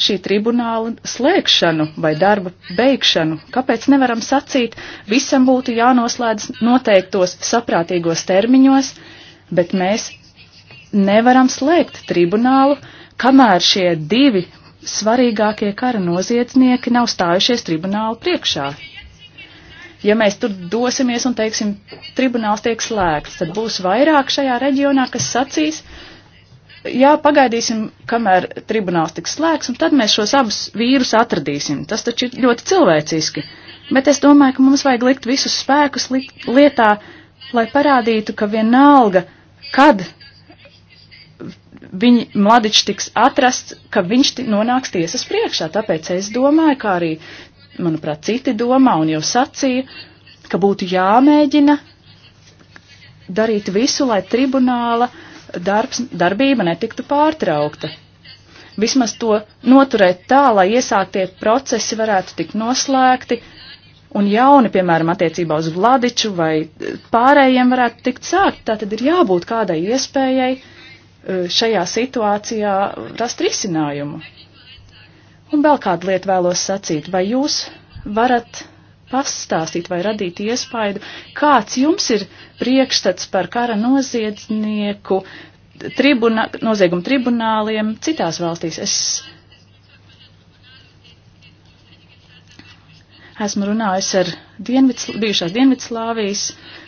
šī tribunāla slēgšanu vai darba beigšanu? Kāpēc nevaram sacīt, visam būtu jānoslēdz noteiktos saprātīgos termiņos, bet mēs nevaram slēgt tribunālu, kamēr šie divi svarīgākie kara noziedznieki nav stājušies tribunāla priekšā? ja mēs tur dosimies un teiksim, tribunāls tiek slēgts, tad būs vairāk šajā reģionā, kas sacīs, Jā, pagaidīsim, kamēr tribunāls tiks slēgts, un tad mēs šos abus vīrus atradīsim. Tas taču ir ļoti cilvēciski. Bet es domāju, ka mums vajag likt visus spēkus li lietā, lai parādītu, ka vienalga, kad viņi, Mladičs tiks atrasts, ka viņš nonāks tiesas priekšā. Tāpēc es domāju, kā arī, manuprāt, citi domā un jau sacīja, ka būtu jāmēģina darīt visu, lai tribunāla uh, darbs, darbība netiktu pārtraukta. Vismaz to noturēt tā, lai iesāktie procesi varētu tikt noslēgti un jauni, piemēram, attiecībā uz Vladiču vai eh, pārējiem varētu tikt sākt. Tā tad ir jābūt kādai iespējai eh, šajā situācijā rast risinājumu. Un vēl kādu lietu vēlos sacīt. Vai jūs varat pastāstīt vai radīt iespaidu, kāds jums ir priekšstats par kara noziedznieku tribuna, noziegumu tribunāliem citās valstīs. Es esmu runājis ar Dienvids, bijušās Dienvidslāvijas,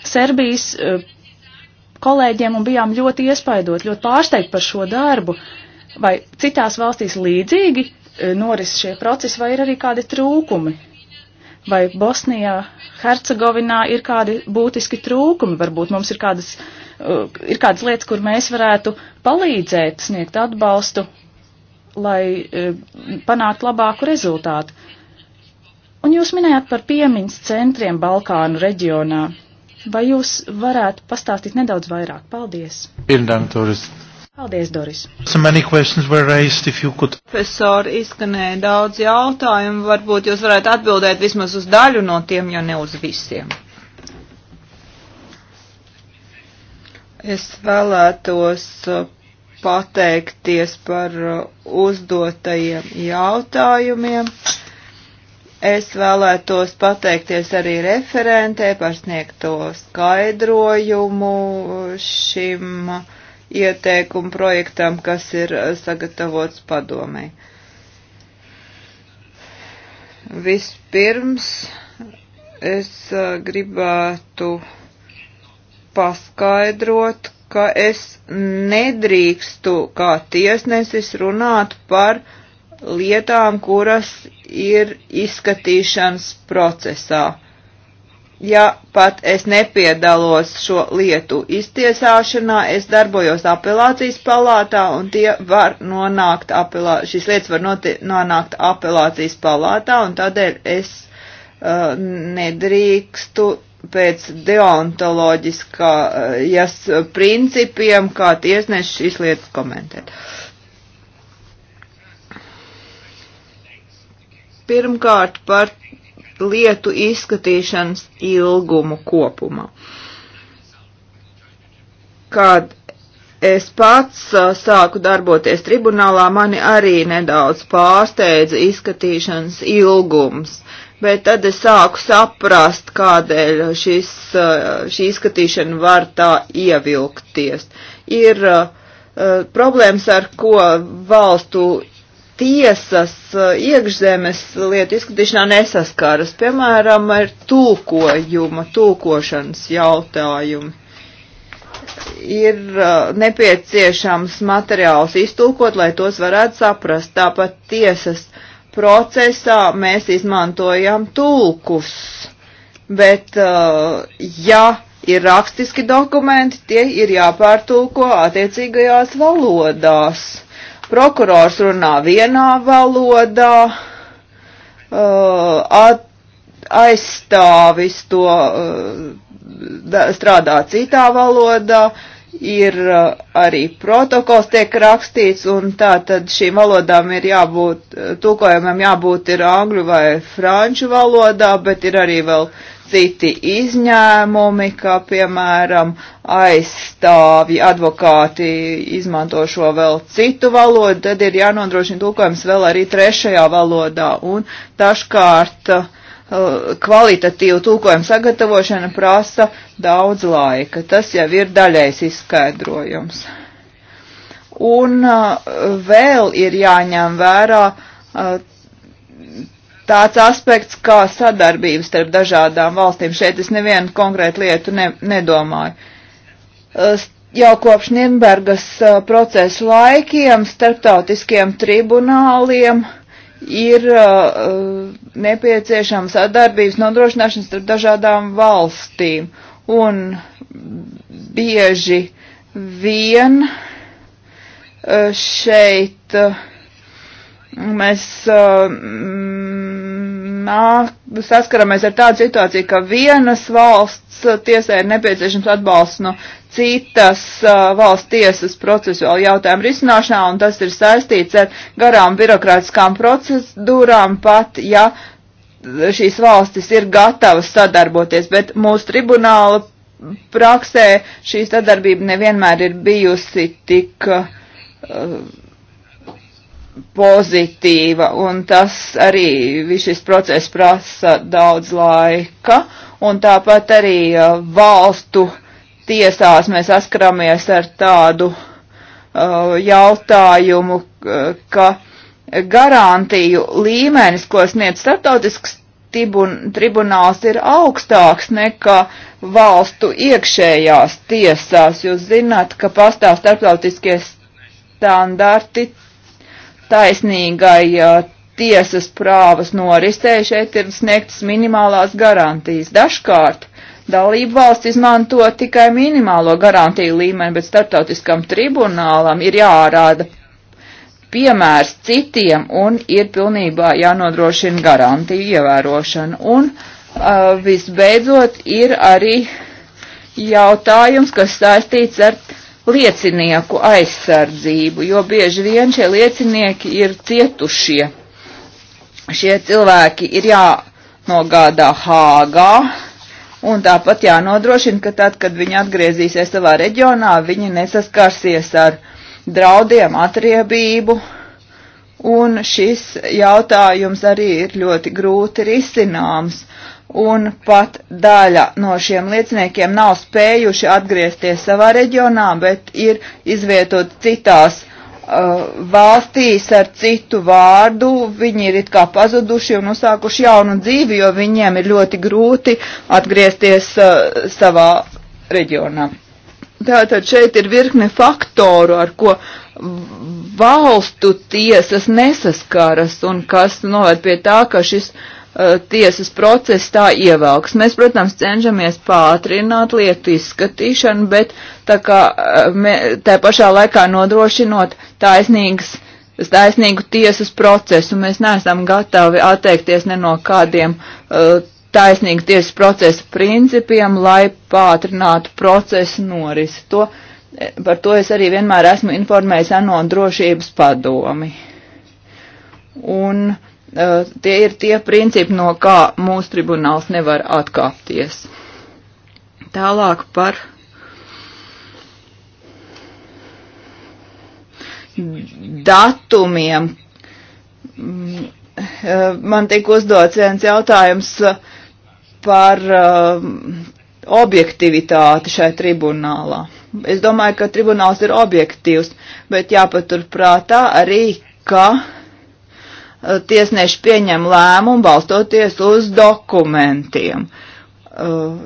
Serbijas eh, kolēģiem un bijām ļoti iespaidot, ļoti pārsteigt par šo darbu. Vai citās valstīs līdzīgi eh, noris šie procesi vai ir arī kādi trūkumi? vai Bosnijā, Hercegovinā ir kādi būtiski trūkumi, varbūt mums ir kādas, uh, ir kādas lietas, kur mēs varētu palīdzēt, sniegt atbalstu, lai uh, panāktu labāku rezultātu. Un jūs minējāt par piemiņas centriem Balkānu reģionā. Vai jūs varētu pastāstīt nedaudz vairāk? Paldies! Pirmdām, turisti! Paldies, Doris. So raised, could... Profesor, izskanēja daudz jautājumu, varbūt jūs varētu atbildēt vismaz uz daļu no tiem, jo ne uz visiem. Es vēlētos uh, pateikties par uh, uzdotajiem jautājumiem. Es vēlētos pateikties arī referentē par sniegto skaidrojumu uh, šim uh, ieteikumu projektam, kas ir eh, sagatavots padomē. Vispirms es eh, gribētu paskaidrot, ka es nedrīkstu kā tiesnesis runāt par lietām, kuras ir izskatīšanas procesā ja pat es nepiedalos šo lietu iztiesāšanā, es darbojos apelācijas palātā un tie var nonākt apelā, šīs lietas var noti, nonākt apelācijas palātā un tādēļ es uh, nedrīkstu pēc deontoloģiskās uh, principiem, kā tiesneši šīs lietas komentēt. Pirmkārt par lietu izskatīšanas ilgumu kopumā. Kad es pats sāku darboties tribunālā, mani arī nedaudz pārsteidza izskatīšanas ilgums, bet tad es sāku saprast, kādēļ šis, šī izskatīšana var tā ievilkties. Ir uh, problēmas, ar ko valstu tiesas eh, iekšzemes lietu izskatīšanā nesaskaras. Piemēram, ir tulkojuma, tulkošanas jautājumi. Ir nepieciešams materiāls iztulkot, lai tos varētu saprast. Tāpat tiesas procesā mēs izmantojam tulkus, bet eh, ja ir rakstiski dokumenti, tie ir jāpārtulko attiecīgajās valodās prokurors runā vienā valodā, uh, at, aizstāvis to uh, strādā citā valodā, ir uh, arī protokols tiek rakstīts, un tā tad šīm valodām ir jābūt, tulkojumam jābūt ir angļu vai franču valodā, bet ir arī vēl citi izņēmumi, kā piemēram aizstāvji advokāti izmanto šo vēl citu valodu, tad ir jānodrošina tulkojums vēl arī trešajā valodā. Un taškārt uh, kvalitatīvu tulkojumu sagatavošana prasa daudz laika. Tas jau ir daļais izskaidrojums. Un uh, vēl ir jāņem vērā uh, tāds aspekts kā sadarbības starp dažādām valstīm. Šeit es nevienu konkrētu lietu ne, nedomāju. Eh, jau kopš Nirnbergas eh, procesa laikiem starptautiskiem tribunāliem ir eh, nepieciešama sadarbības nodrošināšana starp dažādām valstīm. Un bieži vien šeit mēs mm, nā, saskaramies ar tādu situāciju, ka vienas valsts tiesai ir nepieciešams atbalsts no citas uh, valsts tiesas procesuāla jautājuma risināšanā, un tas ir saistīts ar garām birokrātiskām procedūrām, pat ja šīs valstis ir gatavas sadarboties, bet mūsu tribunāla praksē šī sadarbība nevienmēr ir bijusi tik. Uh, pozitīva, un tas arī šis process prasa daudz laika, un tāpat arī valstu tiesās mēs saskaramies ar tādu uh, jautājumu, ka garantiju līmenis, ko sniedz starptautisks tibun, tribunāls, ir augstāks nekā valstu iekšējās tiesās. Jūs zināt, ka pastāv starptautiskie standarti taisnīgai uh, tiesas prāvas noristē šeit ir sniegtas minimālās garantijas. Dažkārt dalību valsts izmanto tikai minimālo garantiju līmeni, bet starptautiskam tribunālam ir jārāda piemērs citiem un ir pilnībā jānodrošina garantiju ievērošana. Un uh, visbeidzot ir arī jautājums, kas saistīts ar liecinieku aizsardzību, jo bieži vien šie liecinieki ir cietušie. Šie cilvēki ir jānogādā Hāgā, un tāpat jānodrošina, ka tad, kad viņi atgriezīsies savā reģionā, viņi nesaskarsies ar draudiem, atriebību, un šis jautājums arī ir ļoti grūti risināms un pat daļa no šiem lieciniekiem nav spējuši atgriezties savā reģionā, bet ir izvietot citās uh, valstīs ar citu vārdu. Viņi ir it kā pazuduši un uzsākuši jaunu dzīvi, jo viņiem ir ļoti grūti atgriezties uh, savā reģionā. Tātad šeit ir virkne faktoru, ar ko valstu tiesas nesaskaras un kas noved pie tā, ka šis uh, Eh, tiesas process tā ievelks. Mēs, protams, cenšamies pātrināt lietu izskatīšanu, bet tā kā eh, tā pašā laikā nodrošinot taisnīgas, taisnīgu tiesas procesu, mēs neesam gatavi atteikties ne no kādiem uh, taisnīgu tiesas procesa principiem, lai pātrinātu procesu norisi. To, par to es arī vienmēr esmu informējis ANO drošības padomi. Un uh, Eh, tie ir tie principi, no kā mūsu tribunāls nevar atkāpties. Tālāk par datumiem. Eh, man tiek uzdots viens jautājums par eh, objektivitāti šai tribunālā. Es domāju, ka tribunāls ir objektīvs, bet jāpatur prātā arī, ka uh, Eh, tiesneši pieņem lēmumu balstoties uz dokumentiem. Eh,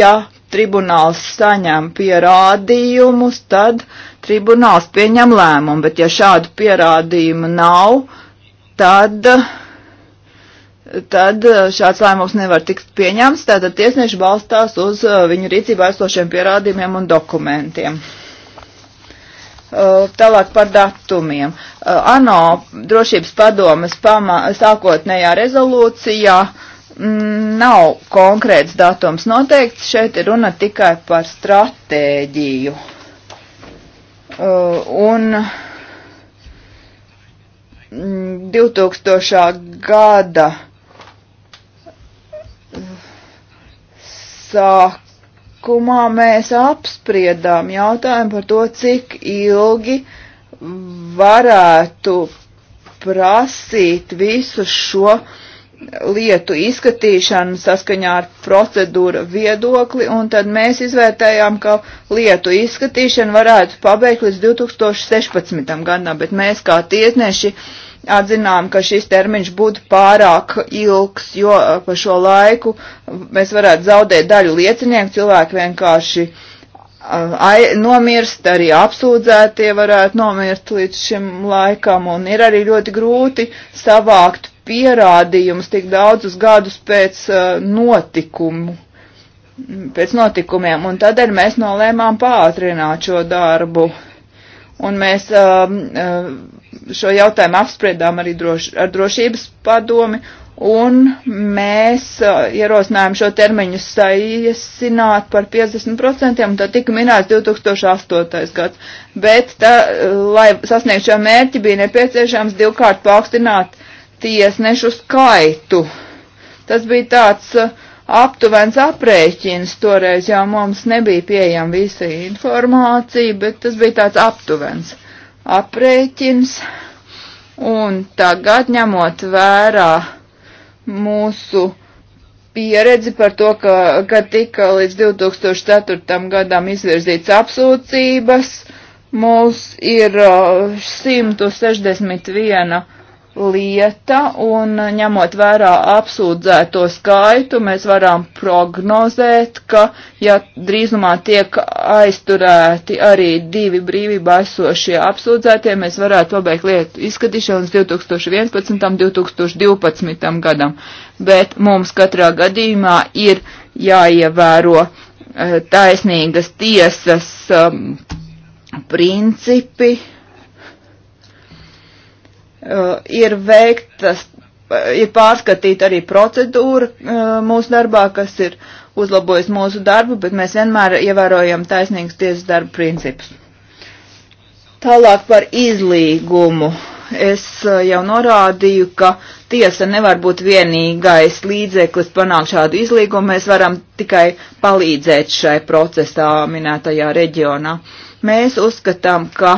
ja tribunāls saņem pierādījumus, tad tribunāls pieņem lēmumu, bet ja šādu pierādījumu nav, tad, tad eh, šāds lēmums nevar tikt pieņemts, tātad tiesneši balstās uz viņu rīcībā esošiem pierādījumiem un dokumentiem. Eh, tālāk par datumiem. Eh, ANO drošības padomas pamā, sākotnējā rezolūcijā mm, nav konkrēts datums noteikts, šeit ir runa tikai par stratēģiju. Eh, un 2000. Mm, gada sāk sākumā mēs apspriedām jautājumu par to, cik ilgi varētu prasīt visu šo lietu izskatīšanu saskaņā ar procedūra viedokli, un tad mēs izvērtējām, ka lietu izskatīšanu varētu pabeigt līdz 2016. gadam, bet mēs kā tiesneši uh, atzinām, ka šis termiņš būtu pārāk ilgs, jo uh, pa šo laiku uh, mēs varētu zaudēt daļu liecinieku, cilvēki vienkārši uh, ai, nomirst, arī apsūdzētie varētu nomirst līdz šim laikam, un ir arī ļoti grūti savākt pierādījumus tik daudzus gadus pēc notikumu pēc notikumiem, un tādēļ mēs nolēmām pātrināt šo darbu. Un mēs um, uh, šo jautājumu apspriedām arī droš, ar drošības padomi, un mēs uh, ierosinājām šo termiņu saiesināt par 50%, un tad tika minēts 2008. gads. Bet, tā, uh, lai sasniegtu šo mērķi, bija nepieciešams divkārt paaugstināt tiesnešu skaitu. Tas bija tāds uh, aptuvens aprēķins. Toreiz jau mums nebija pieejama visa informācija, bet tas bija tāds aptuvens aprēķins. Un tagad ņemot vērā mūsu pieredzi par to, ka, ka tika līdz 2004. gadam izvirzīts apsūdzības, mums ir 161 uh, lieta, un ņemot vērā apsūdzēto skaitu, mēs varam prognozēt, ka, ja drīzumā tiek aizturēti arī divi brīvībā esošie apsūdzētie, mēs varētu pabeigt lietu izskatīšanas 2011. un 2012. gadam. Bet mums katrā gadījumā ir jāievēro eh, taisnīgas tiesas um, principi, uh, Eh, ir veiktas, eh, ir pārskatīta arī procedūra eh, mūsu darbā, kas ir uzlabojis mūsu darbu, bet mēs vienmēr ievērojam taisnīgas tiesas darba principus. Tālāk par izlīgumu. Es jau norādīju, ka tiesa nevar būt vienīgais līdzeklis panākt šādu izlīgumu. Mēs varam tikai palīdzēt šai procesā minētajā reģionā. Mēs uzskatām, ka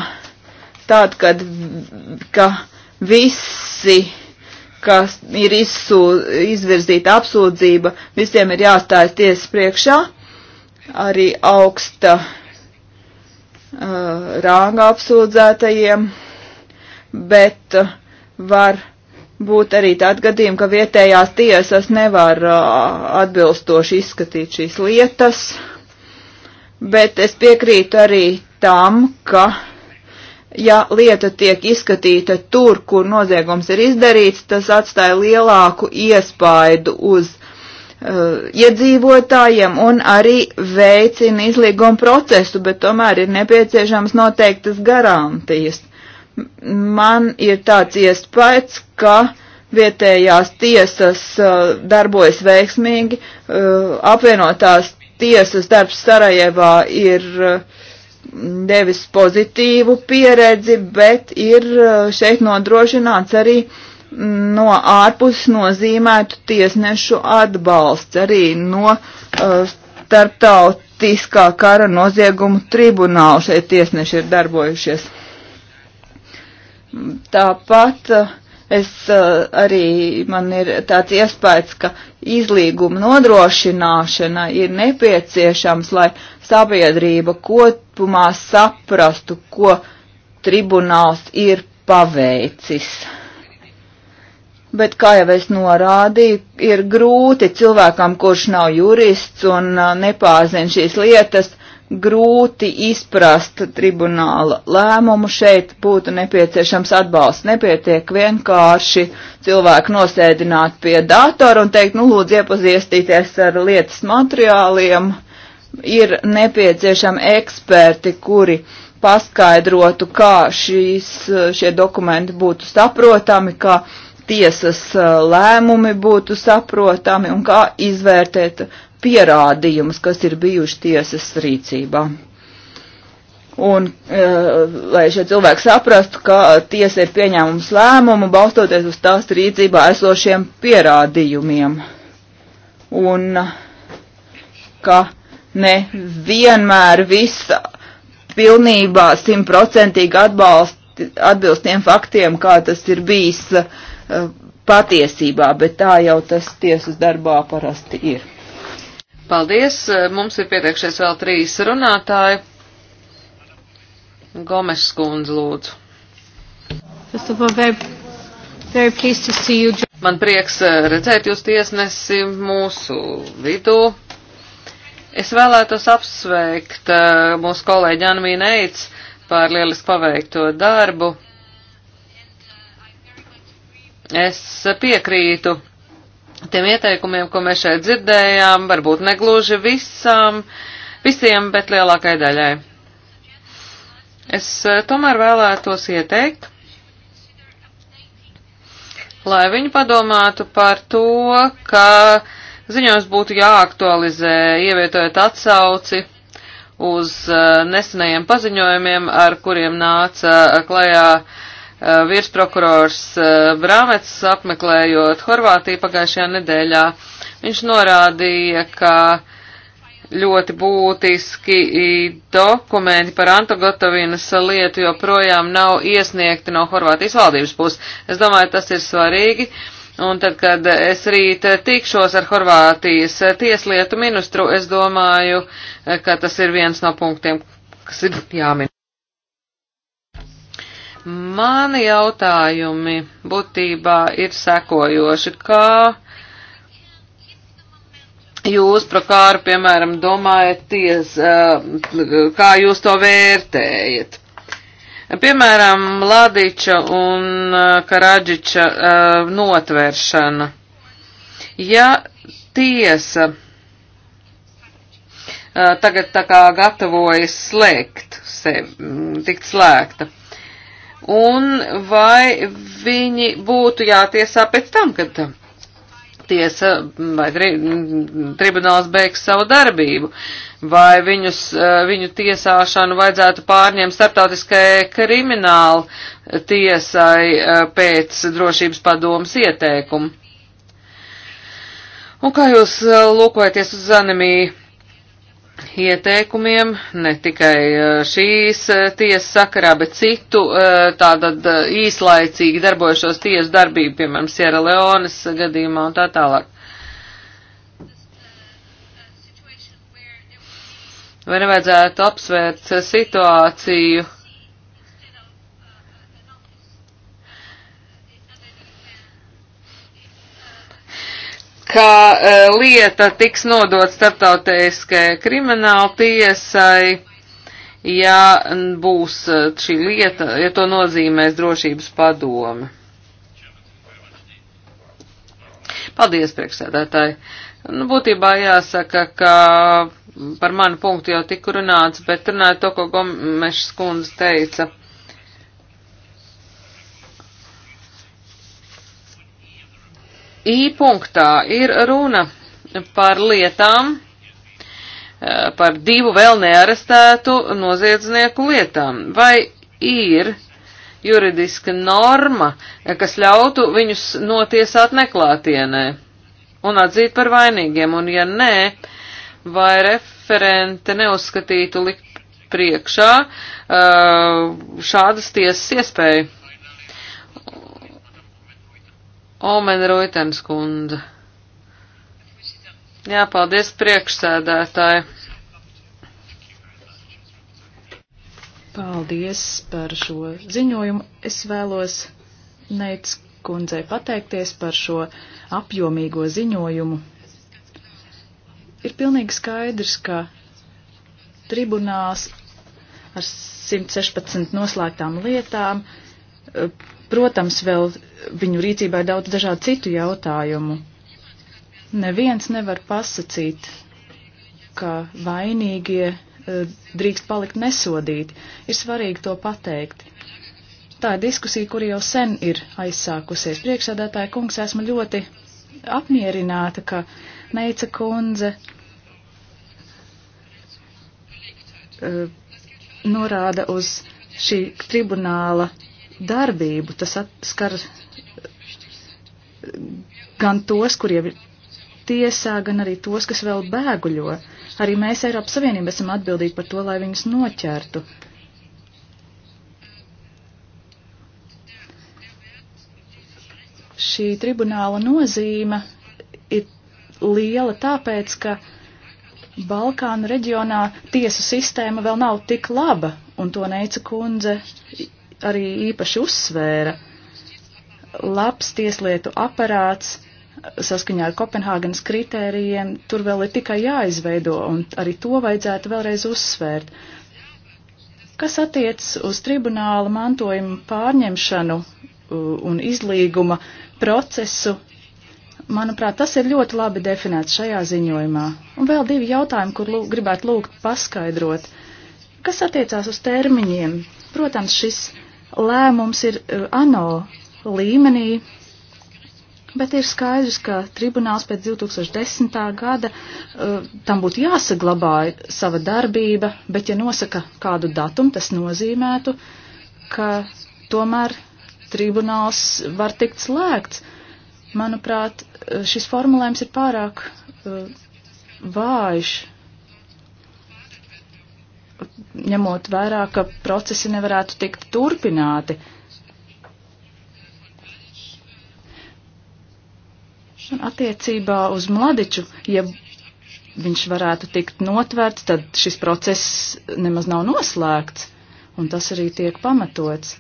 tād, kad, ka visi kas ir izsū, izvirzīta apsūdzība, visiem ir jāstājas tiesas priekšā, arī augsta uh, rāga apsūdzētajiem, bet uh, var būt arī tādi gadījumi, ka vietējās tiesas nevar uh, atbilstoši izskatīt šīs lietas, bet es piekrītu arī tam, ka ja lieta tiek izskatīta tur, kur noziegums ir izdarīts, tas atstāja lielāku iespaidu uz uh, iedzīvotājiem un arī veicina izlīguma procesu, bet tomēr ir nepieciešams noteiktas garantijas. Man ir tāds iespējas, ka vietējās tiesas uh, darbojas veiksmīgi, uh, apvienotās tiesas darbs Sarajevā ir uh, devis pozitīvu pieredzi, bet ir uh, šeit nodrošināts arī mm, no ārpus nozīmētu tiesnešu atbalsts arī no uh, starptautiskā kara noziegumu tribunāla. Šeit tiesneši ir darbojušies. Tāpat uh, es uh, arī man ir tāds iespējas, ka izlīguma nodrošināšana ir nepieciešams, lai sabiedrība kopumā saprastu, ko tribunāls ir paveicis. Bet, kā jau es norādīju, ir grūti cilvēkam, kurš nav jurists un uh, nepāzina šīs lietas, grūti izprast tribunāla lēmumu. Šeit būtu nepieciešams atbalsts. Nepietiek vienkārši cilvēku nosēdināt pie datora un teikt, nu, lūdzu, iepazīstīties ar lietas materiāliem ir nepieciešami eksperti, kuri paskaidrotu, kā šīs, šie dokumenti būtu saprotami, kā tiesas lēmumi būtu saprotami un kā izvērtēt pierādījumus, kas ir bijuši tiesas rīcībā. Un, e, lai šie cilvēki saprastu, ka tiesa ir pieņēmums lēmumu, balstoties uz tās rīcībā esošiem pierādījumiem. Un, ka ne vienmēr visa pilnībā simtprocentīgi atbilst tiem faktiem, kā tas ir bijis uh, patiesībā, bet tā jau tas tiesas darbā parasti ir. Paldies! Mums ir pieteikšies vēl trīs runātāji. Gomes skundze lūdzu. Man prieks eh, redzēt jūs tiesnesi mūsu vidū. Es vēlētos apsveikt uh, mūsu kolēģi Anvī Neits par lieliski paveikto darbu. Es piekrītu tiem ieteikumiem, ko mēs šeit dzirdējām, varbūt negluži visam, visiem, bet lielākai daļai. Es uh, tomēr vēlētos ieteikt, lai viņi padomātu par to, ka uh, Ziņos būtu jāaktualizē, ievietojot atsauci uz uh, nesenajiem paziņojumiem, ar kuriem nāca uh, klajā uh, virsprokurors Brāmets apmeklējot Horvātiju pagājušajā nedēļā. Viņš norādīja, ka ļoti būtiski dokumenti par Antogotovinas lietu joprojām nav iesniegti no Horvātijas valdības puses. Es domāju, tas ir svarīgi, Un tad, kad es rīt tikšos ar Horvātijas tieslietu ministru, es domāju, ka tas ir viens no punktiem, kas ir jāmin. Mani jautājumi būtībā ir sekojoši, kā jūs par kāru, piemēram, domājat ties, eh, kā jūs to vērtējat? Piemēram, Ladiča un eh, Karadžiča eh, notvēršana. Ja tiesa eh, tagad tā kā gatavojas slēgt sevi, mm, tikt slēgta. Un vai viņi būtu jātiesā pēc tam, kad tiesa vai tri, tribunāls beigs savu darbību, vai viņus, eh, viņu tiesāšanu vajadzētu pārņemt starptautiskajai krimināla tiesai eh, pēc drošības padomas ieteikumu. Un kā jūs eh, lūkojaties uz Zanemiju? ieteikumiem, ne tikai eh, šīs eh, tiesas sakarā, bet citu eh, tātad īslaicīgi darbojušos tiesu darbību, piemēram, Sierra Leones gadījumā un tā tālāk. Vai nevajadzētu apsvērt situāciju? ka e, lieta tiks nodot starptautiskajai krimināla tiesai, ja būs e, šī lieta, ja to nozīmēs drošības padome. Paldies, priekšsēdētāji. Nu, būtībā jāsaka, ka par manu punktu jau tik runāts, bet runāja to, ko Gomeša skundze teica I punktā ir runa par lietām, eh, par divu vēl nearestētu noziedznieku lietām. Vai ir juridiska norma, eh, kas ļautu viņus notiesāt neklātienē un atzīt par vainīgiem, un ja nē, vai referente neuzskatītu likt priekšā eh, šādas tiesas iespēju? Omen Roitens kundze. Jā, paldies priekšsēdētāji. Paldies par šo ziņojumu. Es vēlos Neits kundzei pateikties par šo apjomīgo ziņojumu. Ir pilnīgi skaidrs, ka tribunāls ar 116 noslēgtām lietām Protams, vēl viņu rīcībā ir daudz dažādu citu jautājumu. Neviens nevar pasakīt, ka vainīgie e, drīkst palikt nesodīti. Ir svarīgi to pateikt. Tā ir diskusija, kur jau sen ir aizsākusies. Priekšsēdētāja kungs, esmu ļoti apmierināta, ka Neica kundze uh, norāda uz šī tribunāla darbību. Tas skar gan tos, kuriem ir tiesā, gan arī tos, kas vēl bēguļo. Arī mēs Eiropas Savienība esam atbildīgi par to, lai viņus noķertu. Šī tribunāla nozīme ir liela tāpēc, ka Balkānu reģionā tiesu sistēma vēl nav tik laba, un to Neica kundze arī īpaši uzsvēra, labs tieslietu aparāts saskaņā ar Kopenhāgenes kritērijiem tur vēl ir tikai jāizveido, un arī to vajadzētu vēlreiz uzsvērt. Kas attiec uz tribunāla mantojuma pārņemšanu un izlīguma procesu, manuprāt, tas ir ļoti labi definēts šajā ziņojumā. Un vēl divi jautājumi, kur lūk, gribētu lūgt paskaidrot. Kas attiecās uz termiņiem? Protams, šis lēmums ir eh, ANO līmenī, bet ir skaidrs, ka tribunāls pēc 2010. gada eh, tam būtu jāsaglabā sava darbība, bet ja nosaka kādu datumu, tas nozīmētu, ka tomēr tribunāls var tikt slēgts. Manuprāt, eh, šis formulējums ir pārāk vājš, ņemot vērā, ka procesi nevarētu tikt turpināti. Un attiecībā uz Mladiču, ja viņš varētu tikt notvērts, tad šis process nemaz nav noslēgts, un tas arī tiek pamatots.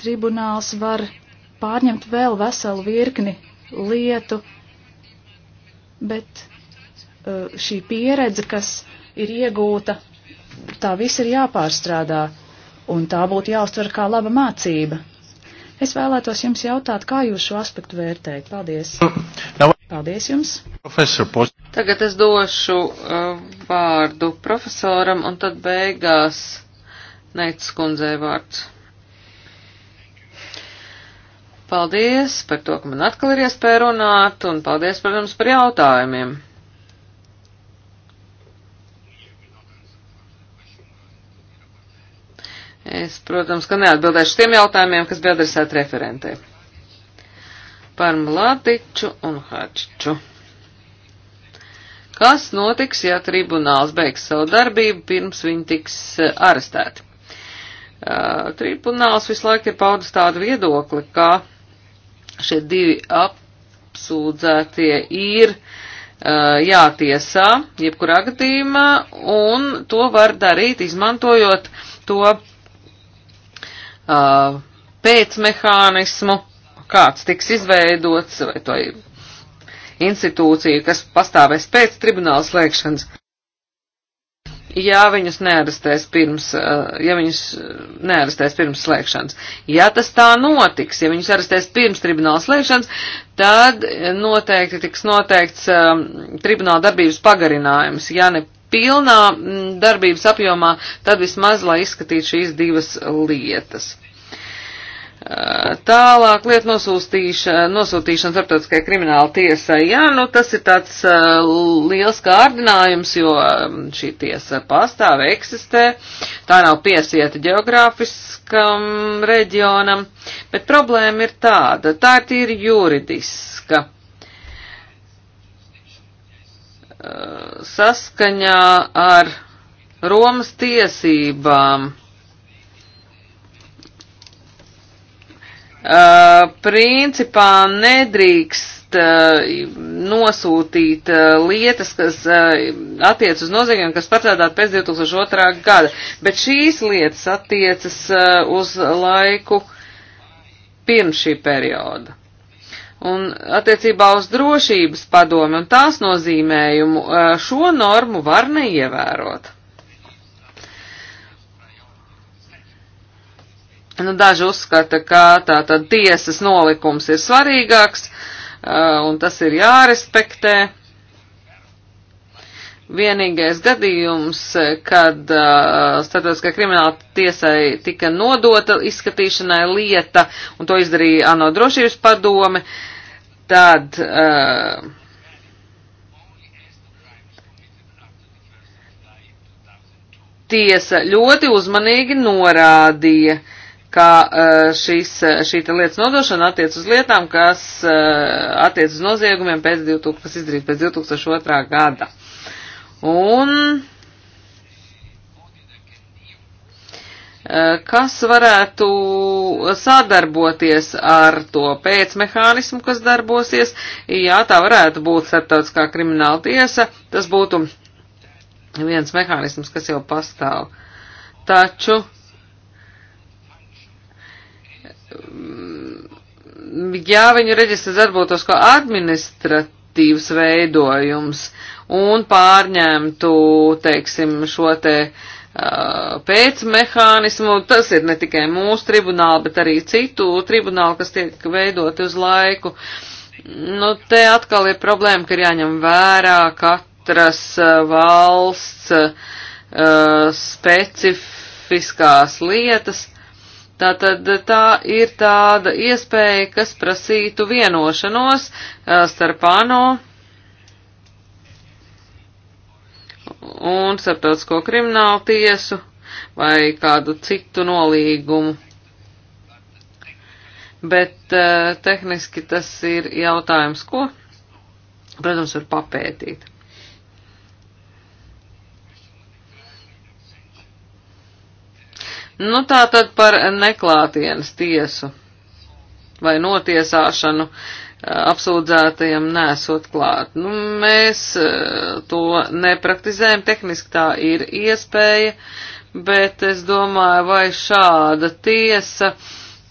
Tribunāls var pārņemt vēl veselu virkni lietu, bet uh, šī pieredze, kas ir iegūta tā viss ir jāpārstrādā, un tā būtu jāuztver kā laba mācība. Es vēlētos jums jautāt, kā jūs šo aspektu vērtējat. Paldies! Paldies jums! Tagad es došu uh, vārdu profesoram, un tad beigās Neits kundzei vārds. Paldies par to, ka man atkal ir iespēja runāt, un paldies, protams, par jautājumiem. Es, protams, ka neatbildēšu tiem jautājumiem, kas bija adresēti referentē. Par Mladiču un Hačiču. Kas notiks, ja tribunāls beigs savu darbību, pirms viņi tiks eh, arestēti? Uh, tribunāls visu laiku ir paudis tādu viedokli, ka šie divi apsūdzētie ir uh, jātiesā, jebkurā gadījumā, un to var darīt, izmantojot to uh, pēcmehānismu, kāds tiks izveidots, vai to institūciju, kas pastāvēs pēc tribunāla slēgšanas. Ja viņus nearestēs pirms, uh, ja viņus uh, nearestēs pirms slēgšanas. Ja tas tā notiks, ja viņus arestēs pirms tribunāla slēgšanas, tad noteikti tiks noteikts um, tribunāla darbības pagarinājums, ja ne pilnā mm, darbības apjomā, tad vismaz, lai izskatītu šīs divas lietas. Tālāk lieta nosūtīšana, nosūtīšana starptautiskajai krimināla tiesai. Jā, nu tas ir tāds liels kārdinājums, jo šī tiesa pastāv, eksistē. Tā nav piesieta geogrāfiskam reģionam, bet problēma ir tāda. Tā ir tīri juridiska saskaņā ar Romas tiesībām. Uh, principā nedrīkst uh, nosūtīt uh, lietas, kas attiec uz noziegumiem, kas pastrādāt pēc 2002. gada, bet šīs lietas attiecas uz laiku pirms šī perioda. Un attiecībā uz drošības padomi un tās nozīmējumu šo normu var neievērot. Nu, daži uzskata, ka tā tad tiesas nolikums ir svarīgāks, un tas ir jārespektē. Vienīgais gadījums, kad uh, starptautiskā krimināla tiesai tika nodota izskatīšanai lieta, un to izdarīja ANO drošības padome, tad uh, tiesa ļoti uzmanīgi norādīja, ka uh, šis, šī lietas nodošana attiec uz lietām, kas uh, attiec uz noziegumiem pēc 2000, kas izdarīt pēc 2002. gada. Un eh, kas varētu sadarboties ar to pēcmehānismu, kas darbosies, jā, tā varētu būt starptautiskā krimināla tiesa, tas būtu viens mehānisms, kas jau pastāv. Taču mm, ja viņu reģistrs darbotos kā administratīvs veidojums un pārņemtu, teiksim, šo te uh, pēcmehānismu. Tas ir ne tikai mūsu tribunāli, bet arī citu tribunāli, kas tiek veidoti uz laiku. Nu, te atkal ir problēma, ka ir jāņem vērā katras uh, valsts uh, specifiskās lietas. Tātad tā ir tāda iespēja, kas prasītu vienošanos starp ANO un starptautisko kriminālu tiesu vai kādu citu nolīgumu. Bet uh, tehniski tas ir jautājums, ko, protams, var papētīt. Nu tā tad par neklātienes tiesu vai notiesāšanu. Uh, apsūdzētajam nesot klāt. Nu, mēs e, to nepraktizējam, tehniski tā ir iespēja, bet es domāju, vai šāda tiesa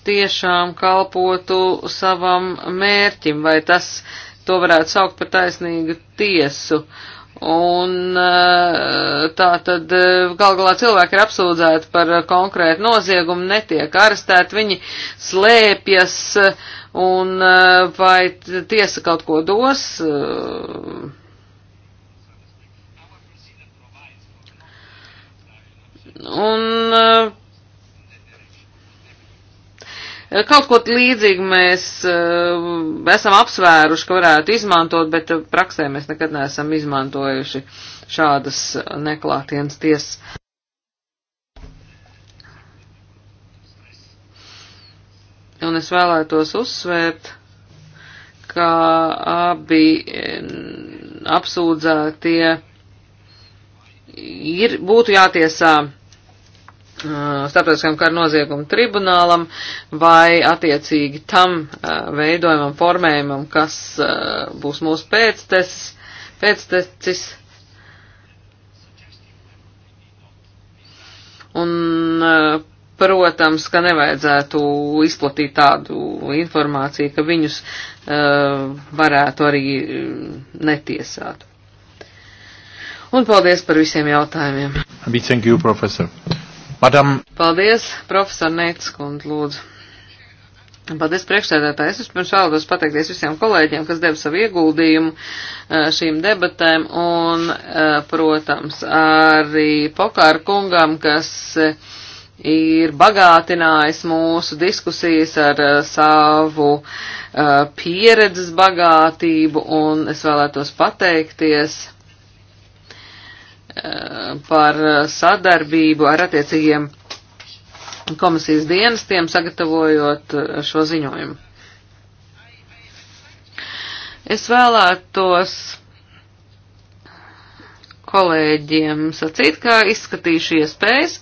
tiešām kalpotu savam mērķim, vai tas to varētu saukt par taisnīgu tiesu. Un e, tā tad e, gal galā cilvēki ir apsūdzēti par konkrētu noziegumu, netiek arestēti, viņi slēpjas, uh, Un eh, vai tiesa kaut ko dos? Eh? Un eh, kaut ko līdzīgu mēs esam apsvēruši, ka varētu izmantot, bet praksē mēs nekad neesam izmantojuši šādas neklātienes tiesas. Un es vēlētos uzsvērt, ka abi apsūdzētie ir, būtu jātiesā starptautiskam kara noziegumu tribunālam vai attiecīgi tam veidojumam, formējumam, kas būs mūsu pēctesis, pēctecis. Un Protams, ka nevajadzētu izplatīt tādu informāciju, ka viņus uh, varētu arī eh, netiesāt. Un paldies par visiem jautājumiem. Abi, thank you, profesor. Madam. Paldies, profesor Neitskund, lūdzu. Paldies priekšsēdētāji. Es vispirms vēlos pateikties visiem kolēģiem, kas deva savu ieguldījumu eh, šīm debatēm un, protams, arī Pokāra kungam, kas ir bagātinājis mūsu diskusijas ar uh, savu uh, pieredzes bagātību, un es vēlētos pateikties uh, par sadarbību ar attiecīgiem komisijas dienestiem, sagatavojot šo ziņojumu. Es vēlētos kolēģiem sacīt, ka izskatīšu iespējas,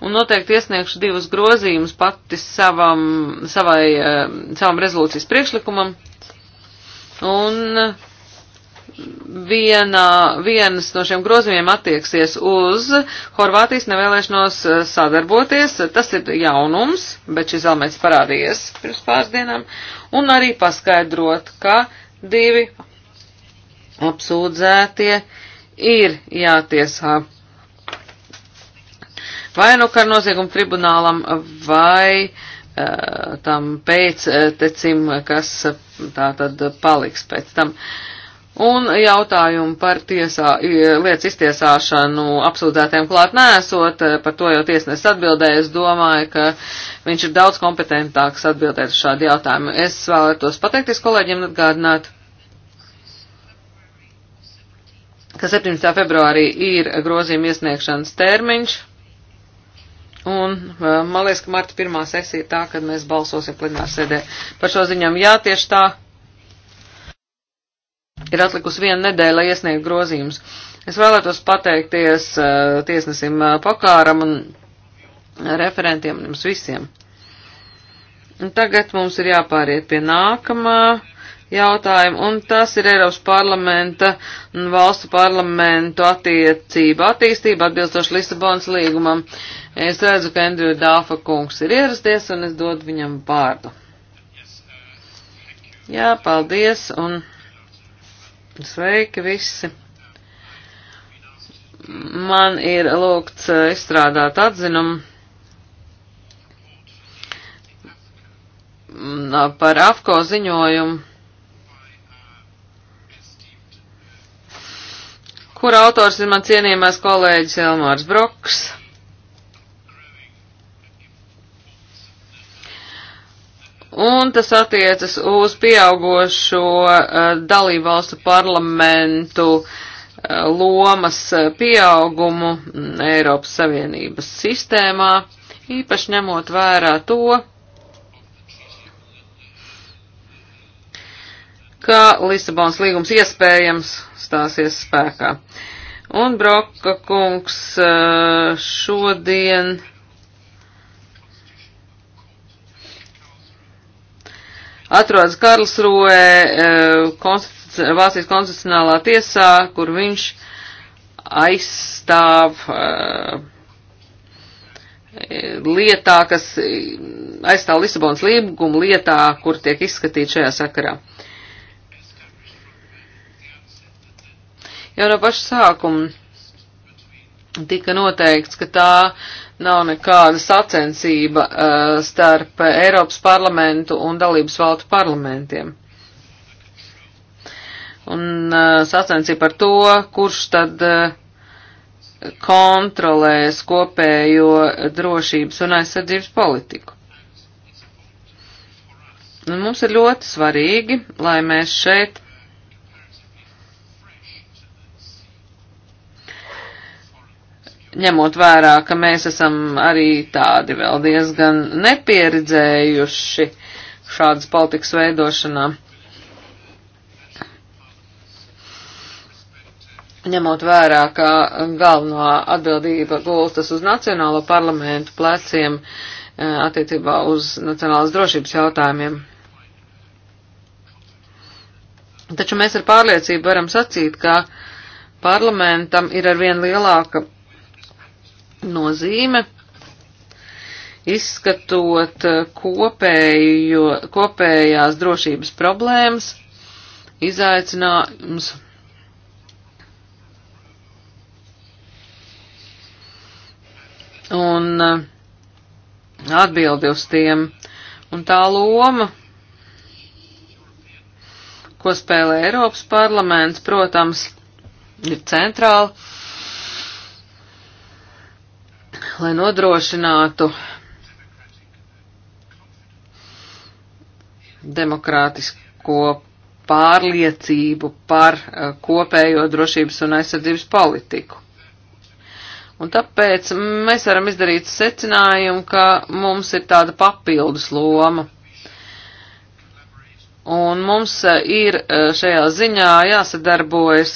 un noteikti iesniegšu divus grozījumus pati savam, savai, eh, savam rezolūcijas priekšlikumam. Un eh, vienā, viens no šiem grozījumiem attieksies uz Horvātijas nevēlēšanos eh, sadarboties. Tas ir jaunums, bet šis elements parādījies pirms pāris dienām. Un arī paskaidrot, ka divi apsūdzētie ir jātiesā vai nu kar nozieguma tribunālam, vai uh, tam pēctecim, kas eh, tā tad paliks pēc tam. Un jautājumu par tiesā, lietas iztiesāšanu apsūdzētiem klāt nēsot, eh, par to jau tiesnesis atbildēja, es domāju, ka viņš ir daudz kompetentāks atbildēt uz šādu jautājumu. Es vēlētos pateikties kolēģiem un atgādināt, ka 17. februārī ir grozījuma iesniegšanas termiņš. Un eh, man liekas, ka marta pirmā sesija tā, kad mēs balsosim plenāru sēdē par šo ziņām. Jā, tieši tā. Ir atlikusi viena nedēļa, lai iesniegtu grozījumus. Es vēlētos pateikties uh, tiesnesim uh, Pakāram un referentiem un jums visiem. Un tagad mums ir jāpāriet pie nākamā jautājuma, un tas ir Eiropas parlamenta un valstu parlamentu attiecība attīstība atbilstoši Lisabonas līgumam. Uh, Es redzu, ka Andriju Dāfa kungs ir ierasties, un es dodu viņam vārdu. Jā, paldies, un sveiki visi. Man ir lūgts eh, izstrādāt atzinumu mm, par AFCO ziņojumu. kur autors ir man cienījamais kolēģis Elmārs Broks. un tas attiecas uz pieaugošo uh, dalībvalstu parlamentu uh, lomas eh, pieaugumu mm, Eiropas Savienības sistēmā, īpaši ņemot vērā to, ka Lisabons līgums iespējams stāsies spēkā. Un Broka kungs šodien atrodas Karlsruē e, konstitu, Vācijas konstitucionālā tiesā, kur viņš aizstāv uh, lietā, kas aizstāv Lisabonas līgumu lietā, kur tiek izskatīta šajā sakarā. Jau no paša sākuma tika noteikts, ka tā nav nekāda sacensība uh, starp Eiropas parlamentu un dalības valstu parlamentiem. Un uh, sacensība par to, kurš tad uh, kontrolēs kopējo drošības un aizsardzības politiku. Un mums ir ļoti svarīgi, lai mēs šeit ņemot vērā, ka mēs esam arī tādi vēl diezgan nepieredzējuši šādas politikas veidošanā. Ņemot vērā, ka galvenā atbildība gulstas uz Nacionālo parlamentu pleciem eh, attiecībā uz nacionālas drošības jautājumiem. Taču mēs ar pārliecību varam sacīt, ka parlamentam ir arvien lielāka nozīme izskatot eh, kopējo, kopējās drošības problēmas, izaicinājums. Un eh, atbildi uz tiem. Un tā loma, ko spēlē Eiropas parlaments, protams, ir centrāla lai nodrošinātu demokrātisko pārliecību par eh, kopējo drošības un aizsardzības politiku. Un tāpēc mēs varam izdarīt secinājumu, ka mums ir tāda papildus loma. Un mums eh, ir eh, šajā ziņā jāsadarbojas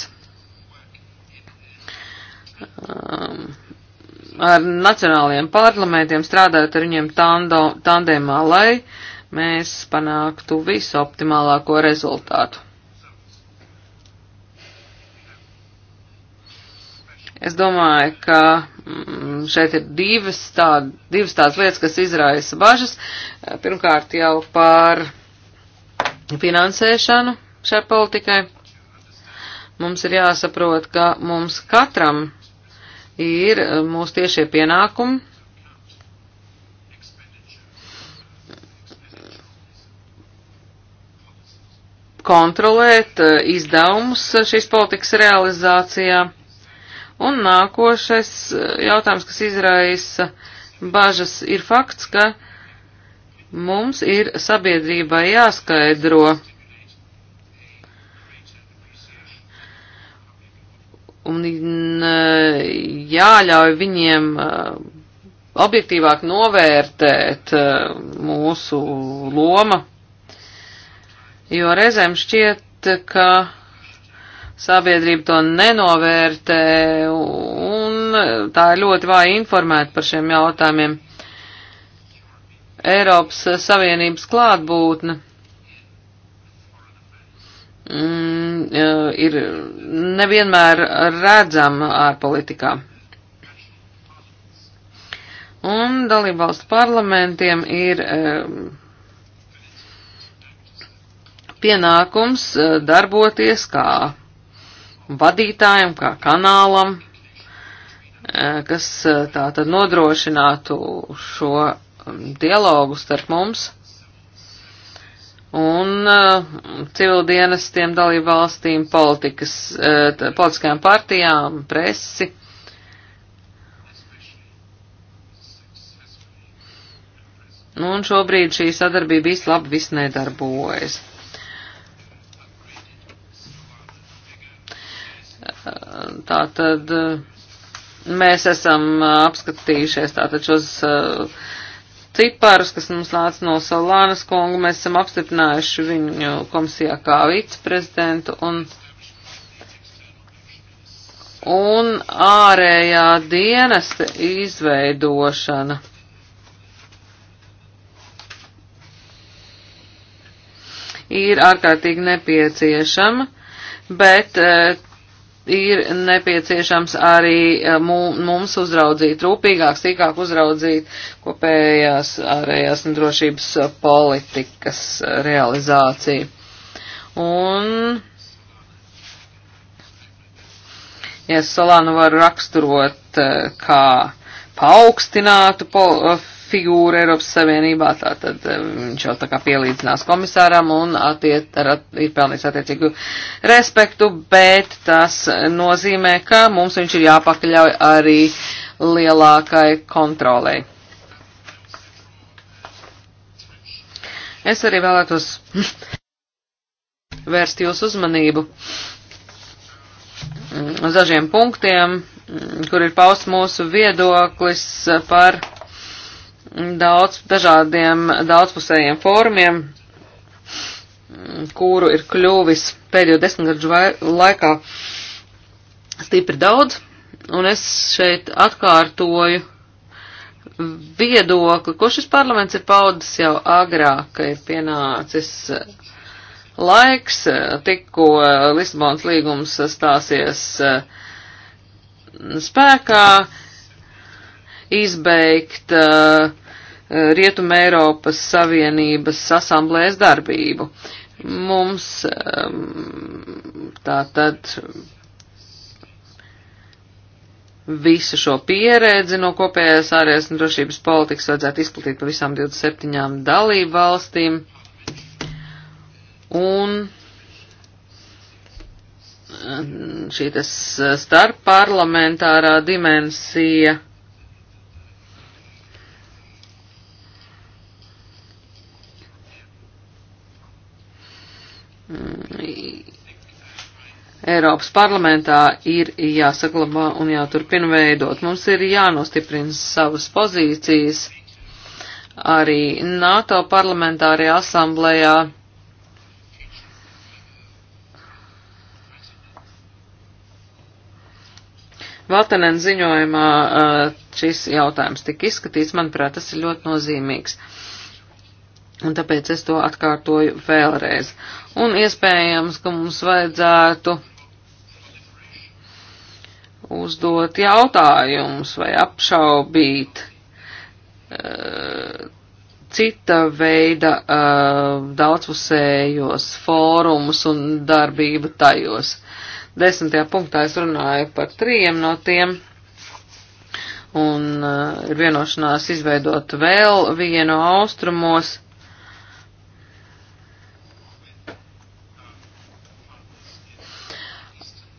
um, ar nacionālajiem parlamentiem, strādājot ar viņiem tando, tandēmā, lai mēs panāktu visu optimālāko rezultātu. Es domāju, ka mm, šeit ir divas, tā, divas tās lietas, kas izraisa bažas. Pirmkārt jau par finansēšanu šai politikai. Mums ir jāsaprot, ka mums katram ir eh, mūsu tiešie pienākumi. kontrolēt eh, izdevumus šīs politikas realizācijā. Un nākošais eh, jautājums, kas izraisa bažas, ir fakts, ka mums ir sabiedrībai jāskaidro, un mm, eh, jāļauj viņiem eh, objektīvāk novērtēt eh, mūsu loma, jo reizēm šķiet, ka sabiedrība to nenovērtē un tā ir ļoti vāja informēta par šiem jautājumiem. Eiropas Savienības klātbūtne mm, ir nevienmēr redzama ārpolitikā. Un dalībvalstu parlamentiem ir eh, pienākums eh, darboties kā vadītājam, kā kanālam, eh, kas tā tad nodrošinātu šo dialogu starp mums un uh, civildienestiem dalību valstīm, politikas, uh, politiskajām partijām, presi. Un šobrīd šī sadarbība vislab vis nedarbojas. Tātad uh, mēs esam uh, apskatījušies tātad šos uh, ciparus, kas mums nāca no Solānas kungu. Mēs esam apstiprinājuši viņu komisijā kā viceprezidentu un, un ārējā dienesta izveidošana. ir ārkārtīgi nepieciešama, bet eh, ir nepieciešams arī eh, mums uzraudzīt, rūpīgāk, sīkāk uzraudzīt kopējās ārējās un drošības politikas realizāciju. Un, ja Solānu var raksturot eh, kā paaugstinātu figūra Eiropas Savienībā, tātad eh, viņš jau tā kā pielīdzinās komisāram un attiet, ar, at, ir pelnījis attiecīgu respektu, bet tas nozīmē, ka mums viņš ir jāpakaļauj arī lielākai kontrolē. Es arī vēlētos vērst jūsu uzmanību uz dažiem punktiem, kur ir pausts mūsu viedoklis par daudz dažādiem daudzpusējiem fórumiem, kuru ir kļuvis pēdējo desmitgadžu laikā stipri daudz, un es šeit atkārtoju viedokli, ko šis parlaments ir paudis jau agrāk, ka ir pienācis laiks, tikko Lisbonas līgums stāsies eh, spēkā, izbeigt uh, Rietuma Eiropas Savienības asamblēs darbību. Mums um, tā tad visu šo pieredzi no kopējās ārējās un drošības politikas vajadzētu izplatīt pa visām 27 dalību valstīm. Un šī tas eh, starp parlamentārā dimensija Mm. Eiropas parlamentā ir jāsaglabā un jāturpina veidot. Mums ir jānostiprina savas pozīcijas arī NATO parlamentārajā asamblējā. Valtanen ziņojumā uh, šis jautājums tika izskatīts, manuprāt, tas ir ļoti nozīmīgs. Un tāpēc es to atkārtoju vēlreiz. Un iespējams, ka mums vajadzētu uzdot jautājumus vai apšaubīt uh, cita veida uh, daudzpusējos fórumus un darbību tajos. Desmitajā punktā es runāju par trījiem no tiem un uh, ir vienošanās izveidot vēl vienu austrumos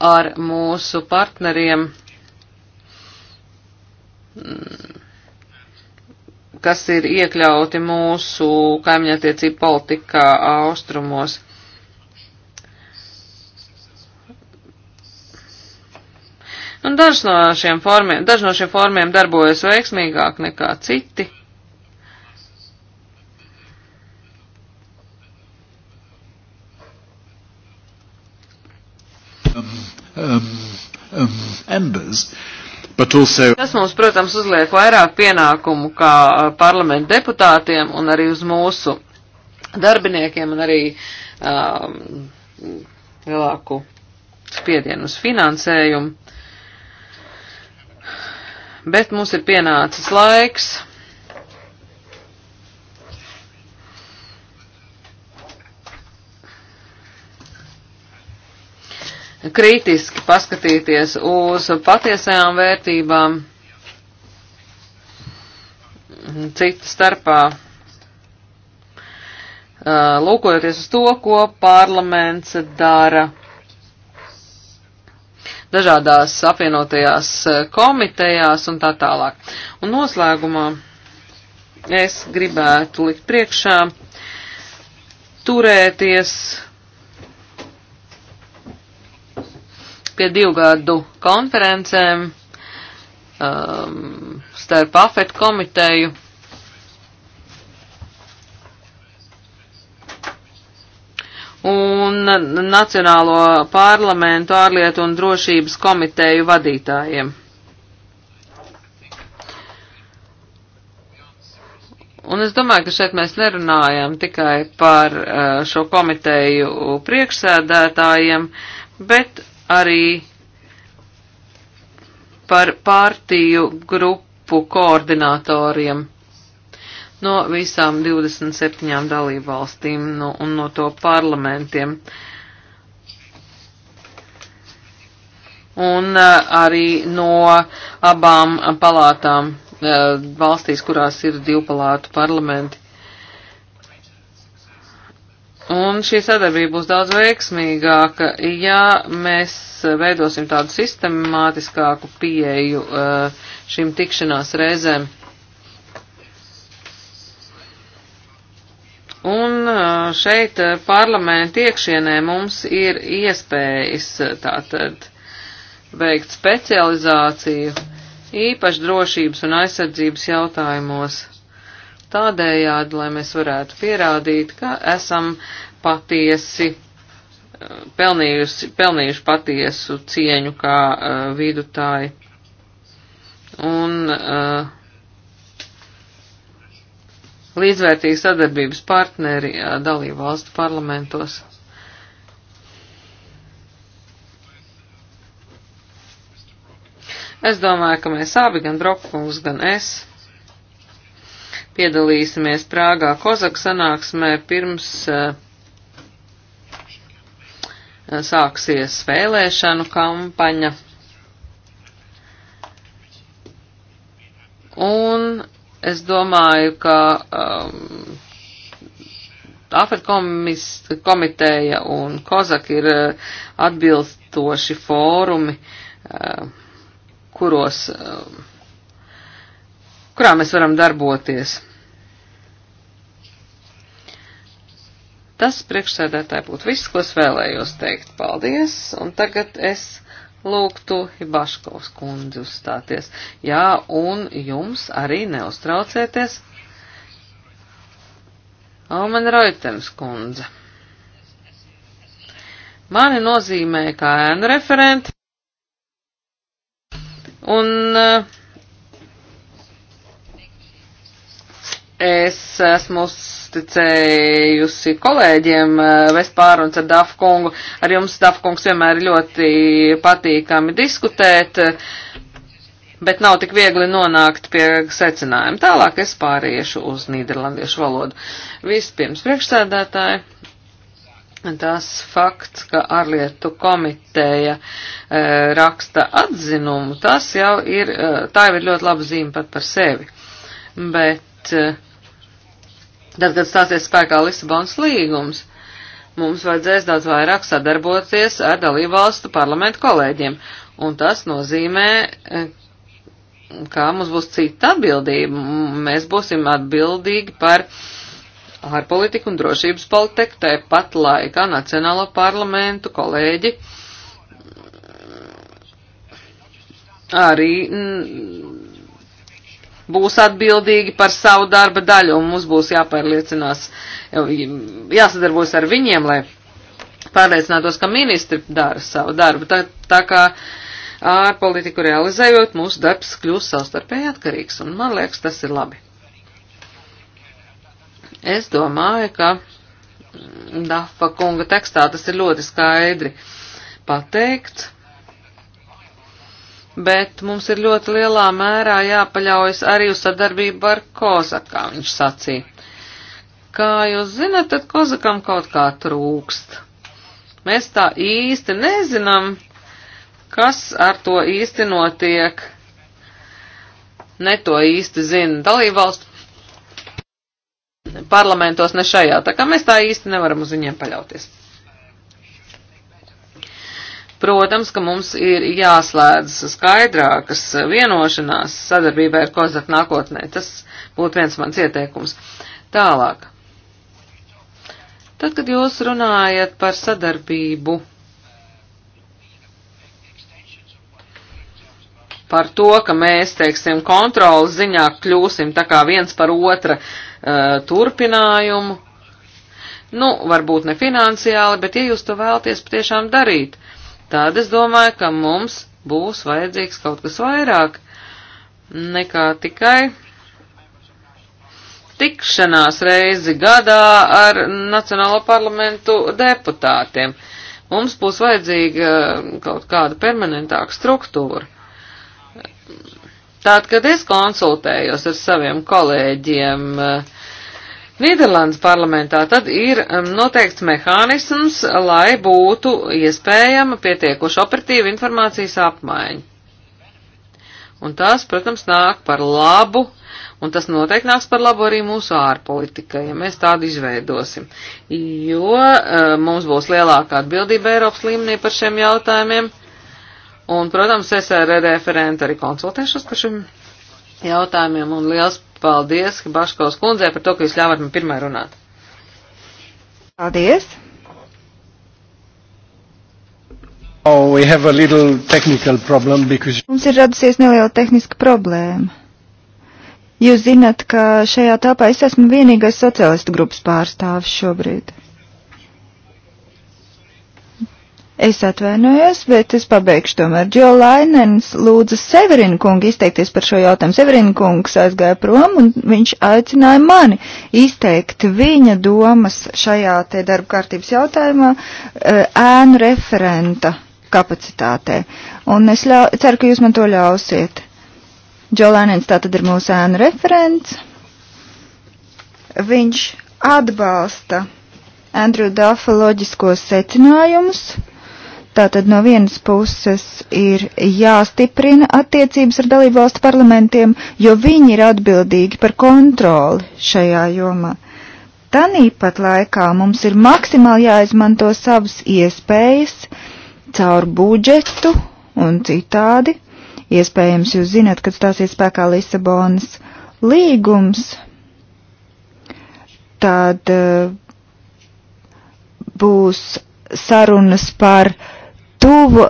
ar mūsu partneriem, mm, kas ir iekļauti mūsu kaimiņattiecību politikā austrumos. Un daži no šiem formiem, daži no šiem formiem darbojas veiksmīgāk nekā citi. um, um, embers. Also... Tas mums, protams, uzliek vairāk pienākumu kā uh, parlamenta deputātiem un arī uz mūsu darbiniekiem un arī um, lielāku spiedienu uz finansējumu. Bet mums ir pienācis laiks kritiski paskatīties uz patiesajām vērtībām citu starpā, uh, lūkojoties uz to, ko parlaments dara dažādās apvienotajās uh, komitejās un tā tālāk. Un noslēgumā es gribētu likt priekšā turēties pie divu gadu konferencēm um, starp AFET komiteju. Un Nacionālo parlamentu ārlietu un drošības komiteju vadītājiem. Un es domāju, ka šeit mēs nerunājam tikai par uh, šo komiteju priekšsēdētājiem, bet arī par pārtīju grupu koordinatoriem no visām 27 dalību valstīm no, un no to parlamentiem. Un eh, arī no abām palātām eh, valstīs, kurās ir divpalātu parlamenti. Un šī sadarbība būs daudz veiksmīgāka, ja mēs veidosim tādu sistemātiskāku pieeju eh, šīm tikšanās reizēm. Un eh, šeit eh, parlamenta iekšienē mums ir iespējas tātad veikt specializāciju īpaši drošības un aizsardzības jautājumos tādējādi, lai mēs varētu pierādīt, ka esam patiesi eh, pelnījusi, pelnījuši patiesu cieņu kā uh, eh, vidutāji. Un uh, līdzvērtīgi sadarbības partneri uh, dalību valstu parlamentos. Es domāju, ka mēs abi, gan Brokkungs, gan es, piedalīsimies Prāgā Kozak sanāksmē pirms uh, sāksies vēlēšanu kampaņa. Un es domāju, ka um, eh, Afetkomis komiteja un Kozak ir uh, atbilstoši fórumi, uh, kuros uh, kurā mēs varam darboties. Tas priekšsēdētāji būtu viss, ko es vēlējos teikt. Paldies! Un tagad es lūgtu Hibaškovs kundzi uzstāties. Jā, un jums arī neuztraucieties. Omen Roitens kundze. Mani nozīmē kā ēnu referenti. Un uh, Es esmu uzticējusi kolēģiem eh, vest pārunas ar Dafu kungu. Ar jums, Dafu kungs, vienmēr ļoti patīkami diskutēt, bet nav tik viegli nonākt pie secinājuma. Tālāk es pāriešu uz nīderlandiešu valodu. Vispirms priekšsēdētāji. Tas fakts, ka ārlietu komiteja e, raksta atzinumu, tas jau ir, eh, tā jau ir ļoti laba zīme pat par sevi. Bet Eh, tad, kad stāsies spēkā Lisabonas līgums, mums vajadzēs daudz vairāk sadarboties ar dalībvalstu parlamentu kolēģiem, un tas nozīmē, eh, kā mums būs cita atbildība, mēs būsim atbildīgi par ārpolitiku un drošības politiku, tāpat laikā Nacionālo parlamentu kolēģi arī būs atbildīgi par savu darba daļu, un mums būs jāpārliecinās, jāsadarbojas ar viņiem, lai pārliecinātos, ka ministri dara savu darbu. Tā, tā kā ar politiku realizējot, mūsu darbs kļūst savstarpēji atkarīgs, un man liekas, tas ir labi. Es domāju, ka Dafa kunga tekstā tas ir ļoti skaidri pateikts bet mums ir ļoti lielā mērā jāpaļaujas arī uz sadarbību ar Kozakā, viņš sacīja. Kā jūs zinat, tad Kozakam kaut kā trūkst. Mēs tā īsti nezinām, kas ar to īsti notiek. Ne to īsti zina dalībvalstu parlamentos, ne šajā, tā kā mēs tā īsti nevaram uz viņiem paļauties. Protams, ka mums ir jāslēdz skaidrākas vienošanās sadarbībai ar Kozak nākotnē. Tas būtu viens mans ieteikums. Tālāk. Tad, kad jūs runājat par sadarbību, par to, ka mēs, teiksim, kontrolas ziņā kļūsim tā kā viens par otra uh, turpinājumu, nu, varbūt ne finansiāli, bet ja jūs to vēlaties patiešām darīt, tad es domāju, ka mums būs vajadzīgs kaut kas vairāk nekā tikai tikšanās reizi gadā ar Nacionālo parlamentu deputātiem. Mums būs vajadzīga kaut kāda permanentāka struktūra. Tātad, kad es konsultējos ar saviem kolēģiem uh, Nīderlandes parlamentā tad ir um, noteikts mehānisms, lai būtu iespējama pietiekoša operatīva informācijas apmaiņa. Un tas, protams, nāk par labu, un tas noteikti nāks par labu arī mūsu ārpolitikai, ja mēs tādu izveidosim. Jo uh, mums būs lielāka atbildība Eiropas līmenī par šiem jautājumiem, un, protams, es ar referentu arī konsultēšos par šiem jautājumiem, un liels paldies Baškovas kundzei par to, ka jūs ļāvāt man pirmai runāt. Paldies! Oh, we have a little technical problem because... Mums ir radusies neliela tehniska problēma. Jūs zināt, ka šajā telpā es esmu vienīgais socialistu grupas pārstāvis šobrīd. Es atvainojos, bet es pabeigšu tomēr. Džo Lainens lūdza Severinu kungu izteikties par šo jautājumu. Severinu kungs aizgāja prom un viņš aicināja mani izteikt viņa domas šajā te darba kārtības jautājumā eh, ēnu referenta kapacitātē. Un es ļau, ceru, ka jūs man to ļausiet. Džo Lainens tātad ir mūsu ēnu referents. Viņš atbalsta Andrew Dafa loģiskos secinājumus Tātad no vienas puses ir jāstiprina attiecības ar dalību valstu parlamentiem, jo viņi ir atbildīgi par kontroli šajā jomā. Tanīpat laikā mums ir maksimāli jāizmanto savas iespējas caur budžetu un citādi. Iespējams, jūs zināt, kad stāsies spēkā Lisabonas līgums, tad uh, būs sarunas par uh, tuvu,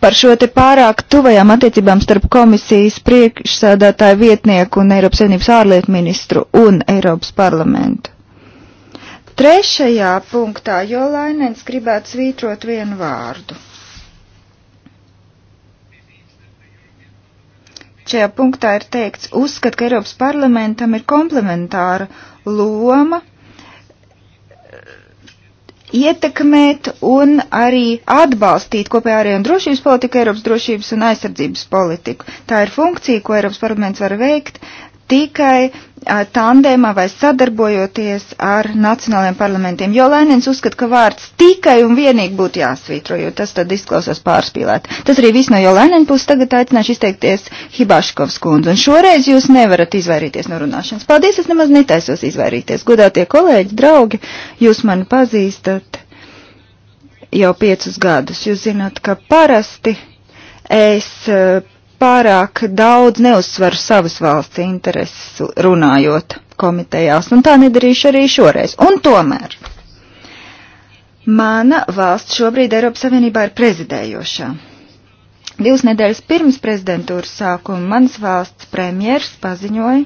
par šo te pārāk tuvajām attiecībām starp komisijas priekšsādātāju vietnieku un Eiropas Savienības ārlietu ministru un Eiropas parlamentu. Trešajā punktā Jolainens gribētu svītrot vienu vārdu. Šajā punktā ir teikts, uzskat, ka Eiropas parlamentam ir komplementāra loma ietekmēt un arī atbalstīt kopējā arī un drošības politiku, Eiropas drošības un aizsardzības politiku. Tā ir funkcija, ko Eiropas parlaments var veikt, tikai tandēmā vai sadarbojoties ar nacionālajiem parlamentiem, jo Lēnins uzskata, ka vārds tikai un vienīgi būtu jāsvītro, jo tas tad izklausās pārspīlēt. Tas arī viss no Jolēnina puses tagad aicināšu izteikties Hibaškovs kundze, un šoreiz jūs nevarat izvairīties no runāšanas. Paldies, es nemaz netaisos izvairīties. Godātie kolēģi, draugi, jūs mani pazīstat jau piecus gadus. Jūs zināt, ka parasti es. Uh, pārāk daudz neuzsveru savas valsts intereses runājot komitejās, un tā nedarīšu arī šoreiz. Un tomēr mana valsts šobrīd Eiropas Savienībā ir prezidējošā. Divas nedēļas pirms prezidentūras sākuma mans valsts premjers paziņoja,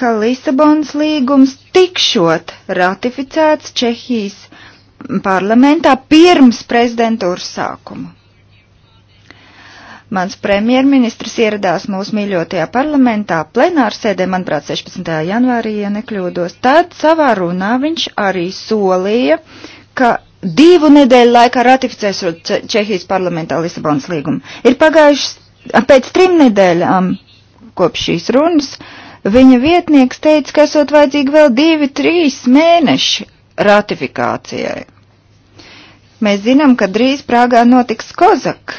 ka Lisabonas līgums tikšot ratificēts Čehijas parlamentā pirms prezidentūras sākuma. Mans premjerministrs ieradās mūsu mīļotajā parlamentā plenāru sēdē, manuprāt, 16. janvārī, ja nekļūdos. Tad savā runā viņš arī solīja, ka divu nedēļu laikā ratificēs Čehijas parlamentā Lisabonas līgumu. Ir pagājušas pēc trim nedēļām kopš šīs runas. Viņa vietnieks teica, ka esot vajadzīgi vēl divi, trīs mēneši ratifikācijai. Mēs zinām, ka drīz Prāgā notiks Kozak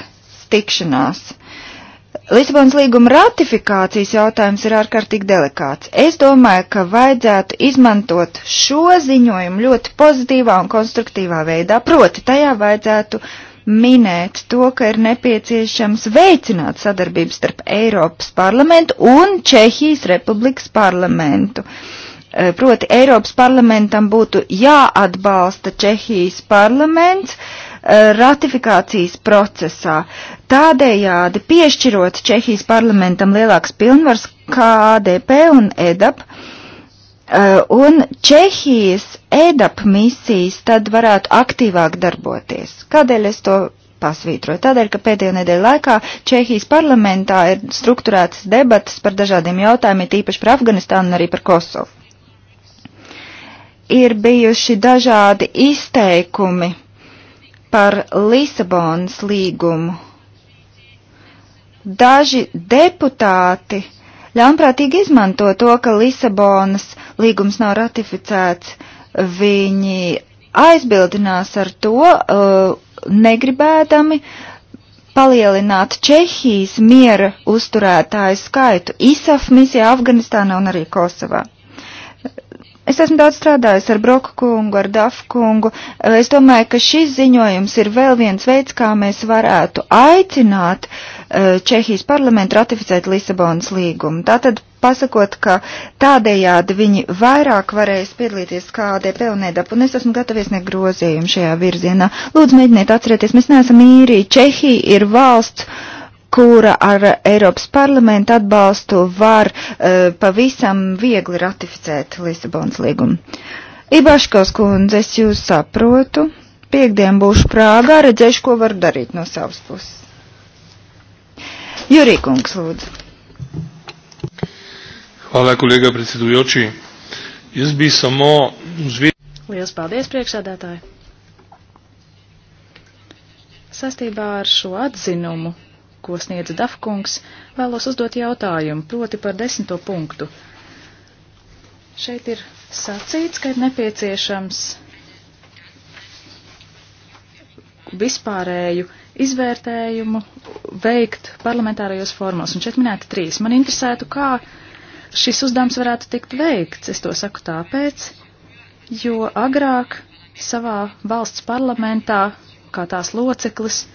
tikšanās. Lisabonas līguma ratifikācijas jautājums ir ārkārtīgi delikāts. Es domāju, ka vajadzētu izmantot šo ziņojumu ļoti pozitīvā un konstruktīvā veidā, proti tajā vajadzētu minēt to, ka ir nepieciešams veicināt sadarbību starp Eiropas parlamentu un Čehijas republikas parlamentu. E, proti Eiropas parlamentam būtu jāatbalsta Čehijas parlaments, uh, Eh, ratifikācijas procesā. Tādējādi piešķirot Čehijas parlamentam lielāks pilnvars KDP un EDAP, eh, un Čehijas EDAP misijas tad varētu aktīvāk darboties. Kādēļ es to pasvītroju. Tādēļ, ka pēdējo nedēļu laikā Čehijas parlamentā ir struktūrētas debatas par dažādiem jautājumiem, tīpaši par Afganistānu un arī par Kosovu. Ir bijuši dažādi izteikumi par Lisabonas līgumu. Daži deputāti ļaunprātīgi izmanto to, ka Lisabonas līgums nav ratificēts. Viņi aizbildinās ar to, uh, negribēdami palielināt Čehijas miera uzturētāju skaitu ISAF misijā Afganistānā un arī Kosovā. Es esmu daudz strādājis ar Broku kungu, ar Dafu kungu. Es domāju, ka šis ziņojums ir vēl viens veids, kā mēs varētu aicināt eh, Čehijas parlamentu ratificēt Lisabonas līgumu. Tātad pasakot, ka tādējādi viņi vairāk varēs piedalīties KDP un EDAP, un es esmu gatavi iesniegt grozījumu šajā virzienā. Lūdzu, mēģiniet atcerēties, mēs neesam īrija. Čehija ir valsts kura ar Eiropas parlamentu atbalstu var uh, pavisam viegli ratificēt Lisabonas līgumu. Ibaškos kundze, es jūs saprotu. Piektdien būšu Prāgā, redzēšu, ko var darīt no savas puses. Jurij Kungs, lūdzu. Hvala, kolega predsedujoči. Jaz bi samo v zvezi. Lielas paldies, priekšsēdētāji. Sastībā ar šo atzinumu ko sniedz Dafkungs, vēlos uzdot jautājumu, proti par desmito punktu. Šeit ir sacīts, ka ir nepieciešams vispārēju izvērtējumu veikt parlamentārajos formos, un šeit minēti trīs. Man interesētu, kā šis uzdevums varētu tikt veikts. Es to saku tāpēc, jo agrāk savā valsts parlamentā, kā tās loceklis,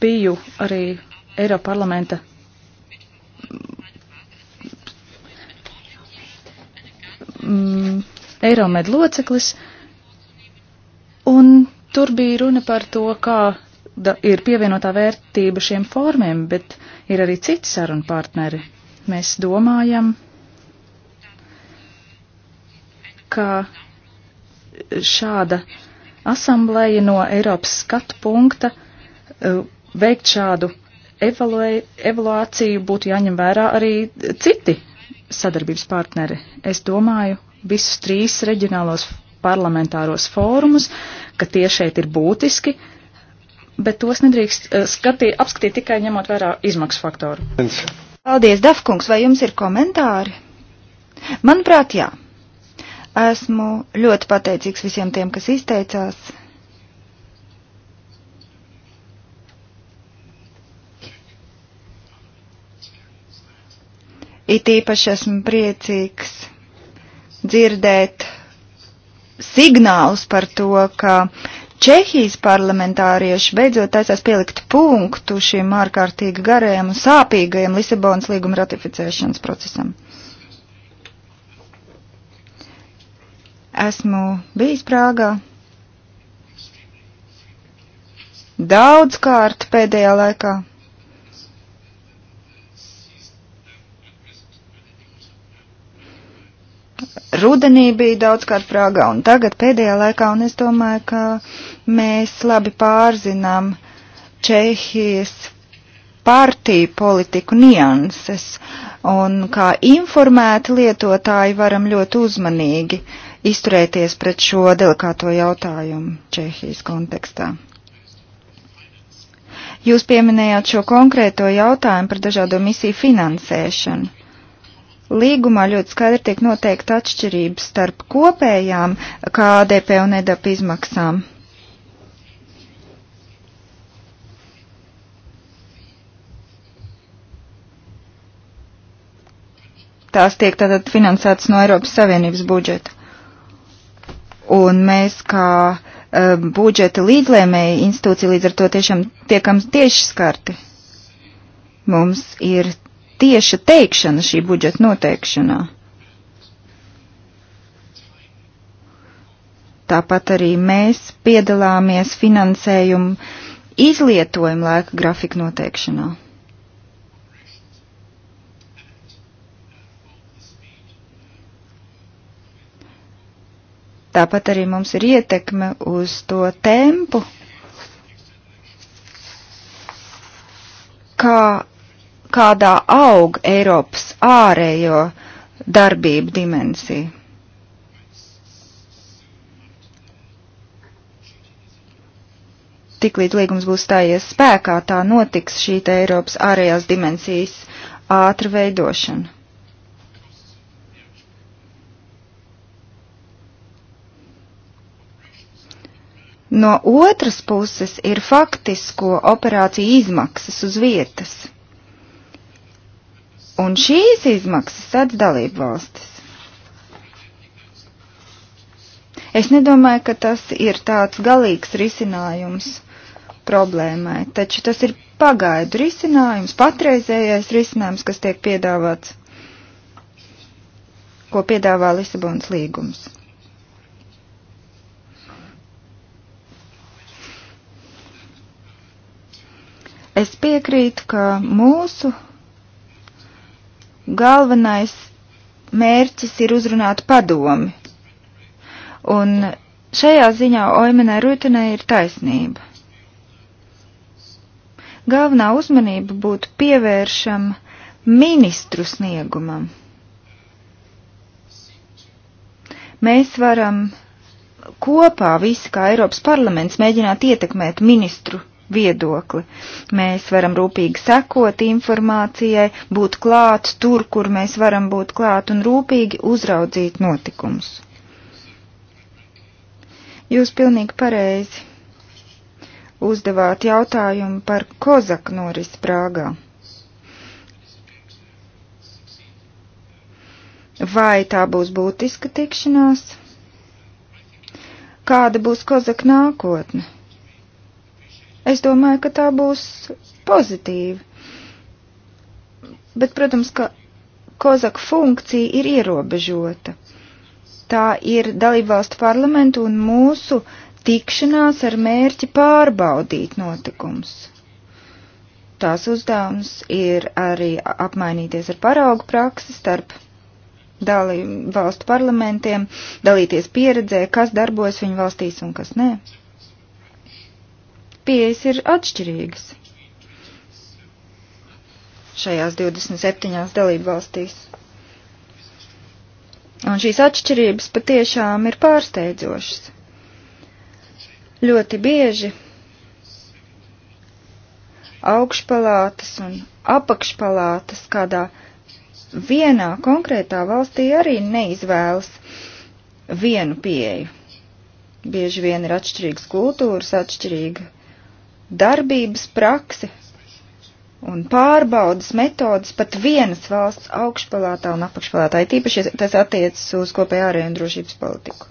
biju arī Eiropa parlamenta mm, Eiromed loceklis, un tur bija runa par to, kā da, ir pievienotā vērtība šiem formiem, bet ir arī citi sarunu partneri. Mēs domājam, ka šāda asamblēja no Eiropas skatu punkta uh, veikt šādu evaluē, evaluāciju, būtu jāņem vērā arī citi sadarbības partneri. Es domāju, visus trīs reģionālos parlamentāros fórumus, ka tie šeit ir būtiski, bet tos nedrīkst eh, skatī, apskatīt tikai ņemot vērā izmaksu faktoru. Paldies, Dafkungs, vai jums ir komentāri? Manuprāt, jā. Esmu ļoti pateicīgs visiem tiem, kas izteicās. It īpaši esmu priecīgs dzirdēt signālus par to, ka Čehijas parlamentārieši beidzot taisās pielikt punktu šim ārkārtīgi garajam un sāpīgajam Lisabonas līguma ratificēšanas procesam. Esmu bijis Prāgā daudz kārt pēdējā laikā. rudenī bija daudzkārt Prāgā un tagad pēdējā laikā, un es domāju, ka mēs labi pārzinām Čehijas partiju politiku nianses, un kā informēti lietotāji varam ļoti uzmanīgi izturēties pret šo delikāto jautājumu Čehijas kontekstā. Jūs pieminējāt šo konkrēto jautājumu par dažādo misiju finansēšanu. Līgumā ļoti skaidri tiek noteikta atšķirība starp kopējām KDP un EDAP izmaksām. Tās tiek tātad finansētas no Eiropas Savienības budžeta. Un mēs kā uh, budžeta līdzlēmēji institūcija līdz ar to tiešām tiekam tieši skarti. Mums ir tieša teikšana šī budžeta noteikšanā. Tāpat arī mēs piedalāmies finansējumu izlietojumu laika grafika noteikšanā. Tāpat arī mums ir ietekme uz to tempu, kā kādā aug Eiropas ārējo darbību dimensija. Tiklīdz līgums būs stājies spēkā, tā notiks šī Eiropas ārējās dimensijas ātra veidošana. No otras puses ir faktisko operāciju izmaksas uz vietas. Un šīs izmaksas sadz dalību valstis. Es nedomāju, ka tas ir tāds galīgs risinājums problēmai, taču tas ir pagaidu risinājums, patreizējais risinājums, kas tiek piedāvāts, ko piedāvā Lisabonas līgums. Es piekrītu, ka mūsu galvenais mērķis ir uzrunāt padomi. Un šajā ziņā Oimenai Rutenai ir taisnība. Galvenā uzmanība būtu pievēršama ministru sniegumam. Mēs varam kopā visi kā Eiropas parlaments mēģināt ietekmēt ministru viedokli. Mēs varam rūpīgi sekot informācijai, būt klāt tur, kur mēs varam būt klāt un rūpīgi uzraudzīt notikumus. Jūs pilnīgi pareizi uzdevāt jautājumu par Kozaku norisi Prāgā. Vai tā būs būtiska tikšanās? Kāda būs Kozaka nākotne? Es domāju, ka tā būs pozitīva. Bet, protams, ka Kozaka funkcija ir ierobežota. Tā ir dalībvalstu parlamentu un mūsu tikšanās ar mērķi pārbaudīt notikums. Tās uzdevums ir arī apmainīties ar paraugu praksi starp dalī, valstu parlamentiem, dalīties pieredzē, kas darbojas viņu valstīs un kas nē pieejas ir atšķirīgas šajās 27 dalību valstīs. Un šīs atšķirības patiešām ir pārsteidzošas. Ļoti bieži augšpalātas un apakšpalātas kādā vienā konkrētā valstī arī neizvēlas vienu pieeju. Bieži vien ir atšķirīgas kultūras, atšķirīga darbības praksi un pārbaudas metodas pat vienas valsts augšpalātā un apakšpalātā, ir tīpaši tas attiecas uz kopējā ārēju un drošības politiku.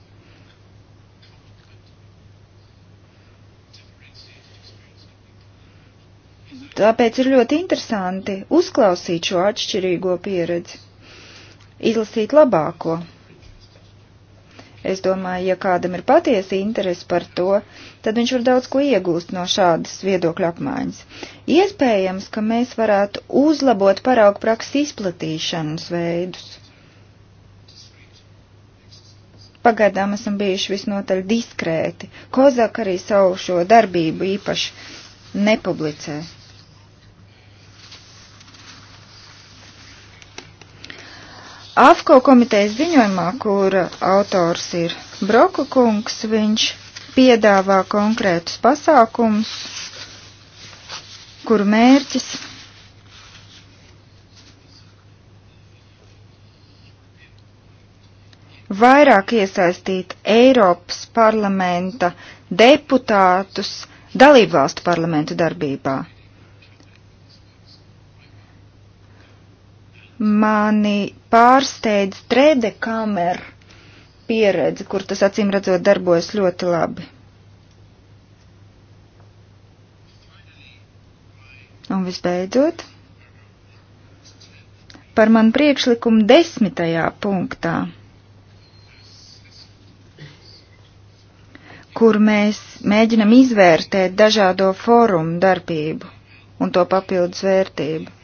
Tāpēc ir ļoti interesanti uzklausīt šo atšķirīgo pieredzi, izlasīt labāko Es domāju, ja kādam ir patiesi interesi par to, tad viņš var daudz ko iegūst no šādas viedokļa apmaiņas. Iespējams, ka mēs varētu uzlabot paraugu prakses izplatīšanas veidus. Pagaidām esam bijuši visnotaļ diskrēti. Kozak arī savu šo darbību īpaši nepublicē. AFCO komitejas ziņojumā, kur autors ir Broku kungs, viņš piedāvā konkrētus pasākumus, kuru mērķis vairāk iesaistīt Eiropas parlamenta deputātus dalībvalstu parlamentu darbībā. Mani pārsteidz trede kamera pieredze, kur tas acīm redzot darbojas ļoti labi. Un visbeidzot, par man priekšlikumu desmitajā punktā, kur mēs mēģinam izvērtēt dažādo forumu darbību un to papildus vērtību.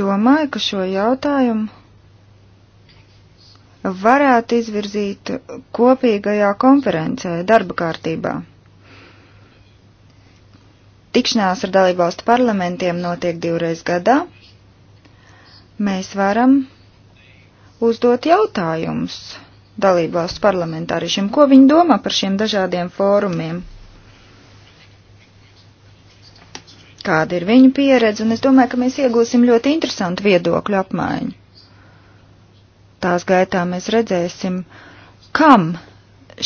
Domāju, ka šo jautājumu varētu izvirzīt kopīgajā konferencē darba kārtībā. Tikšanās ar dalībvalstu parlamentiem notiek divreiz gadā. Mēs varam uzdot jautājumus dalībvalstu parlamentāriešiem, ko viņi domā par šiem dažādiem fórumiem. kāda ir viņu pieredze, un es domāju, ka mēs iegūsim ļoti interesantu viedokļu apmaiņu. Tās gaitā mēs redzēsim, kam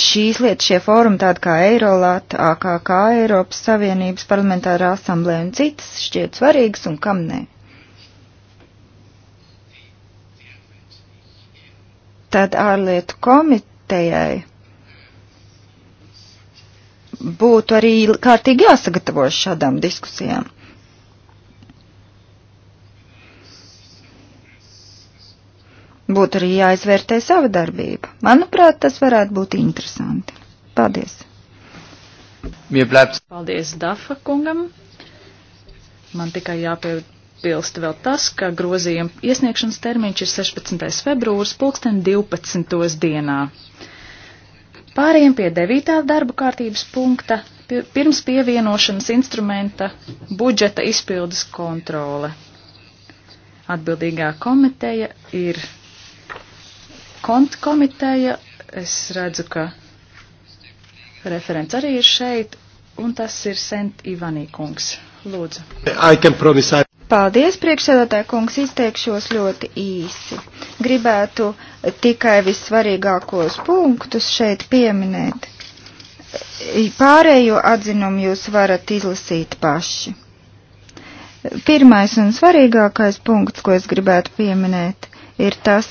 šīs lietas, šie fórumi, tādi kā Eirolat, AKK, Eiropas Savienības parlamentārā asamblē un citas, šķiet svarīgas un kam nē. Tad ārlietu komitejai būtu arī kārtīgi jāsagatavo šādām diskusijām. Būtu arī jāizvērtē sava darbība. Manuprāt, tas varētu būt interesanti. Paldies! Paldies Dafa kungam! Man tikai jāpiebilst vēl tas, ka grozījuma iesniegšanas termiņš ir 16. februārs, pulksten 12. dienā. Pāriem pie devītā darba kārtības punkta pirms pievienošanas instrumenta budžeta izpildes kontrole. Atbildīgā komiteja ir kont komiteja. Es redzu, ka referents arī ir šeit, un tas ir Sent Ivanī kungs. Lūdzu. Paldies, priekšsēdētāja kungs, izteikšos ļoti īsi. Gribētu tikai vissvarīgākos punktus šeit pieminēt. Pārējo atzinumu jūs varat izlasīt paši. Pirmais un svarīgākais punkts, ko es gribētu pieminēt, ir tas,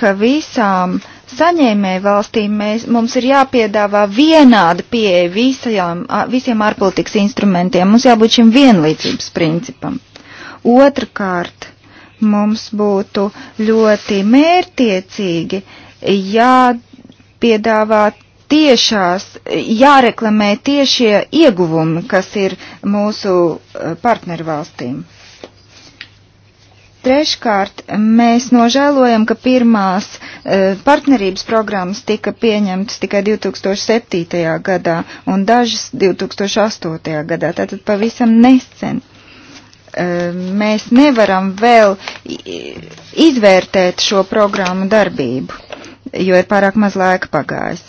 ka visām saņēmēju valstīm mēs, mums ir jāpiedāvā vienāda pieeja visajām, visiem ārpolitikas instrumentiem. Mums jābūt šim vienlīdzības principam. Otrakārt, mums būtu ļoti mērtiecīgi jāpiedāvā tiešās, jāreklamē tiešie ieguvumi, kas ir mūsu eh, partnervalstīm. Treškārt, mēs nožēlojam, ka pirmās eh, partnerības programmas tika pieņemtas tikai 2007. gadā un dažas 2008. gadā, tātad pavisam nesen. Ehm, mēs nevaram vēl izvērtēt šo programmu darbību, jo ir pārāk maz laika pagājis.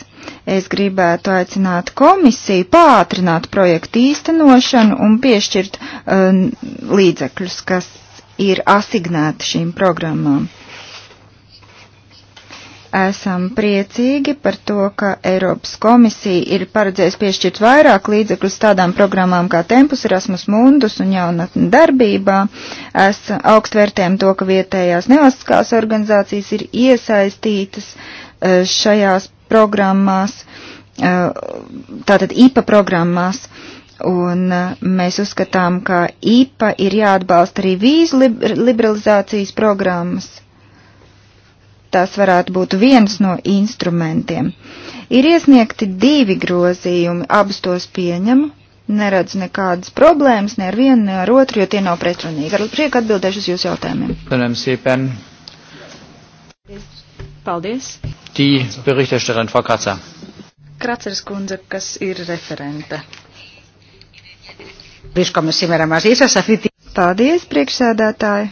Es gribētu aicināt komisiju pātrināt projektu īstenošanu un piešķirt um, līdzekļus, kas ir asignēti šīm programmām. Esam priecīgi par to, ka Eiropas komisija ir paredzējusi piešķirt vairāk līdzekļus tādām programmām kā Tempus, Erasmus Mundus un jaunatne darbībā. Es augstvērtējam to, ka vietējās nevalstiskās organizācijas ir iesaistītas e, šajās programmās, e, tātad IPA programmās. Un e, mēs uzskatām, ka IPA ir jāatbalsta arī vīzu liberalizācijas programmas tas varētu būt viens no instrumentiem. Ir iesniegti divi grozījumi, abus tos pieņemu, neredz nekādas problēmas ne ar vienu, ne ar otru, jo tie nav pretrunīgi. Ar prieku atbildēšu uz jūsu jautājumiem. Paldies. Die Berichterstatterin Frau Kratzer. Kratzeres kundze, kas ir referente. Paldies, priekšsēdētāji.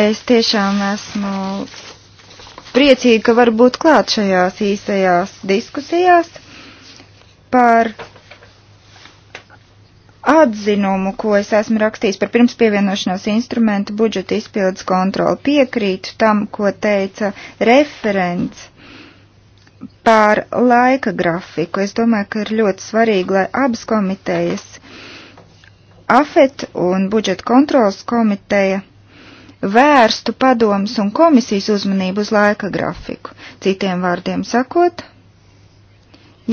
Es tiešām esmu priecīgi, ka var būt klāt šajās īsajās diskusijās par atzinumu, ko es esmu rakstījis par pirms pievienošanās instrumentu budžeta izpildes kontroli. Piekrītu tam, ko teica referents par laika grafiku. Es domāju, ka ir ļoti svarīgi, lai abas komitejas, AFET un budžeta kontrolas komiteja, vērstu padomus un komisijas uzmanību uz laika grafiku. Citiem vārdiem sakot,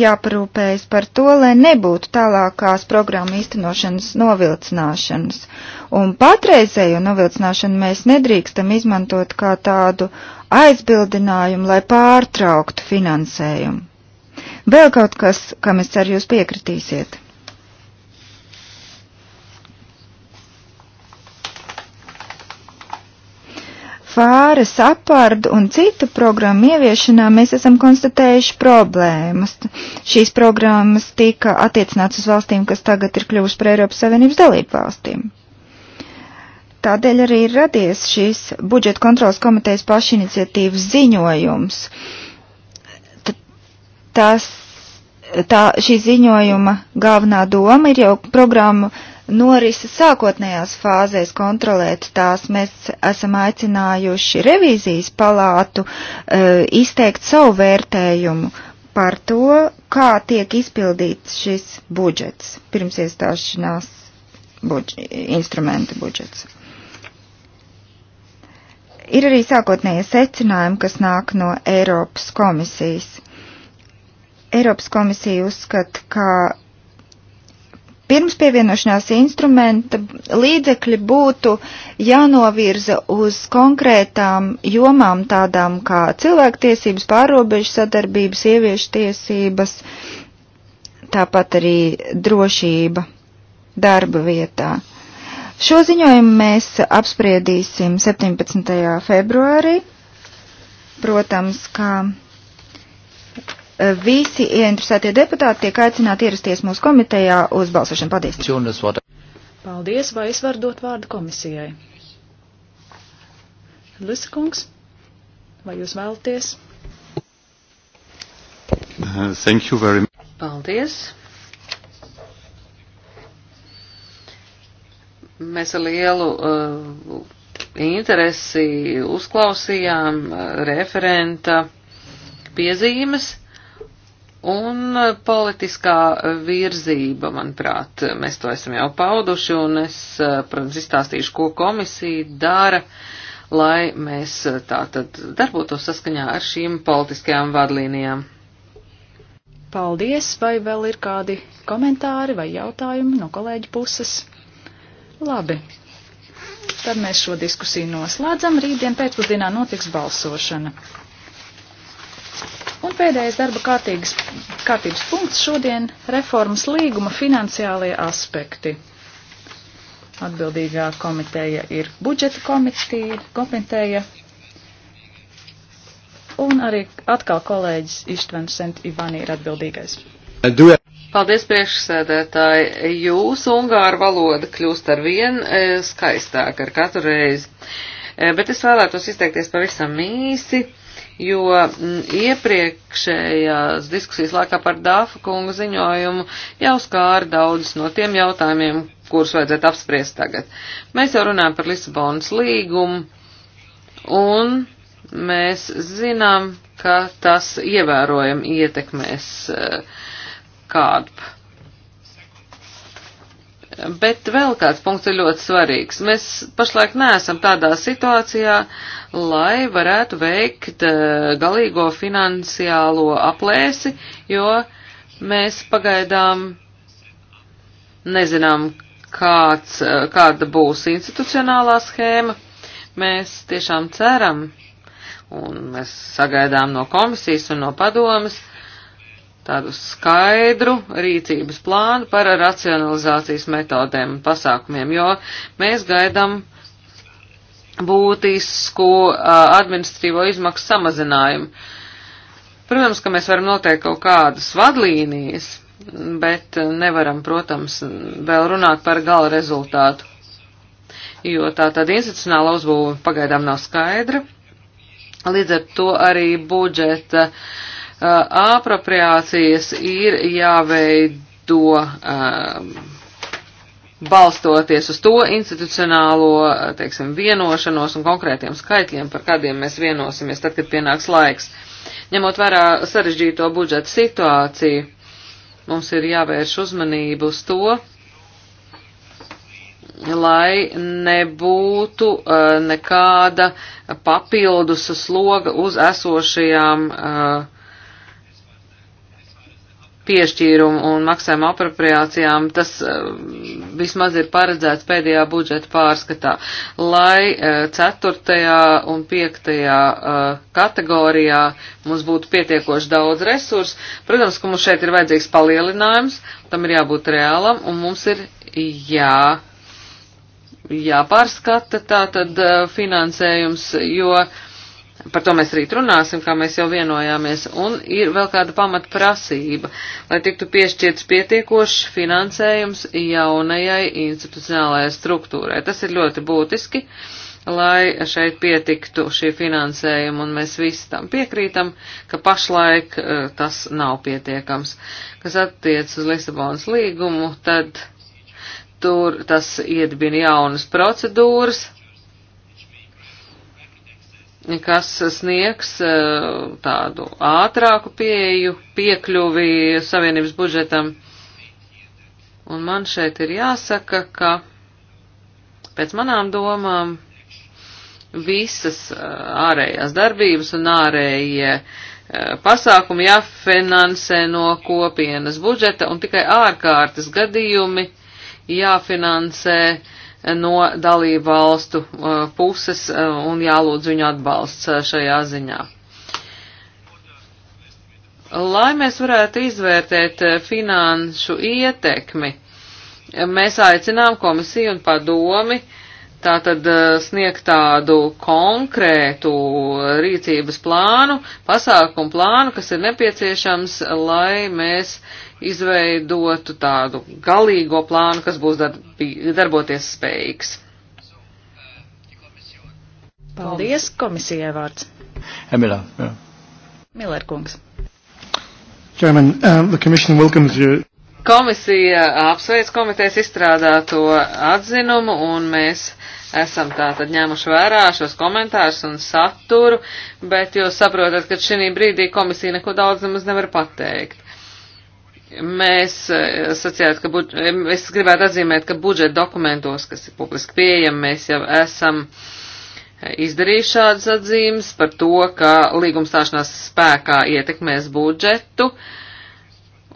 jāparūpējas par to, lai nebūtu tālākās programmu īstenošanas novilcināšanas. Un patreizējo novilcināšanu mēs nedrīkstam izmantot kā tādu aizbildinājumu, lai pārtrauktu finansējumu. Vēl kaut kas, kam es ceru jūs piekritīsiet. fāras apārdu un citu programmu ieviešanā mēs esam konstatējuši problēmas. Šīs programmas tika attiecināts uz valstīm, kas tagad ir kļuvuši par Eiropas Savienības dalību valstīm. Tādēļ arī ir radies šīs budžeta kontrolas komitejas pašiniciatīvas ziņojums. T tās, tā, šī ziņojuma galvenā doma ir jau programmu norises sākotnējās fāzēs kontrolēt tās. Mēs esam aicinājuši revīzijas palātu uh, izteikt savu vērtējumu par to, kā tiek izpildīts šis budžets, pirms iestāšanās budž instrumenta budžets. Ir arī sākotnējie secinājumi, kas nāk no Eiropas komisijas. Eiropas komisija uzskata, ka pirms pievienošanās instrumenta līdzekļi būtu jānovirza uz konkrētām jomām tādām kā cilvēktiesības, pārobežu sadarbības, sieviešu tiesības, tāpat arī drošība darba vietā. Šo ziņojumu mēs apspriedīsim 17. februārī. Protams, kā Eh, visi ieinteresētie deputāti tiek aicināti ierasties mūsu komitejā uz balsošanu. Paldies! Paldies, vai es varu dot vārdu komisijai? Lisakungs, vai jūs vēlaties? Uh, thank you very much. Paldies! Mēs ar lielu uh, interesi uzklausījām uh, referenta piezīmes. Un eh, politiskā virzība, manuprāt, mēs to esam jau pauduši, un es, eh, protams, izstāstīšu, ko komisija dara, lai mēs eh, tā tad darbotos saskaņā ar šīm politiskajām vadlīnijām. Paldies, vai vēl ir kādi komentāri vai jautājumi no kolēģa puses? Labi. Tad mēs šo diskusiju noslēdzam. Rītdien pēcpusdienā notiks balsošana pēdējais darba kārtības, kārtības punkts šodien - reformas līguma finansiālie aspekti. Atbildīgā komiteja ir budžeta komiteja, komiteja un arī atkal kolēģis Ištvens Sent Ivani ir atbildīgais. Paldies priekšsēdētāji, jūs ungāru valoda kļūst ar vien e, skaistāk ar katru reizi, e, bet es vēlētos izteikties pavisam īsi jo mm, iepriekšējās diskusijas laikā par Dāfa kungu ziņojumu jau skāra daudzus no tiem jautājumiem, kurus vajadzētu apspriest tagad. Mēs jau runājam par Lisabonas līgumu, un mēs zinām, ka tas ievērojami ietekmēs eh, kādu Bet vēl kāds punkts ir ļoti svarīgs. Mēs pašlaik neesam tādā situācijā, lai varētu veikt eh, galīgo finansiālo aplēsi, jo mēs pagaidām nezinām, kāds, eh, kāda būs institucionālā schēma. Mēs tiešām ceram un mēs sagaidām no komisijas un no padomas, uh, tādu skaidru rīcības plānu par racionalizācijas metodēm un pasākumiem, jo mēs gaidām būtisku administratīvo izmaksu samazinājumu. Protams, ka mēs varam noteikt kaut kādas vadlīnijas, bet nevaram, protams, vēl runāt par gala rezultātu, jo tā tad institucionāla uzbūve pagaidām nav skaidra. Līdz ar to arī budžeta uh, Uh, apropriācijas ir jāveido um, balstoties uz to institucionālo, teiksim, vienošanos un konkrētiem skaitļiem, par kādiem mēs vienosimies tad, kad pienāks laiks. Ņemot vērā sarežģīto budžeta situāciju, mums ir jāvērš uzmanību uz to, lai nebūtu uh, nekāda papildus sloga uz esošajām uh, piešķīrumu un maksājumu apropriācijām, tas uh, vismaz ir paredzēts pēdējā budžeta pārskatā, lai uh, ceturtajā un piektajā uh, kategorijā mums būtu pietiekoši daudz resursu. Protams, ka mums šeit ir vajadzīgs palielinājums, tam ir jābūt reālam un mums ir jā. Jāpārskata tā tad finansējums, jo uh, Par to mēs rīt runāsim, kā mēs jau vienojāmies, un ir vēl kāda pamatprasība, lai tiktu piešķirts pietiekošs finansējums jaunajai institucionālajai struktūrai. Tas ir ļoti būtiski, lai šeit pietiktu šī finansējuma, un mēs visi tam piekrītam, ka pašlaik uh, tas nav pietiekams. Kas attiec uz Lisabonas līgumu, tad tur tas iedibina jaunas procedūras kas sniegs eh, tādu ātrāku pieeju, piekļuvi Savienības budžetam. Un man šeit ir jāsaka, ka pēc manām domām visas eh, ārējās darbības un ārējie eh, pasākumi jāfinansē no kopienas budžeta un tikai ārkārtas gadījumi jāfinansē uh, no dalību valstu uh, puses uh, un jālūdz viņu atbalsts uh, šajā ziņā. Lai mēs varētu izvērtēt finanšu ietekmi, mēs aicinām komisiju un padomi tātad sniegt tādu konkrētu rīcības plānu, pasākumu plānu, kas ir nepieciešams, lai mēs uh, izveidotu tādu galīgo plānu, kas būs darbi, darboties spējīgs. Paldies komisijai vārds. Emilā. Jā. Miller kungs. Chairman, um, the commission welcomes you. Komisija apsveic komitejas izstrādāto atzinumu un mēs esam tātad ņēmuši vērā šos komentārus un saturu, bet jūs saprotat, ka šī brīdī komisija neko daudz nemaz nevar pateikt. Mēs eh, sacījāt, ka budž... Eh, es gribētu atzīmēt, ka budžeta dokumentos, kas ir publiski pieejami, mēs jau esam eh, izdarījuši šādas atzīmes par to, ka līgums stāšanās spēkā ietekmēs budžetu.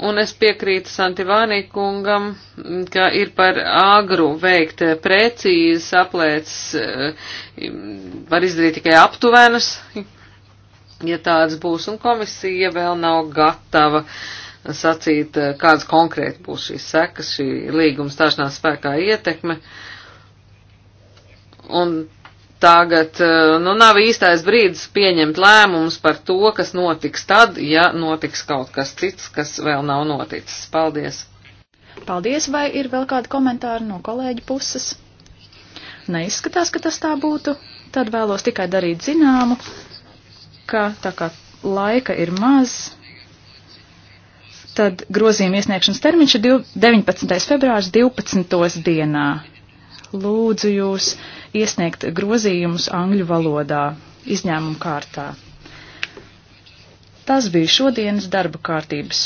Un es piekrītu Santivānī kungam, mm, ka ir par agru veikt precīzes aplēces, var izdarīt tikai aptuvenas, ja tāds būs, un komisija vēl nav gatava uh, sacīt, eh, kādas konkrēti būs šīs sekas, šī līguma stāšanās spēkā ietekme. Un tagad, eh, nu, nav īstais brīdis pieņemt lēmumus par to, kas notiks tad, ja notiks kaut kas cits, kas vēl nav noticis. Paldies! Paldies, vai ir vēl kādi komentāri no kolēģa puses? Neizskatās, ka tas tā būtu. Tad vēlos tikai darīt zināmu, ka tā kā laika ir maz, Tad grozījuma iesniegšanas termiņš ir 19. februārs 12. dienā. Lūdzu jūs iesniegt grozījumus angļu valodā, izņēmumu kārtā. Tas bija šodienas darba kārtības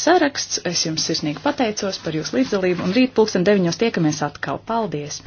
saraksts. Es jums sirsnīgi pateicos par jūsu līdzdalību un rīt pulksten deviņos tiekamies atkal. Paldies!